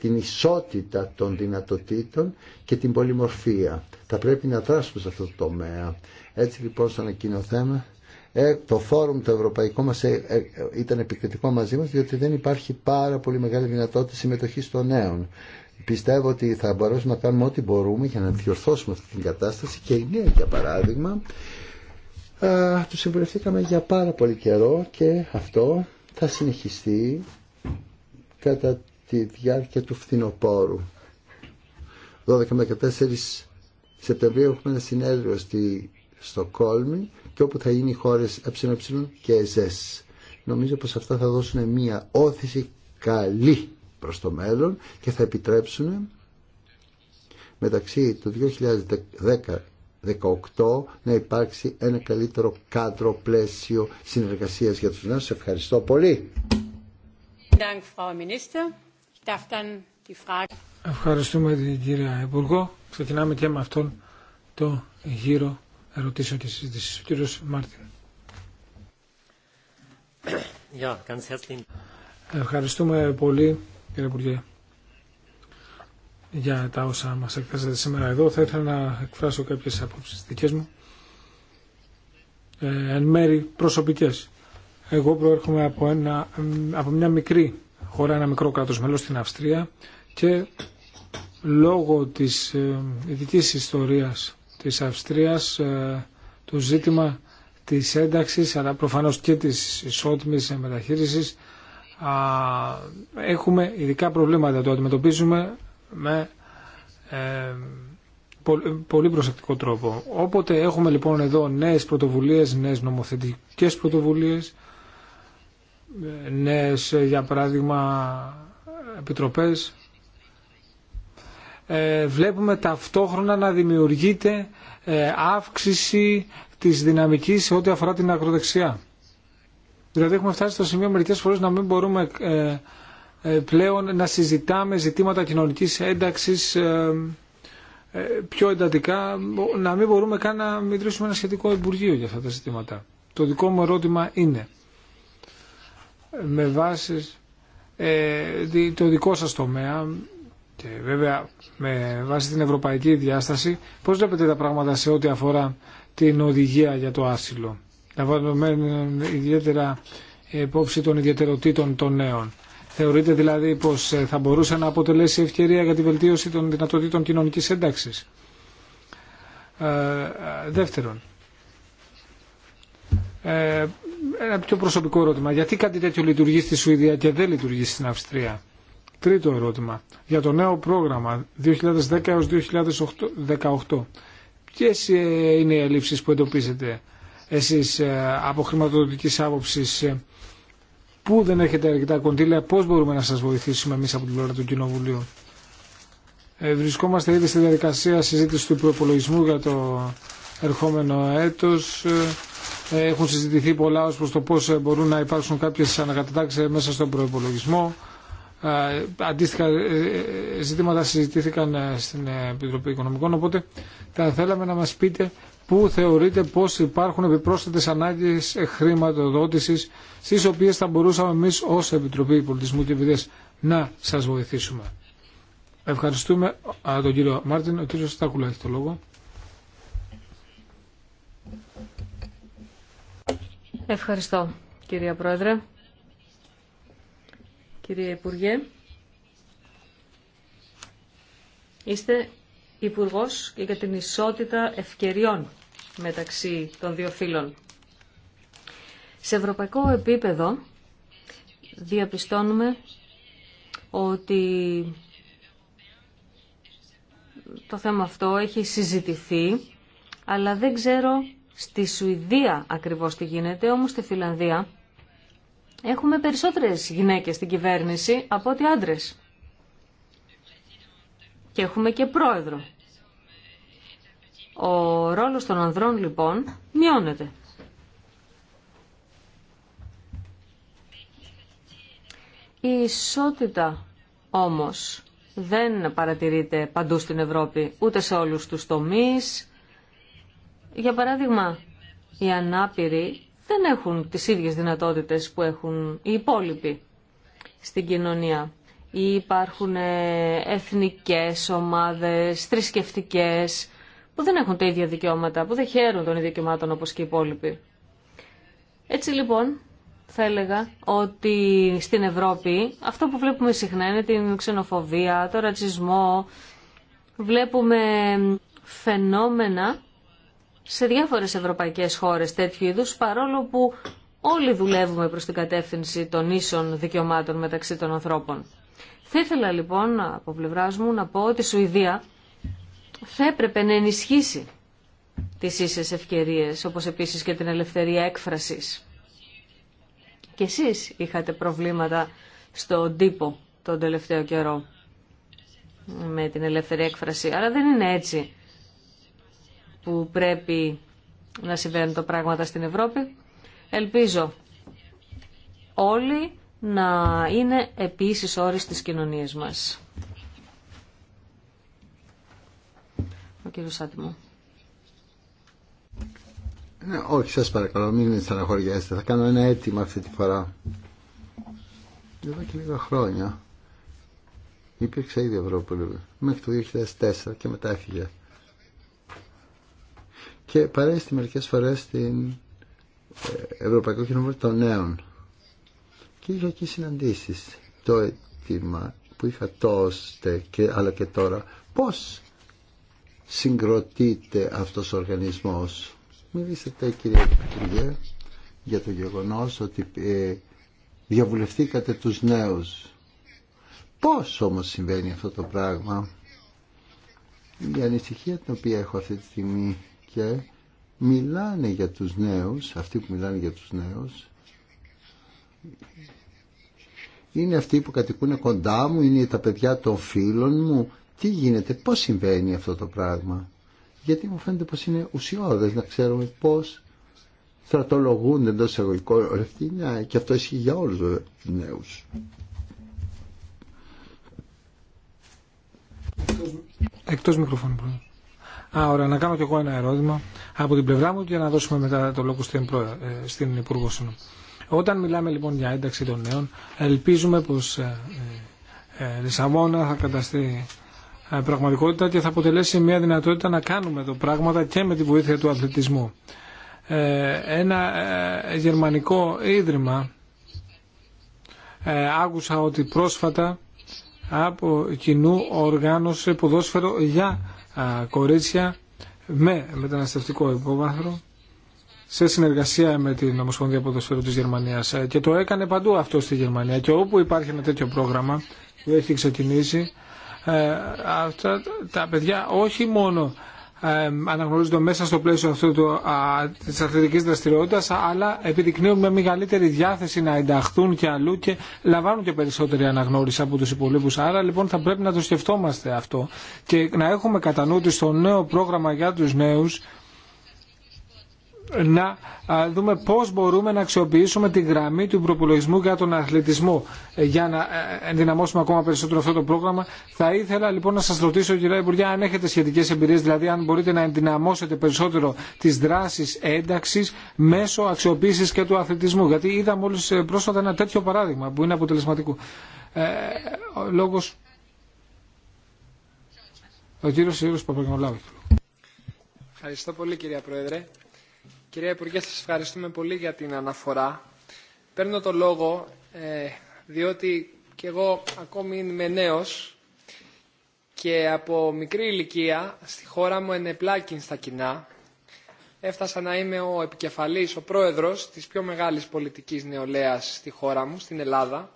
την ισότητα των δυνατοτήτων και την πολυμορφία. Θα πρέπει να δράσουμε σε αυτό το τομέα. Έτσι λοιπόν σαν εκείνο θέμα ε, το φόρουμ το ευρωπαϊκό μας ε, ε, ήταν επικριτικό μαζί μας διότι δεν υπάρχει πάρα πολύ μεγάλη δυνατότητα συμμετοχής των νέων. Πιστεύω ότι θα μπορέσουμε να κάνουμε ό,τι μπορούμε για να διορθώσουμε αυτή την κατάσταση και η ΝΕΑ για παράδειγμα α, τους συμβουλευτήκαμε για πάρα πολύ καιρό και αυτό θα συνεχιστεί κατά τη διάρκεια του φθινοπόρου. 12 με 14 Σεπτεμβρίου έχουμε ένα συνέδριο στη Στοκόλμη και όπου θα είναι οι χώρες ΕΕ και ΕΖΕΣ. Νομίζω πως αυτά θα δώσουν μια όθηση καλή προς το μέλλον και θα επιτρέψουν μεταξύ του 2018 να υπάρξει ένα καλύτερο κάδρο πλαίσιο συνεργασίας για τους νέους. Ευχαριστώ πολύ. Ευχαριστούμε την κυρία Υπουργό. Ξεκινάμε και με αυτόν το γύρο ερωτήσεων και συζήτηση, Ο κύριο Μάρτιν. Ευχαριστούμε πολύ κύριε Υπουργέ για τα όσα μα εκθέσατε σήμερα εδώ. Θα ήθελα να εκφράσω κάποιε απόψεις δικέ μου. Ε, εν μέρη προσωπικέ. Εγώ προέρχομαι από, από μια μικρή χώρα, ένα μικρό κράτος μέλος στην Αυστρία και λόγω της ειδικής ιστορίας της Αυστρίας ε, το ζήτημα της ένταξης αλλά προφανώς και της ισότιμης μεταχείρισης έχουμε ειδικά προβλήματα, το αντιμετωπίζουμε με ε, πολύ προσεκτικό τρόπο. Όποτε έχουμε λοιπόν εδώ νέες πρωτοβουλίες, νέες νομοθετικές πρωτοβουλίες, νέες για παράδειγμα επιτροπές ε, βλέπουμε ταυτόχρονα να δημιουργείται ε, αύξηση της δυναμικής σε ό,τι αφορά την ακροδεξιά. Δηλαδή έχουμε φτάσει στο σημείο μερικές φορές να μην μπορούμε ε, πλέον να συζητάμε ζητήματα κοινωνικής ένταξης πιο εντατικά, να μην μπορούμε καν να μητρήσουμε ένα σχετικό Υπουργείο για αυτά τα ζητήματα. Το δικό μου ερώτημα είναι με βάση ε, το δικό σας τομέα και βέβαια με βάση την ευρωπαϊκή διάσταση πώς βλέπετε τα πράγματα σε ό,τι αφορά την οδηγία για το άσυλο λαμβανωμένων ιδιαίτερα υπόψη των ιδιαιτεροτήτων των νέων. Θεωρείτε δηλαδή πως ε, θα μπορούσε να αποτελέσει ευκαιρία για τη βελτίωση των δυνατοτήτων κοινωνικής ένταξης. Ε, ε δεύτερον, ε, ένα πιο προσωπικό ερώτημα. Γιατί κάτι τέτοιο λειτουργεί στη Σουηδία και δεν λειτουργεί στην Αυστρία. Τρίτο ερώτημα. Για το νέο πρόγραμμα 2010 έως 2018. Ποιε ε, είναι οι ελλείψει που εντοπίζετε εσείς ε, από χρηματοδοτική άποψη, ε, Πού δεν έχετε αρκετά κοντήλια. πώς μπορούμε να σας βοηθήσουμε εμεί από την πλευρά του Κοινοβουλίου. βρισκόμαστε ήδη στη διαδικασία συζήτηση του προπολογισμού για το ερχόμενο έτος. Έχουν συζητηθεί πολλά ως προς το πώς μπορούν να υπάρξουν κάποιες ανακατατάξεις μέσα στον προϋπολογισμό. Ε, αντίστοιχα ε, ε, ζητήματα συζητήθηκαν στην Επιτροπή Οικονομικών, οπότε θα θέλαμε να μας πείτε πού θεωρείτε πως υπάρχουν επιπρόσθετες ανάγκες χρηματοδότησης στις οποίες θα μπορούσαμε εμείς ως Επιτροπή Πολιτισμού και Βιδές να σας βοηθήσουμε. Ευχαριστούμε τον κύριο Μάρτιν. Ο κύριος Στάκουλα έχει το λόγο. Ευχαριστώ, κυρία Πρόεδρε. Κύριε Υπουργέ, είστε Υπουργός για την ισότητα ευκαιριών μεταξύ των δύο φύλων. Σε ευρωπαϊκό επίπεδο διαπιστώνουμε ότι το θέμα αυτό έχει συζητηθεί, αλλά δεν ξέρω Στη Σουηδία ακριβώς τι γίνεται, όμως στη Φιλανδία έχουμε περισσότερες γυναίκες στην κυβέρνηση από ότι άντρες. Και έχουμε και πρόεδρο. Ο ρόλος των ανδρών λοιπόν μειώνεται. Η ισότητα όμως δεν παρατηρείται παντού στην Ευρώπη, ούτε σε όλους τους τομείς, για παράδειγμα, οι ανάπηροι δεν έχουν τις ίδιες δυνατότητες που έχουν οι υπόλοιποι στην κοινωνία. Ή υπάρχουν ε, εθνικές ομάδες, θρησκευτικέ που δεν έχουν τα ίδια δικαιώματα, που δεν χαίρουν των ίδιων δικαιωμάτων όπως και οι υπόλοιποι. Έτσι λοιπόν, θα έλεγα ότι στην Ευρώπη αυτό που βλέπουμε συχνά είναι την ξενοφοβία, το ρατσισμό. Βλέπουμε φαινόμενα σε διάφορες ευρωπαϊκές χώρες τέτοιου είδους, παρόλο που όλοι δουλεύουμε προς την κατεύθυνση των ίσων δικαιωμάτων μεταξύ των ανθρώπων. Θα ήθελα λοιπόν από πλευρά μου να πω ότι η Σουηδία θα έπρεπε να ενισχύσει τις ίσες ευκαιρίες, όπως επίσης και την ελευθερία έκφρασης. Και εσείς είχατε προβλήματα στον τύπο τον τελευταίο καιρό με την ελευθερία έκφραση. αλλά δεν είναι έτσι που πρέπει να συμβαίνουν τα πράγματα στην Ευρώπη. Ελπίζω όλοι να είναι επίσης όρις της κοινωνίας μας. Ο κύριος Άτιμο. Ναι, όχι, σας παρακαλώ, μην στεναχωριέστε. Θα κάνω ένα αίτημα αυτή τη φορά. Εδώ και λίγα χρόνια υπήρξε ήδη Ευρώπη μέχρι το 2004 και μετά έφυγε και παρέστη μερικές φορές στην ε, Ευρωπαϊκό Κοινοβούλιο των Νέων και είχα εκεί συναντήσεις το αίτημα που είχα τότε και, αλλά και τώρα πώς συγκροτείται αυτός ο οργανισμός μιλήσατε κύριε Υπουργέ για το γεγονός ότι ε, διαβουλευτήκατε τους νέους πώς όμως συμβαίνει αυτό το πράγμα η ανησυχία την οποία έχω αυτή τη στιγμή και μιλάνε για τους νέους, αυτοί που μιλάνε για τους νέους, είναι αυτοί που κατοικούν κοντά μου, είναι τα παιδιά των φίλων μου. Τι γίνεται, πώς συμβαίνει αυτό το πράγμα. Γιατί μου φαίνεται πως είναι ουσιώδες να ξέρουμε πώς στρατολογούν εντό εγωικών αυτή και αυτό ισχύει για όλους τους νέους. Εκτός μικροφώνου, Α, ωραία, να κάνω κι εγώ ένα ερώτημα από την πλευρά μου για να δώσουμε μετά το λόγο στην, ε, στην Υπουργό Συνόμου. Όταν μιλάμε λοιπόν για ένταξη των νέων, ελπίζουμε πως η ε, ε, ε, Λισαβόνα θα καταστεί πραγματικότητα και θα αποτελέσει μια δυνατότητα να κάνουμε εδώ πράγματα και με τη βοήθεια του αθλητισμού. Ένα γερμανικό ίδρυμα άκουσα ότι πρόσφατα από κοινού οργάνωσε ποδόσφαιρο για κορίτσια με μεταναστευτικό υπόβαθρο σε συνεργασία με την Ομοσπονδία Ποδοσφαίρου της Γερμανίας ε, και το έκανε παντού αυτό στη Γερμανία και όπου υπάρχει ένα τέτοιο πρόγραμμα που έχει ξεκινήσει ε, αυτά τα παιδιά όχι μόνο αναγνωρίζονται μέσα στο πλαίσιο αυτού του, της αθλητικής δραστηριότητας αλλά επιδεικνύουν με μεγαλύτερη διάθεση να ενταχθούν και αλλού και λαμβάνουν και περισσότερη αναγνώριση από τους υπολείπους. Άρα λοιπόν θα πρέπει να το σκεφτόμαστε αυτό και να έχουμε κατά νου ότι στο νέο πρόγραμμα για τους νέους να δούμε πώς μπορούμε να αξιοποιήσουμε τη γραμμή του προπολογισμού για τον αθλητισμό ε, για να ε, ενδυναμώσουμε ακόμα περισσότερο αυτό το πρόγραμμα. Θα ήθελα λοιπόν να σας ρωτήσω κυρία Υπουργέ αν έχετε σχετικές εμπειρίες, δηλαδή αν μπορείτε να ενδυναμώσετε περισσότερο τις δράσεις ένταξης μέσω αξιοποίησης και του αθλητισμού. Γιατί είδα μόλις ε, πρόσφατα ένα τέτοιο παράδειγμα που είναι αποτελεσματικό. Ε, ο λόγος... Ο κύριος Ιώρος Ευχαριστώ πολύ κυρία Πρόεδρε. Κυρία Υπουργέ, σας ευχαριστούμε πολύ για την αναφορά. Παίρνω το λόγο ε, διότι και εγώ ακόμη είμαι νέος και από μικρή ηλικία στη χώρα μου ενεπλάκιν στα κοινά. Έφτασα να είμαι ο επικεφαλής, ο πρόεδρος της πιο μεγάλης πολιτικής νεολαίας στη χώρα μου, στην Ελλάδα.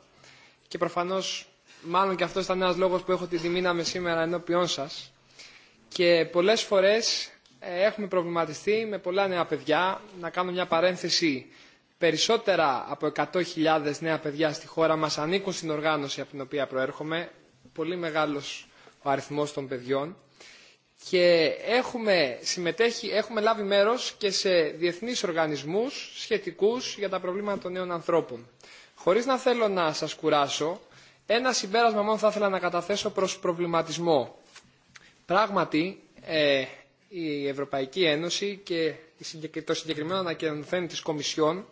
Και προφανώς, μάλλον και αυτό ήταν ένας λόγος που έχω τη τιμή σήμερα ενώπιόν σας. Και πολλές φορές έχουμε προβληματιστεί με πολλά νέα παιδιά. Να κάνω μια παρένθεση. Περισσότερα από 100.000 νέα παιδιά στη χώρα μας ανήκουν στην οργάνωση από την οποία προέρχομαι. Πολύ μεγάλος ο αριθμός των παιδιών. Και έχουμε, συμμετέχει, έχουμε λάβει μέρος και σε διεθνείς οργανισμούς σχετικούς για τα προβλήματα των νέων ανθρώπων. Χωρίς να θέλω να σας κουράσω, ένα συμπέρασμα μόνο θα ήθελα να καταθέσω προς προβληματισμό. Πράγματι, ε, η Ευρωπαϊκή Ένωση και το συγκεκριμένο ανακαινωθέν της Κομισιόν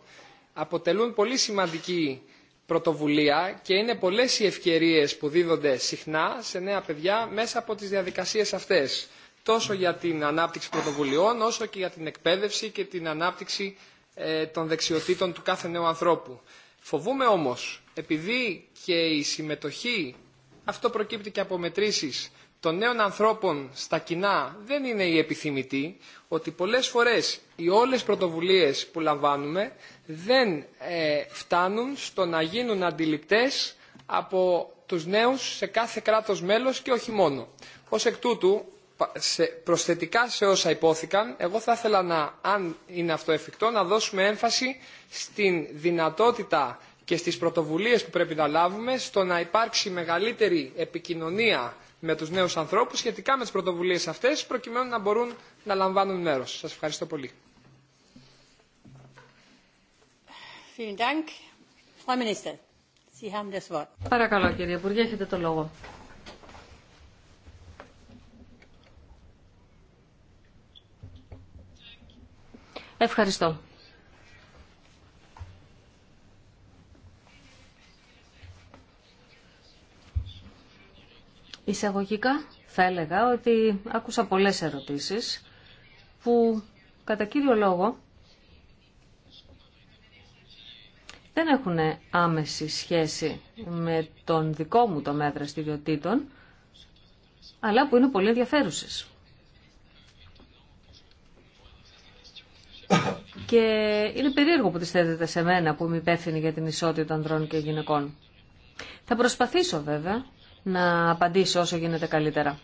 αποτελούν πολύ σημαντική πρωτοβουλία και είναι πολλές οι ευκαιρίες που δίδονται συχνά σε νέα παιδιά μέσα από τις διαδικασίες αυτές τόσο για την ανάπτυξη πρωτοβουλειών όσο και για την εκπαίδευση και την ανάπτυξη ε, των δεξιοτήτων του κάθε νέου ανθρώπου. Φοβούμε όμως, επειδή και η συμμετοχή, αυτό προκύπτει και από μετρήσεις, των νέων ανθρώπων στα κοινά δεν είναι η επιθυμητή, ότι πολλές φορές οι όλες πρωτοβουλίες που λαμβάνουμε δεν ε, φτάνουν στο να γίνουν αντιληπτές από τους νέους σε κάθε κράτος μέλος και όχι μόνο. Ως εκ τούτου, προσθετικά σε όσα υπόθηκαν, εγώ θα ήθελα να, αν είναι αυτό εφικτό, να δώσουμε έμφαση στην δυνατότητα και στις πρωτοβουλίες που πρέπει να λάβουμε, στο να υπάρξει μεγαλύτερη επικοινωνία με τους νέους ανθρώπους σχετικά με τις πρωτοβουλίες αυτές προκειμένου να μπορούν να λαμβάνουν μέρος. Σας ευχαριστώ πολύ. Παρακαλώ κύριε Υπουργέ, έχετε το λόγο. Ευχαριστώ. Εισαγωγικά θα έλεγα ότι άκουσα πολλές ερωτήσεις που κατά κύριο λόγο δεν έχουν άμεση σχέση με τον δικό μου τομέα δραστηριοτήτων, αλλά που είναι πολύ ενδιαφέρουσες. Και είναι περίεργο που τις θέλετε σε μένα που είμαι υπεύθυνη για την ισότητα ανδρών και γυναικών. Θα προσπαθήσω βέβαια να απαντήσω όσο γίνεται καλύτερα.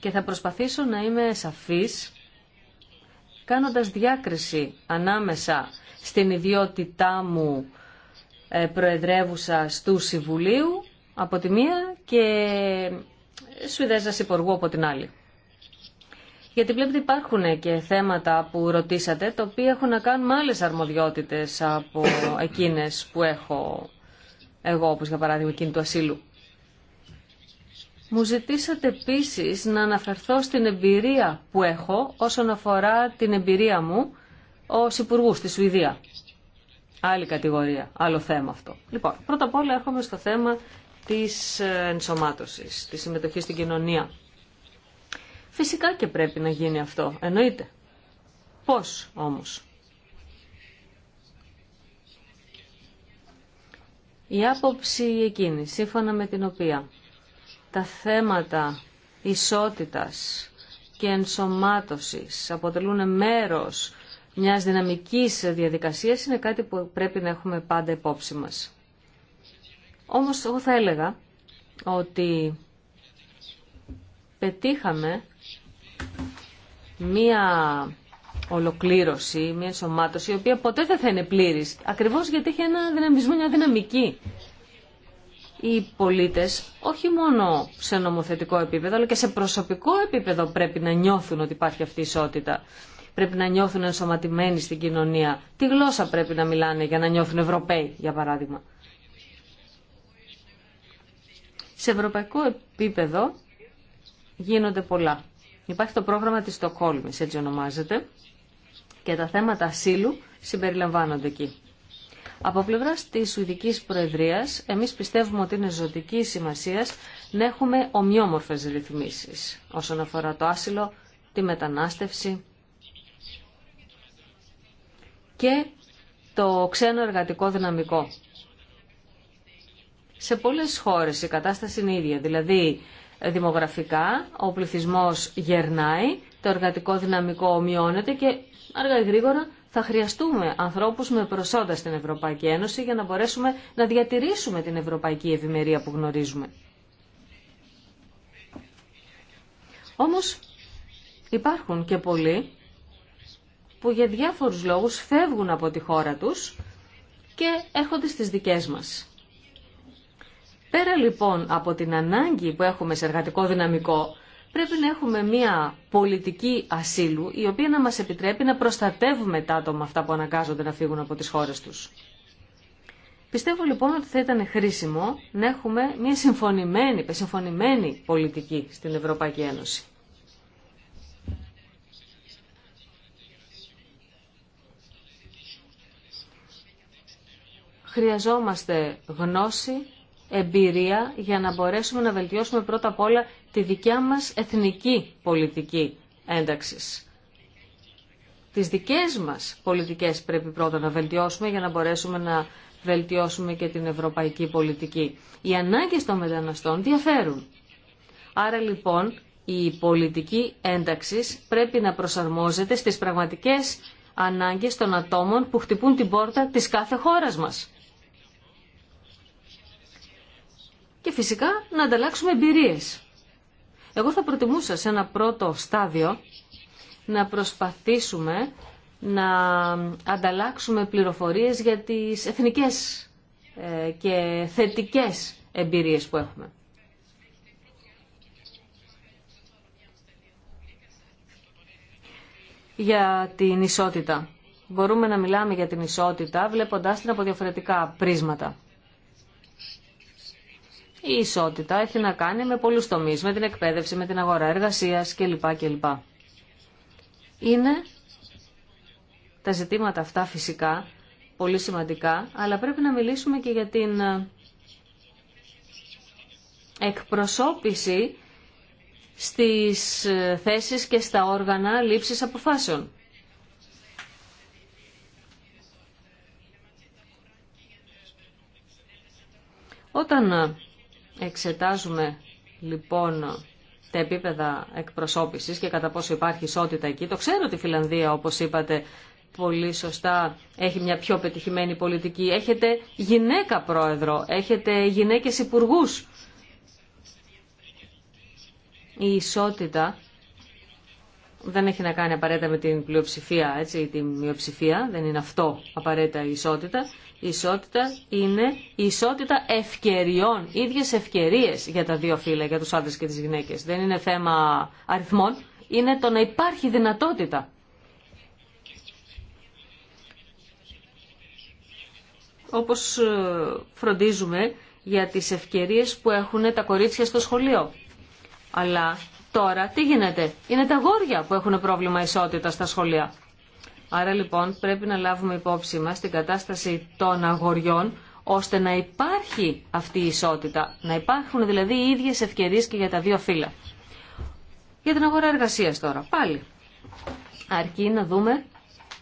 Και θα προσπαθήσω να είμαι σαφής, κάνοντας διάκριση ανάμεσα στην ιδιότητά μου ε, προεδρεύουσα του Συμβουλίου από τη μία και Σουηδέζας Υπουργού από την άλλη. Γιατί βλέπετε υπάρχουν και θέματα που ρωτήσατε, τα οποία έχουν να κάνουν με αρμοδιότητες από εκείνες που έχω εγώ, όπως για παράδειγμα εκείνη του ασύλου. Μου ζητήσατε επίση να αναφερθώ στην εμπειρία που έχω όσον αφορά την εμπειρία μου ως υπουργού στη Σουηδία. Άλλη κατηγορία, άλλο θέμα αυτό. Λοιπόν, πρώτα απ' όλα έρχομαι στο θέμα της ε, ενσωμάτωσης, της συμμετοχής στην κοινωνία. Φυσικά και πρέπει να γίνει αυτό, εννοείται. Πώς όμως. Η άποψη εκείνη, σύμφωνα με την οποία τα θέματα ισότητας και ενσωμάτωσης αποτελούν μέρος μιας δυναμικής διαδικασίας είναι κάτι που πρέπει να έχουμε πάντα υπόψη μας. Όμως εγώ θα έλεγα ότι πετύχαμε μία ολοκλήρωση, μία ενσωμάτωση, η οποία ποτέ δεν θα είναι πλήρης, ακριβώς γιατί έχει ένα δυναμισμό, μια δυναμική οι πολίτες όχι μόνο σε νομοθετικό επίπεδο αλλά και σε προσωπικό επίπεδο πρέπει να νιώθουν ότι υπάρχει αυτή η ισότητα. Πρέπει να νιώθουν ενσωματημένοι στην κοινωνία. Τι γλώσσα πρέπει να μιλάνε για να νιώθουν Ευρωπαίοι, για παράδειγμα. Σε ευρωπαϊκό επίπεδο γίνονται πολλά. Υπάρχει το πρόγραμμα της Στοκόλμης, έτσι ονομάζεται, και τα θέματα ασύλου συμπεριλαμβάνονται εκεί. Από πλευρά τη Σουηδική Προεδρία, εμεί πιστεύουμε ότι είναι ζωτική σημασία να έχουμε ομοιόμορφε ρυθμίσει όσον αφορά το άσυλο, τη μετανάστευση και το ξένο εργατικό δυναμικό. Σε πολλές χώρες η κατάσταση είναι ίδια, δηλαδή δημογραφικά ο πληθυσμός γερνάει, το εργατικό δυναμικό ομοιώνεται και αργά ή γρήγορα θα χρειαστούμε ανθρώπους με προσόντα στην Ευρωπαϊκή Ένωση για να μπορέσουμε να διατηρήσουμε την ευρωπαϊκή ευημερία που γνωρίζουμε. Όμως υπάρχουν και πολλοί που για διάφορους λόγους φεύγουν από τη χώρα τους και έρχονται στις δικές μας. Πέρα λοιπόν από την ανάγκη που έχουμε σε εργατικό δυναμικό, πρέπει να έχουμε μια πολιτική ασύλου η οποία να μας επιτρέπει να προστατεύουμε τα άτομα αυτά που αναγκάζονται να φύγουν από τις χώρες τους. Πιστεύω λοιπόν ότι θα ήταν χρήσιμο να έχουμε μια συμφωνημένη, συμφωνημένη πολιτική στην Ευρωπαϊκή Ένωση. Χρειαζόμαστε γνώση, εμπειρία για να μπορέσουμε να βελτιώσουμε πρώτα απ' όλα τη δικιά μας εθνική πολιτική ένταξης. Τις δικές μας πολιτικές πρέπει πρώτα να βελτιώσουμε για να μπορέσουμε να βελτιώσουμε και την ευρωπαϊκή πολιτική. Οι ανάγκες των μεταναστών διαφέρουν. Άρα λοιπόν η πολιτική ένταξης πρέπει να προσαρμόζεται στις πραγματικές ανάγκες των ατόμων που χτυπούν την πόρτα της κάθε χώρας μας. Και φυσικά να ανταλλάξουμε εμπειρίες. Εγώ θα προτιμούσα σε ένα πρώτο στάδιο να προσπαθήσουμε να ανταλλάξουμε πληροφορίες για τις εθνικές ε, και θετικές εμπειρίες που έχουμε. Για την ισότητα. Μπορούμε να μιλάμε για την ισότητα βλέποντάς την από διαφορετικά πρίσματα. Η ισότητα έχει να κάνει με πολλούς τομείς, με την εκπαίδευση, με την αγορά εργασίας κλπ. κλπ. Είναι τα ζητήματα αυτά φυσικά πολύ σημαντικά, αλλά πρέπει να μιλήσουμε και για την ε, εκπροσώπηση στις ε, θέσεις και στα όργανα λήψης αποφάσεων. Όταν ε, Εξετάζουμε λοιπόν τα επίπεδα εκπροσώπησης και κατά πόσο υπάρχει ισότητα εκεί. Το ξέρω ότι η Φιλανδία, όπως είπατε, πολύ σωστά έχει μια πιο πετυχημένη πολιτική. Έχετε γυναίκα πρόεδρο, έχετε γυναίκες υπουργούς. Η ισότητα δεν έχει να κάνει απαραίτητα με την πλειοψηφία έτσι, ή την μειοψηφία, δεν είναι αυτό απαραίτητα η ισότητα. Η ισότητα είναι η ισότητα ευκαιριών, ίδιες ευκαιρίες για τα δύο φύλλα, για τους άντρες και τις γυναίκες. Δεν είναι θέμα αριθμών, είναι το να υπάρχει δυνατότητα. Όπως ε, φροντίζουμε για τις ευκαιρίες που έχουν τα κορίτσια στο σχολείο. Αλλά Τώρα τι γίνεται. Είναι τα αγόρια που έχουν πρόβλημα ισότητα στα σχολεία. Άρα λοιπόν πρέπει να λάβουμε υπόψη μας την κατάσταση των αγοριών ώστε να υπάρχει αυτή η ισότητα. Να υπάρχουν δηλαδή οι ίδιες ευκαιρίες και για τα δύο φύλλα. Για την αγορά εργασίας τώρα. Πάλι. Αρκεί να δούμε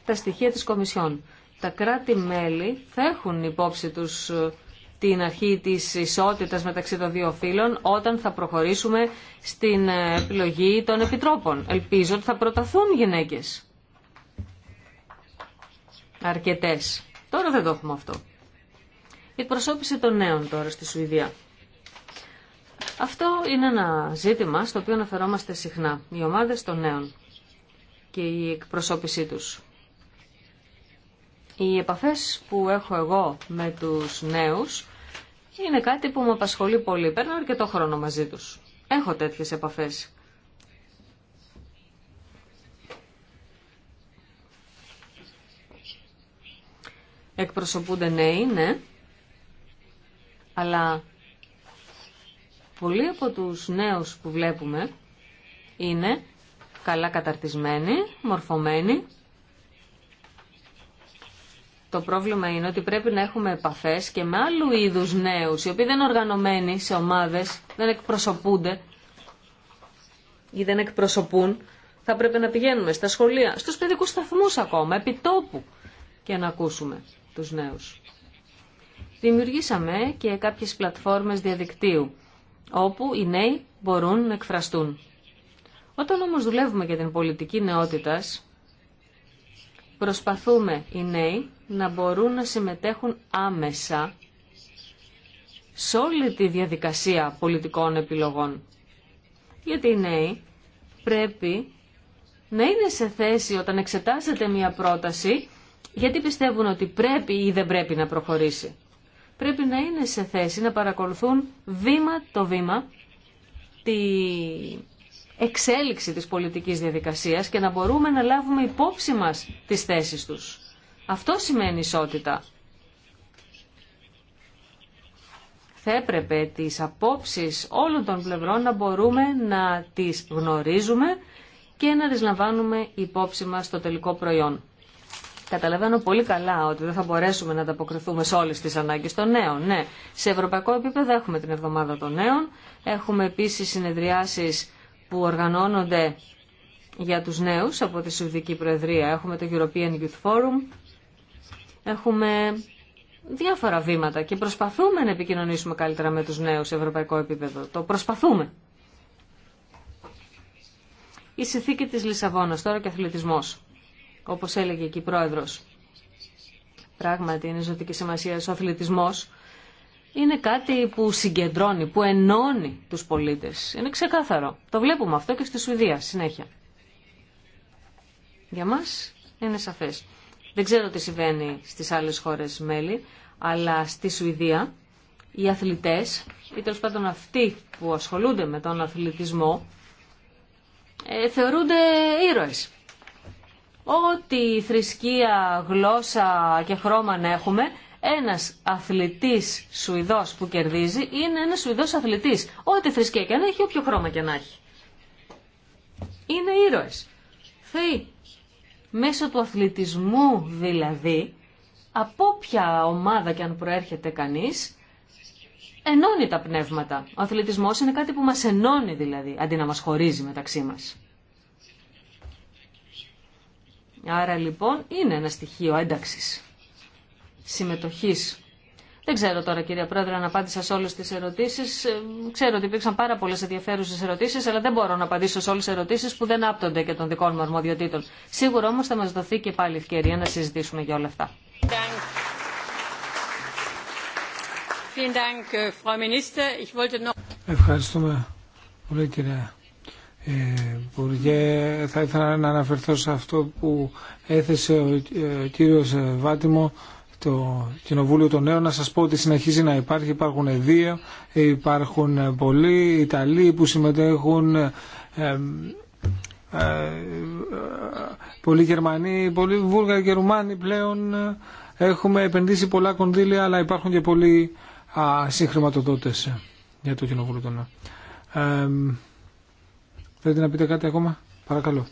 τα στοιχεία της Κομισιόν. Τα κράτη-μέλη θα έχουν υπόψη τους ε, την αρχή της ισότητας μεταξύ των δύο φύλων όταν θα προχωρήσουμε στην επιλογή των επιτρόπων. Ελπίζω ότι θα προταθούν γυναίκες. Αρκετές. Τώρα δεν το έχουμε αυτό. Η εκπροσώπηση των νέων τώρα στη Σουηδία. Αυτό είναι ένα ζήτημα στο οποίο αναφερόμαστε συχνά. Οι ομάδες των νέων και η εκπροσώπησή τους. Οι επαφές που έχω εγώ με τους νέους είναι κάτι που με απασχολεί πολύ. Παίρνω αρκετό χρόνο μαζί τους. Έχω τέτοιες επαφές. Εκπροσωπούνται νέοι, ναι, αλλά πολλοί από τους νέους που βλέπουμε είναι καλά καταρτισμένοι, μορφωμένοι το πρόβλημα είναι ότι πρέπει να έχουμε επαφέ και με άλλου είδου νέους, οι οποίοι δεν είναι οργανωμένοι σε ομάδες, δεν εκπροσωπούνται ή δεν εκπροσωπούν. Θα πρέπει να πηγαίνουμε στα σχολεία, στου παιδικού σταθμού ακόμα, επί τόπου και να ακούσουμε τους νέους. Δημιουργήσαμε και κάποιες πλατφόρμες διαδικτύου, όπου οι νέοι μπορούν να εκφραστούν. Όταν όμως δουλεύουμε για την πολιτική νεότητας, προσπαθούμε οι νέοι να μπορούν να συμμετέχουν άμεσα σε όλη τη διαδικασία πολιτικών επιλογών. Γιατί οι νέοι πρέπει να είναι σε θέση όταν εξετάζεται μια πρόταση, γιατί πιστεύουν ότι πρέπει ή δεν πρέπει να προχωρήσει. Πρέπει να είναι σε θέση να παρακολουθούν βήμα το βήμα τη εξέλιξη της πολιτικής διαδικασίας και να μπορούμε να λάβουμε υπόψη μας τις θέσεις τους. Αυτό σημαίνει ισότητα. Θα έπρεπε τις απόψεις όλων των πλευρών να μπορούμε να τις γνωρίζουμε και να τις λαμβάνουμε υπόψη μας στο τελικό προϊόν. Καταλαβαίνω πολύ καλά ότι δεν θα μπορέσουμε να ανταποκριθούμε σε όλες τις ανάγκες των νέων. Ναι, σε ευρωπαϊκό επίπεδο έχουμε την Εβδομάδα των Νέων, έχουμε επίσης συνεδριάσεις που οργανώνονται για τους νέους από τη Σουηδική Προεδρία. Έχουμε το European Youth Forum Έχουμε διάφορα βήματα και προσπαθούμε να επικοινωνήσουμε καλύτερα με τους νέους σε ευρωπαϊκό επίπεδο. Το προσπαθούμε. Η συνθήκη της Λισαβόνας τώρα και αθλητισμός, όπως έλεγε και η πρόεδρος. Πράγματι είναι ζωτική σημασία ο αθλητισμός. Είναι κάτι που συγκεντρώνει, που ενώνει τους πολίτες. Είναι ξεκάθαρο. Το βλέπουμε αυτό και στη Σουηδία συνέχεια. Για μας είναι σαφές. Δεν ξέρω τι συμβαίνει στις άλλες χώρες μέλη, αλλά στη Σουηδία οι αθλητές ή τέλο πάντων αυτοί που ασχολούνται με τον αθλητισμό ε, θεωρούνται ήρωες. Ό,τι θρησκεία, γλώσσα και χρώμα να έχουμε, ένας αθλητής Σουηδός που κερδίζει είναι ένας Σουηδός αθλητής. Ό,τι θρησκεία και να έχει, όποιο χρώμα και να έχει. Είναι ήρωες. Θεοί. Μέσω του αθλητισμού δηλαδή, από ποια ομάδα και αν προέρχεται κανείς, ενώνει τα πνεύματα. Ο αθλητισμός είναι κάτι που μας ενώνει δηλαδή, αντί να μας χωρίζει μεταξύ μας. Άρα λοιπόν είναι ένα στοιχείο ένταξης, συμμετοχής δεν ξέρω τώρα κυρία Πρόεδρε αν απάντησα σε όλες τις ερωτήσεις. Ε, ξέρω ότι υπήρξαν πάρα πολλέ ενδιαφέρουσε ερωτήσεις, αλλά δεν μπορώ να απαντήσω σε όλες τις ερωτήσεις που δεν άπτονται και των δικών μου αρμοδιοτήτων. Σίγουρα όμως θα μα δοθεί και πάλι ευκαιρία να συζητήσουμε για όλα αυτά. Ευχαριστούμε πολύ κυρία ε, Υπουργέ. Θα ήθελα να αναφερθώ σε αυτό που έθεσε ο ε, κύριο Βάτιμο το Κοινοβούλιο των Νέων να σας πω ότι συνεχίζει να υπάρχει. Υπάρχουν δύο, υπάρχουν πολλοί Ιταλοί που συμμετέχουν, ε, ε, πολλοί Γερμανοί, πολλοί Βούλγαροι και Ρουμάνοι πλέον. Έχουμε επενδύσει πολλά κονδύλια, αλλά υπάρχουν και πολλοί α, συγχρηματοδότες για το Κοινοβούλιο των Νέων. Ε, θέλετε να πείτε κάτι ακόμα, παρακαλώ.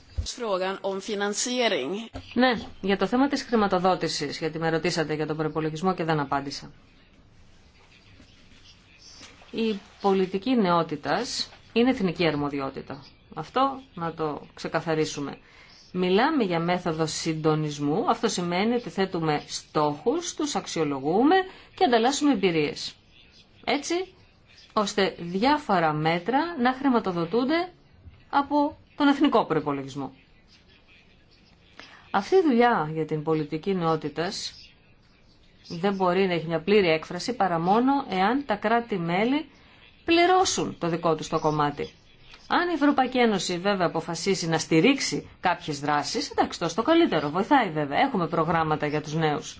Ναι, για το θέμα της χρηματοδότησης, γιατί με ρωτήσατε για τον προπολογισμό και δεν απάντησα. Η πολιτική νεότητας είναι εθνική αρμοδιότητα. Αυτό να το ξεκαθαρίσουμε. Μιλάμε για μέθοδο συντονισμού. Αυτό σημαίνει ότι θέτουμε στόχους, τους αξιολογούμε και ανταλλάσσουμε εμπειρίες. Έτσι, ώστε διάφορα μέτρα να χρηματοδοτούνται από τον εθνικό προπολογισμό. Αυτή η δουλειά για την πολιτική νεότητα δεν μπορεί να έχει μια πλήρη έκφραση παρά μόνο εάν τα κράτη-μέλη πληρώσουν το δικό τους το κομμάτι. Αν η Ευρωπαϊκή Ένωση βέβαια αποφασίσει να στηρίξει κάποιες δράσεις, εντάξει τόσο το καλύτερο, βοηθάει βέβαια, έχουμε προγράμματα για τους νέους.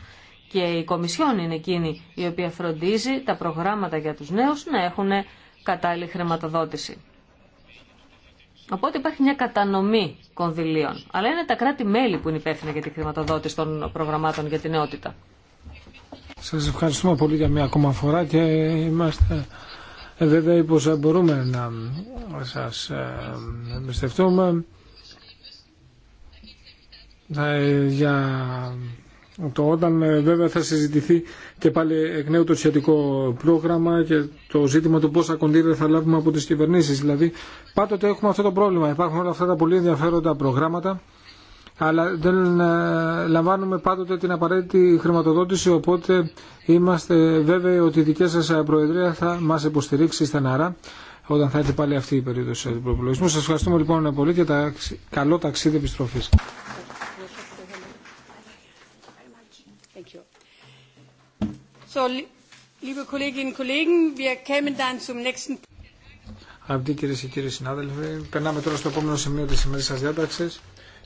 Και η Κομισιόν είναι εκείνη η οποία φροντίζει τα προγράμματα για τους νέους να έχουν κατάλληλη χρηματοδότηση. Οπότε υπάρχει μια κατανομή κονδυλίων. Αλλά είναι τα κράτη-μέλη που είναι υπεύθυνα για τη χρηματοδότηση των προγραμμάτων για την νεότητα. Σας ευχαριστούμε πολύ για μια ακόμα φορά και είμαστε ε, βέβαια πω μπορούμε να σας ε, εμπιστευτούμε ε, για το όταν ε, βέβαια θα συζητηθεί και πάλι εκ νέου το σχετικό πρόγραμμα και το ζήτημα του πόσα κοντήρια θα λάβουμε από τις κυβερνήσεις. Δηλαδή πάντοτε έχουμε αυτό το πρόβλημα. Υπάρχουν όλα αυτά τα πολύ ενδιαφέροντα προγράμματα αλλά δεν ε, λαμβάνουμε πάντοτε την απαραίτητη χρηματοδότηση οπότε είμαστε βέβαιοι ότι η δική σας προεδρία θα μας υποστηρίξει στεναρά όταν θα έρθει πάλι αυτή η περίοδος του προπολογισμού. Σας ευχαριστούμε λοιπόν πολύ και τα καλό ταξίδι επιστροφής. So, Αγαπητοί κυρίε και κύριοι συνάδελφοι, περνάμε τώρα στο επόμενο σημείο τη σημερινή σα διάταξη.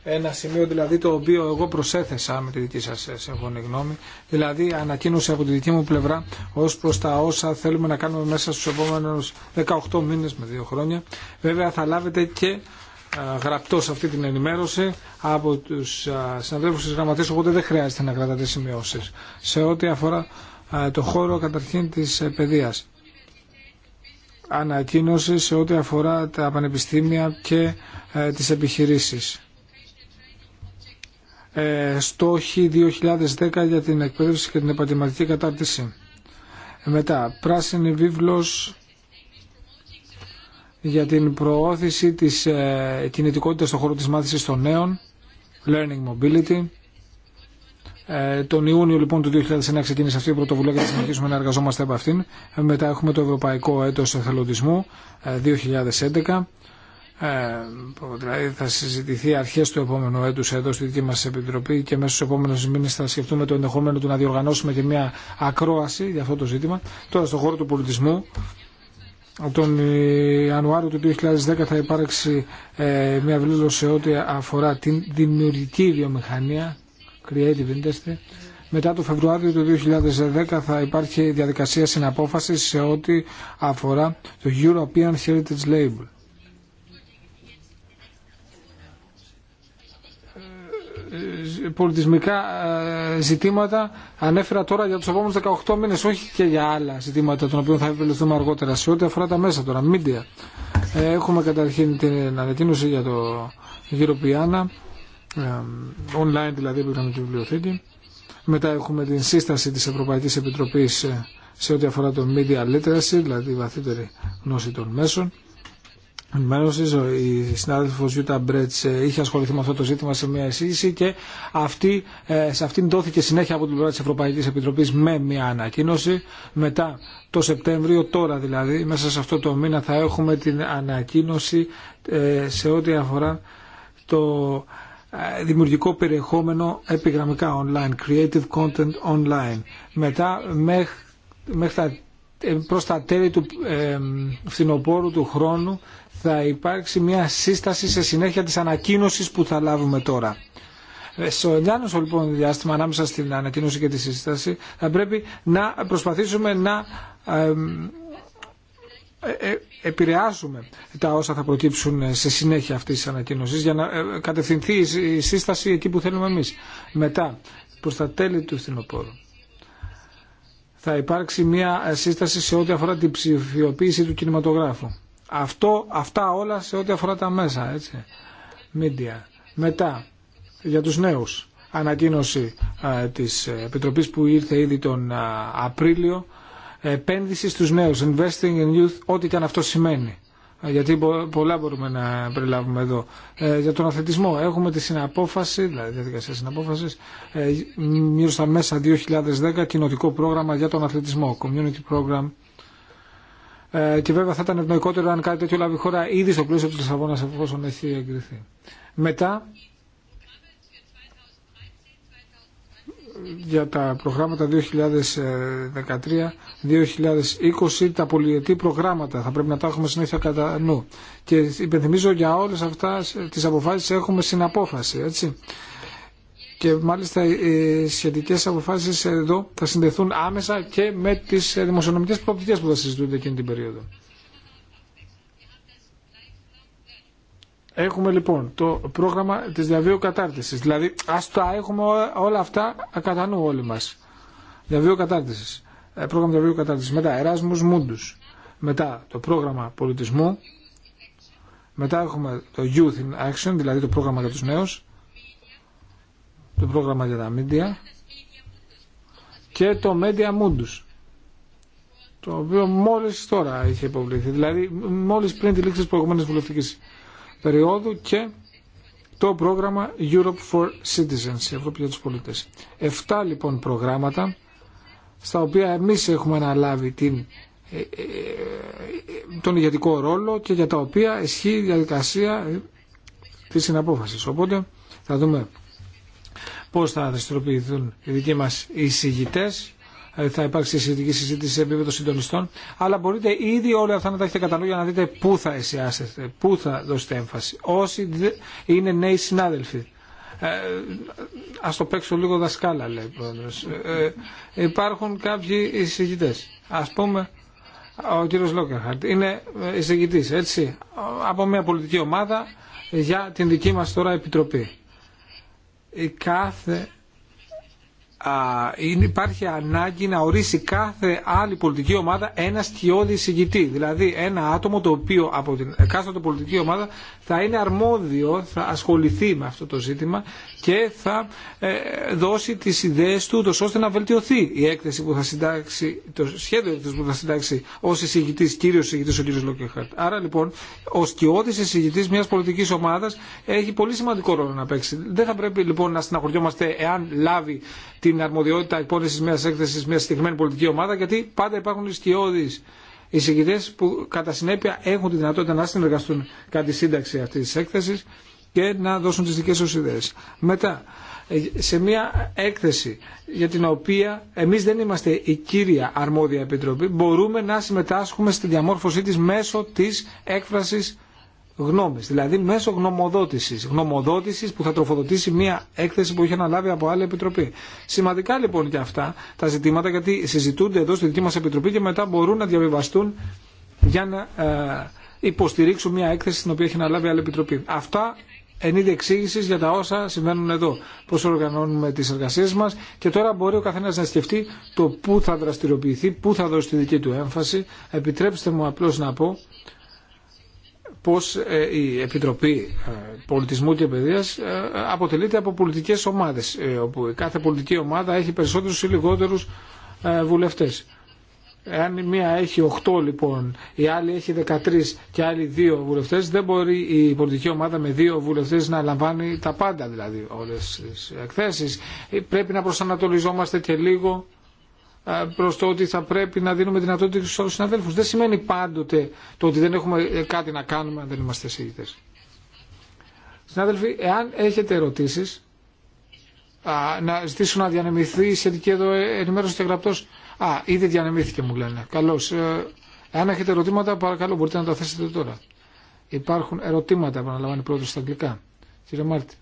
Ένα σημείο δηλαδή το οποίο εγώ προσέθεσα με τη δική σα ε, σύμφωνη γνώμη, δηλαδή ανακοίνωση από τη δική μου πλευρά ω προ τα όσα θέλουμε να κάνουμε μέσα στου επόμενου 18 μήνε με δύο χρόνια. Βέβαια θα λάβετε και γραπτό αυτή την ενημέρωση από του συναδέλφου τη γραμματεία, οπότε δεν χρειάζεται να κρατάτε σημειώσει. Σε ό,τι αφορά το χώρο καταρχήν της ε, παιδείας. Ανακοίνωση σε ό,τι αφορά τα πανεπιστήμια και ε, τις επιχειρήσεις. Ε, στόχοι 2010 για την εκπαίδευση και την επαγγελματική κατάρτιση. Μετά, πράσινη βίβλος για την προώθηση της κινητικότητας στον χώρο της μάθησης των νέων, Learning Mobility. Ε, τον Ιούνιο λοιπόν του 2009 ξεκίνησε αυτή η πρωτοβουλία και θα συνεχίσουμε να εργαζόμαστε από αυτήν. Ε, μετά έχουμε το Ευρωπαϊκό Έτος Εθελοντισμού 2011. Ε, δηλαδή θα συζητηθεί αρχέ του επόμενου έτου εδώ στη δική μας Επιτροπή και μέσα στου επόμενου μήνε θα σκεφτούμε το ενδεχόμενο του να διοργανώσουμε και μια ακρόαση για αυτό το ζήτημα. Τώρα στον χώρο του πολιτισμού τον Ιανουάριο του 2010 θα υπάρξει μια βλήλωση ό,τι αφορά την δημιουργική βιομηχανία Creative Industry. Μετά το Φεβρουάριο του 2010 θα υπάρχει διαδικασία συναπόφασης σε ό,τι αφορά το European Heritage Label. Ε, πολιτισμικά ε, ζητήματα ανέφερα τώρα για τους επόμενους 18 μήνες όχι και για άλλα ζητήματα των οποίων θα επιβληθούμε αργότερα σε ό,τι αφορά τα μέσα τώρα, media ε, έχουμε καταρχήν την ανακοίνωση για το Γύρο online δηλαδή που είχαμε τη βιβλιοθήκη. Μετά έχουμε την σύσταση της Ευρωπαϊκής Επιτροπής ε, σε ό,τι αφορά το media literacy, δηλαδή βαθύτερη γνώση των μέσων. Ενημέρωση, η συνάδελφο Γιούτα Μπρέτ ε, είχε ασχοληθεί με αυτό το ζήτημα σε μια εισήγηση και αυτή, ε, σε αυτήν δόθηκε συνέχεια από την πλευρά τη Ευρωπαϊκή Επιτροπή με μια ανακοίνωση. Μετά το Σεπτέμβριο, τώρα δηλαδή, μέσα σε αυτό το μήνα θα έχουμε την ανακοίνωση σε ό,τι αφορά το δημιουργικό περιεχόμενο επιγραμμικά online, creative content online. Μετά μέχρι, μέχρι τα, ε, προς τα τέλη του ε, φθινοπόρου του χρόνου θα υπάρξει μια σύσταση σε συνέχεια της ανακοίνωσης που θα λάβουμε τώρα. Ε, στο ενδιάμεσο λοιπόν διάστημα ανάμεσα στην ανακοίνωση και τη σύσταση θα πρέπει να προσπαθήσουμε να ε, ε, επηρεάζουμε τα όσα θα προκύψουν σε συνέχεια αυτή τη ανακοίνωση για να ε, κατευθυνθεί η σύσταση εκεί που θέλουμε εμείς. Μετά, προ τα τέλη του φθινοπόρου, θα υπάρξει μια σύσταση σε ό,τι αφορά την ψηφιοποίηση του κινηματογράφου. Αυτό, αυτά όλα σε ό,τι αφορά τα μέσα, έτσι, media. Μετά, για τους νέους, ανακοίνωση της Επιτροπής που ήρθε ήδη τον Απρίλιο επένδυση στους νέους, investing in youth, ό,τι και αν αυτό σημαίνει. Ε, γιατί πολλά μπορούμε να περιλάβουμε εδώ. Ε, για τον αθλητισμό έχουμε τη συναπόφαση, δηλαδή διαδικασία συναπόφασης, ε, γύρω στα μέσα 2010 κοινοτικό πρόγραμμα για τον αθλητισμό, community program. και βέβαια θα ήταν ευνοϊκότερο αν κάτι τέτοιο λάβει χώρα ήδη στο πλαίσιο του Λισαβόνα εφόσον έχει εγκριθεί. Μετά για τα προγράμματα 2013-2020, τα πολυετή προγράμματα. Θα πρέπει να τα έχουμε συνέχεια κατά νου. Και υπενθυμίζω για όλες αυτά τις αποφάσεις έχουμε συναπόφαση, έτσι. Και μάλιστα οι σχετικές αποφάσεις εδώ θα συνδεθούν άμεσα και με τις δημοσιονομικές προοπτικές που θα συζητούνται εκείνη την περίοδο. Έχουμε λοιπόν το πρόγραμμα της διαβίου κατάρτισης. Δηλαδή α τα έχουμε όλα αυτά κατά νου όλοι μας. Διαβίου κατάρτισης. Ε, πρόγραμμα διαβίου κατάρτισης. Μετά Εράσμους Μούντους. Μετά το πρόγραμμα πολιτισμού. Μετά έχουμε το Youth in Action, δηλαδή το πρόγραμμα για τους νέους. Το πρόγραμμα για τα Media. Και το Media Mundus. Το οποίο μόλις τώρα είχε υποβληθεί. Δηλαδή μόλις πριν τη λήξη της περίοδου και το πρόγραμμα Europe for Citizens, Ευρώπη για τους πολίτες. Εφτά λοιπόν προγράμματα στα οποία εμείς έχουμε αναλάβει την, ε, ε, ε, τον ηγετικό ρόλο και για τα οποία ισχύει η διαδικασία της συναπόφασης. Οπότε θα δούμε πώς θα δραστηριοποιηθούν οι δικοί μας εισηγητές ε, θα υπάρξει σχετική συζήτηση σε επίπεδο συντονιστών. Αλλά μπορείτε ήδη όλα αυτά να τα έχετε κατά για να δείτε πού θα εσιάσετε, πού θα δώσετε έμφαση. Όσοι είναι νέοι συνάδελφοι. Ε, ας το παίξω λίγο δασκάλα λέει πρόεδρος. Ε, ε, υπάρχουν κάποιοι εισηγητέ. Α πούμε ο κύριο Λόκερχαρτ είναι ε, εισηγητή, έτσι από μια πολιτική ομάδα για την δική μα τώρα επιτροπή. Η κάθε υπάρχει ανάγκη να ορίσει κάθε άλλη πολιτική ομάδα ένα σκιώδη εισηγητή. Δηλαδή ένα άτομο το οποίο από την κάθε πολιτική ομάδα θα είναι αρμόδιο, θα ασχοληθεί με αυτό το ζήτημα και θα ε, δώσει τις ιδέες του ώστε να βελτιωθεί η έκθεση που θα συντάξει, το σχέδιο έκθεση που θα συντάξει ω εισηγητή, κύριο εισηγητή ο κ. Λόκεχαρτ. Άρα λοιπόν ο σκιώδης εισηγητή μια πολιτική ομάδα έχει πολύ σημαντικό ρόλο να παίξει. Δεν θα πρέπει λοιπόν να συναχωριόμαστε εάν λάβει την αρμοδιότητα υπόθεση μια έκθεση μια συγκεκριμένη πολιτική ομάδα γιατί πάντα υπάρχουν οι σκιώδεις οι που κατά συνέπεια έχουν τη δυνατότητα να συνεργαστούν κατά τη σύνταξη αυτής της έκθεσης και να δώσουν τις δικές τους ιδέες. Μετά, ε, σε μια έκθεση για την οποία εμείς δεν είμαστε η κύρια αρμόδια επιτροπή, μπορούμε να συμμετάσχουμε στη διαμόρφωσή της μέσω της έκφρασης γνώμης, δηλαδή μέσω γνωμοδότησης, γνωμοδότησης που θα τροφοδοτήσει μία έκθεση που έχει αναλάβει από άλλη επιτροπή. Σημαντικά λοιπόν και αυτά τα ζητήματα γιατί συζητούνται εδώ στη δική μας επιτροπή και μετά μπορούν να διαβιβαστούν για να ε, υποστηρίξουν μία έκθεση στην οποία έχει αναλάβει άλλη επιτροπή. Αυτά εν είδη εξήγηση για τα όσα συμβαίνουν εδώ. Πώ οργανώνουμε τι εργασίε μα και τώρα μπορεί ο καθένα να σκεφτεί το πού θα δραστηριοποιηθεί, πού θα δώσει τη δική του έμφαση. Επιτρέψτε μου απλώ να πω πως ε, η Επιτροπή ε, Πολιτισμού και Παιδείας ε, αποτελείται από πολιτικές ομάδες, όπου κάθε πολιτική ομάδα έχει περισσότερους ή λιγότερους βουλευτές. Εάν η μία έχει 8 λοιπόν, η άλλη έχει 13 και άλλοι 2 βουλευτέ, δεν μπορεί η πολιτική ομάδα με 2 βουλευτέ να λαμβάνει τα πάντα δηλαδή όλε τι εκθέσει. Πρέπει να προσανατολιζόμαστε και λίγο προ το ότι θα πρέπει να δίνουμε δυνατότητα στου άλλου συναδέλφου. Δεν σημαίνει πάντοτε το ότι δεν έχουμε ε, κάτι να κάνουμε αν δεν είμαστε εισηγητέ. Συνάδελφοι, εάν έχετε ερωτήσει, να ζητήσω να διανεμηθεί η σχετική εδώ ενημέρωση και γραπτό. Α, ήδη διανεμήθηκε μου λένε. Καλώ. Ε, εάν έχετε ερωτήματα, παρακαλώ μπορείτε να τα θέσετε τώρα. Υπάρχουν ερωτήματα, επαναλαμβάνει πρώτο στα αγγλικά. Κύριε Μάρτι.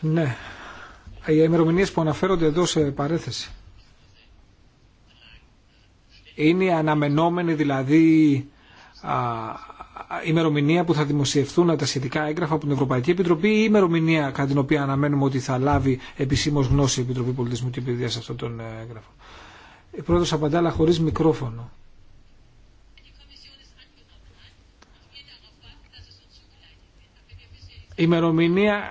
Ναι, οι ημερομηνίε που αναφέρονται εδώ σε παρέθεση είναι η αναμενόμενη δηλαδή α, ημερομηνία που θα δημοσιευθούν τα σχετικά έγγραφα από την Ευρωπαϊκή Επιτροπή ή η ημερομηνία κατά την οποία αναμένουμε ότι θα λάβει επισήμω γνώση η Επιτροπή Πολιτισμού και Παιδεία σε αυτόν τον ε, έγγραφο. Η πρόεδρο απαντά, αλλά χωρί μικρόφωνο. ημερομηνία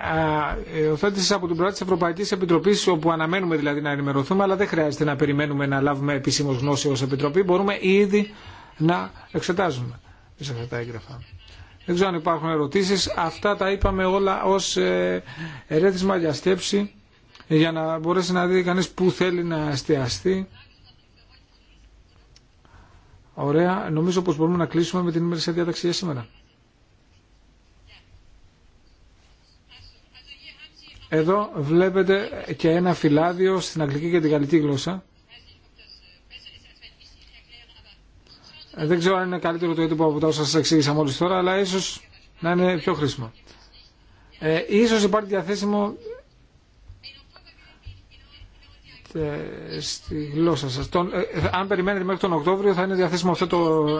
ε, οθέτηση από την πλευρά τη Ευρωπαϊκή Επιτροπή, όπου αναμένουμε δηλαδή να ενημερωθούμε, αλλά δεν χρειάζεται να περιμένουμε να λάβουμε επισήμω γνώση ω Επιτροπή. Μπορούμε ήδη να εξετάζουμε σε αυτά τα έγγραφα. Δεν ξέρω αν υπάρχουν ερωτήσει. Αυτά τα είπαμε όλα ω ε, ερέθισμα για σκέψη για να μπορέσει να δει κανεί που θέλει να εστιαστεί. Ωραία. Νομίζω πως μπορούμε να κλείσουμε με την ημερησία διάταξη για σήμερα. Εδώ βλέπετε και ένα φυλάδιο στην αγγλική και την γαλλική γλώσσα. Δεν ξέρω αν είναι καλύτερο το έντυπο από τα όσα σας εξήγησα μόλις τώρα, αλλά ίσως να είναι πιο χρήσιμο. Ε, ίσως υπάρχει διαθέσιμο ε, στη γλώσσα σας. Τον, ε, ε, αν περιμένετε μέχρι τον Οκτώβριο θα είναι διαθέσιμο αυτό το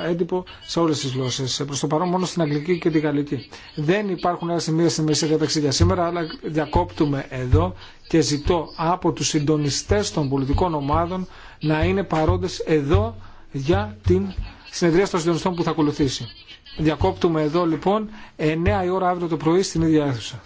έντυπο σε όλες τις γλώσσες. Ε, προς το παρόν μόνο στην Αγγλική και την Γαλλική. Δεν υπάρχουν άλλα σημεία στην μέση διάταξη για σήμερα, αλλά διακόπτουμε εδώ και ζητώ από τους συντονιστές των πολιτικών ομάδων να είναι παρόντες εδώ για την συνεδρία των συντονιστών που θα ακολουθήσει. Διακόπτουμε εδώ λοιπόν 9 η ώρα αύριο το πρωί στην ίδια αίθουσα.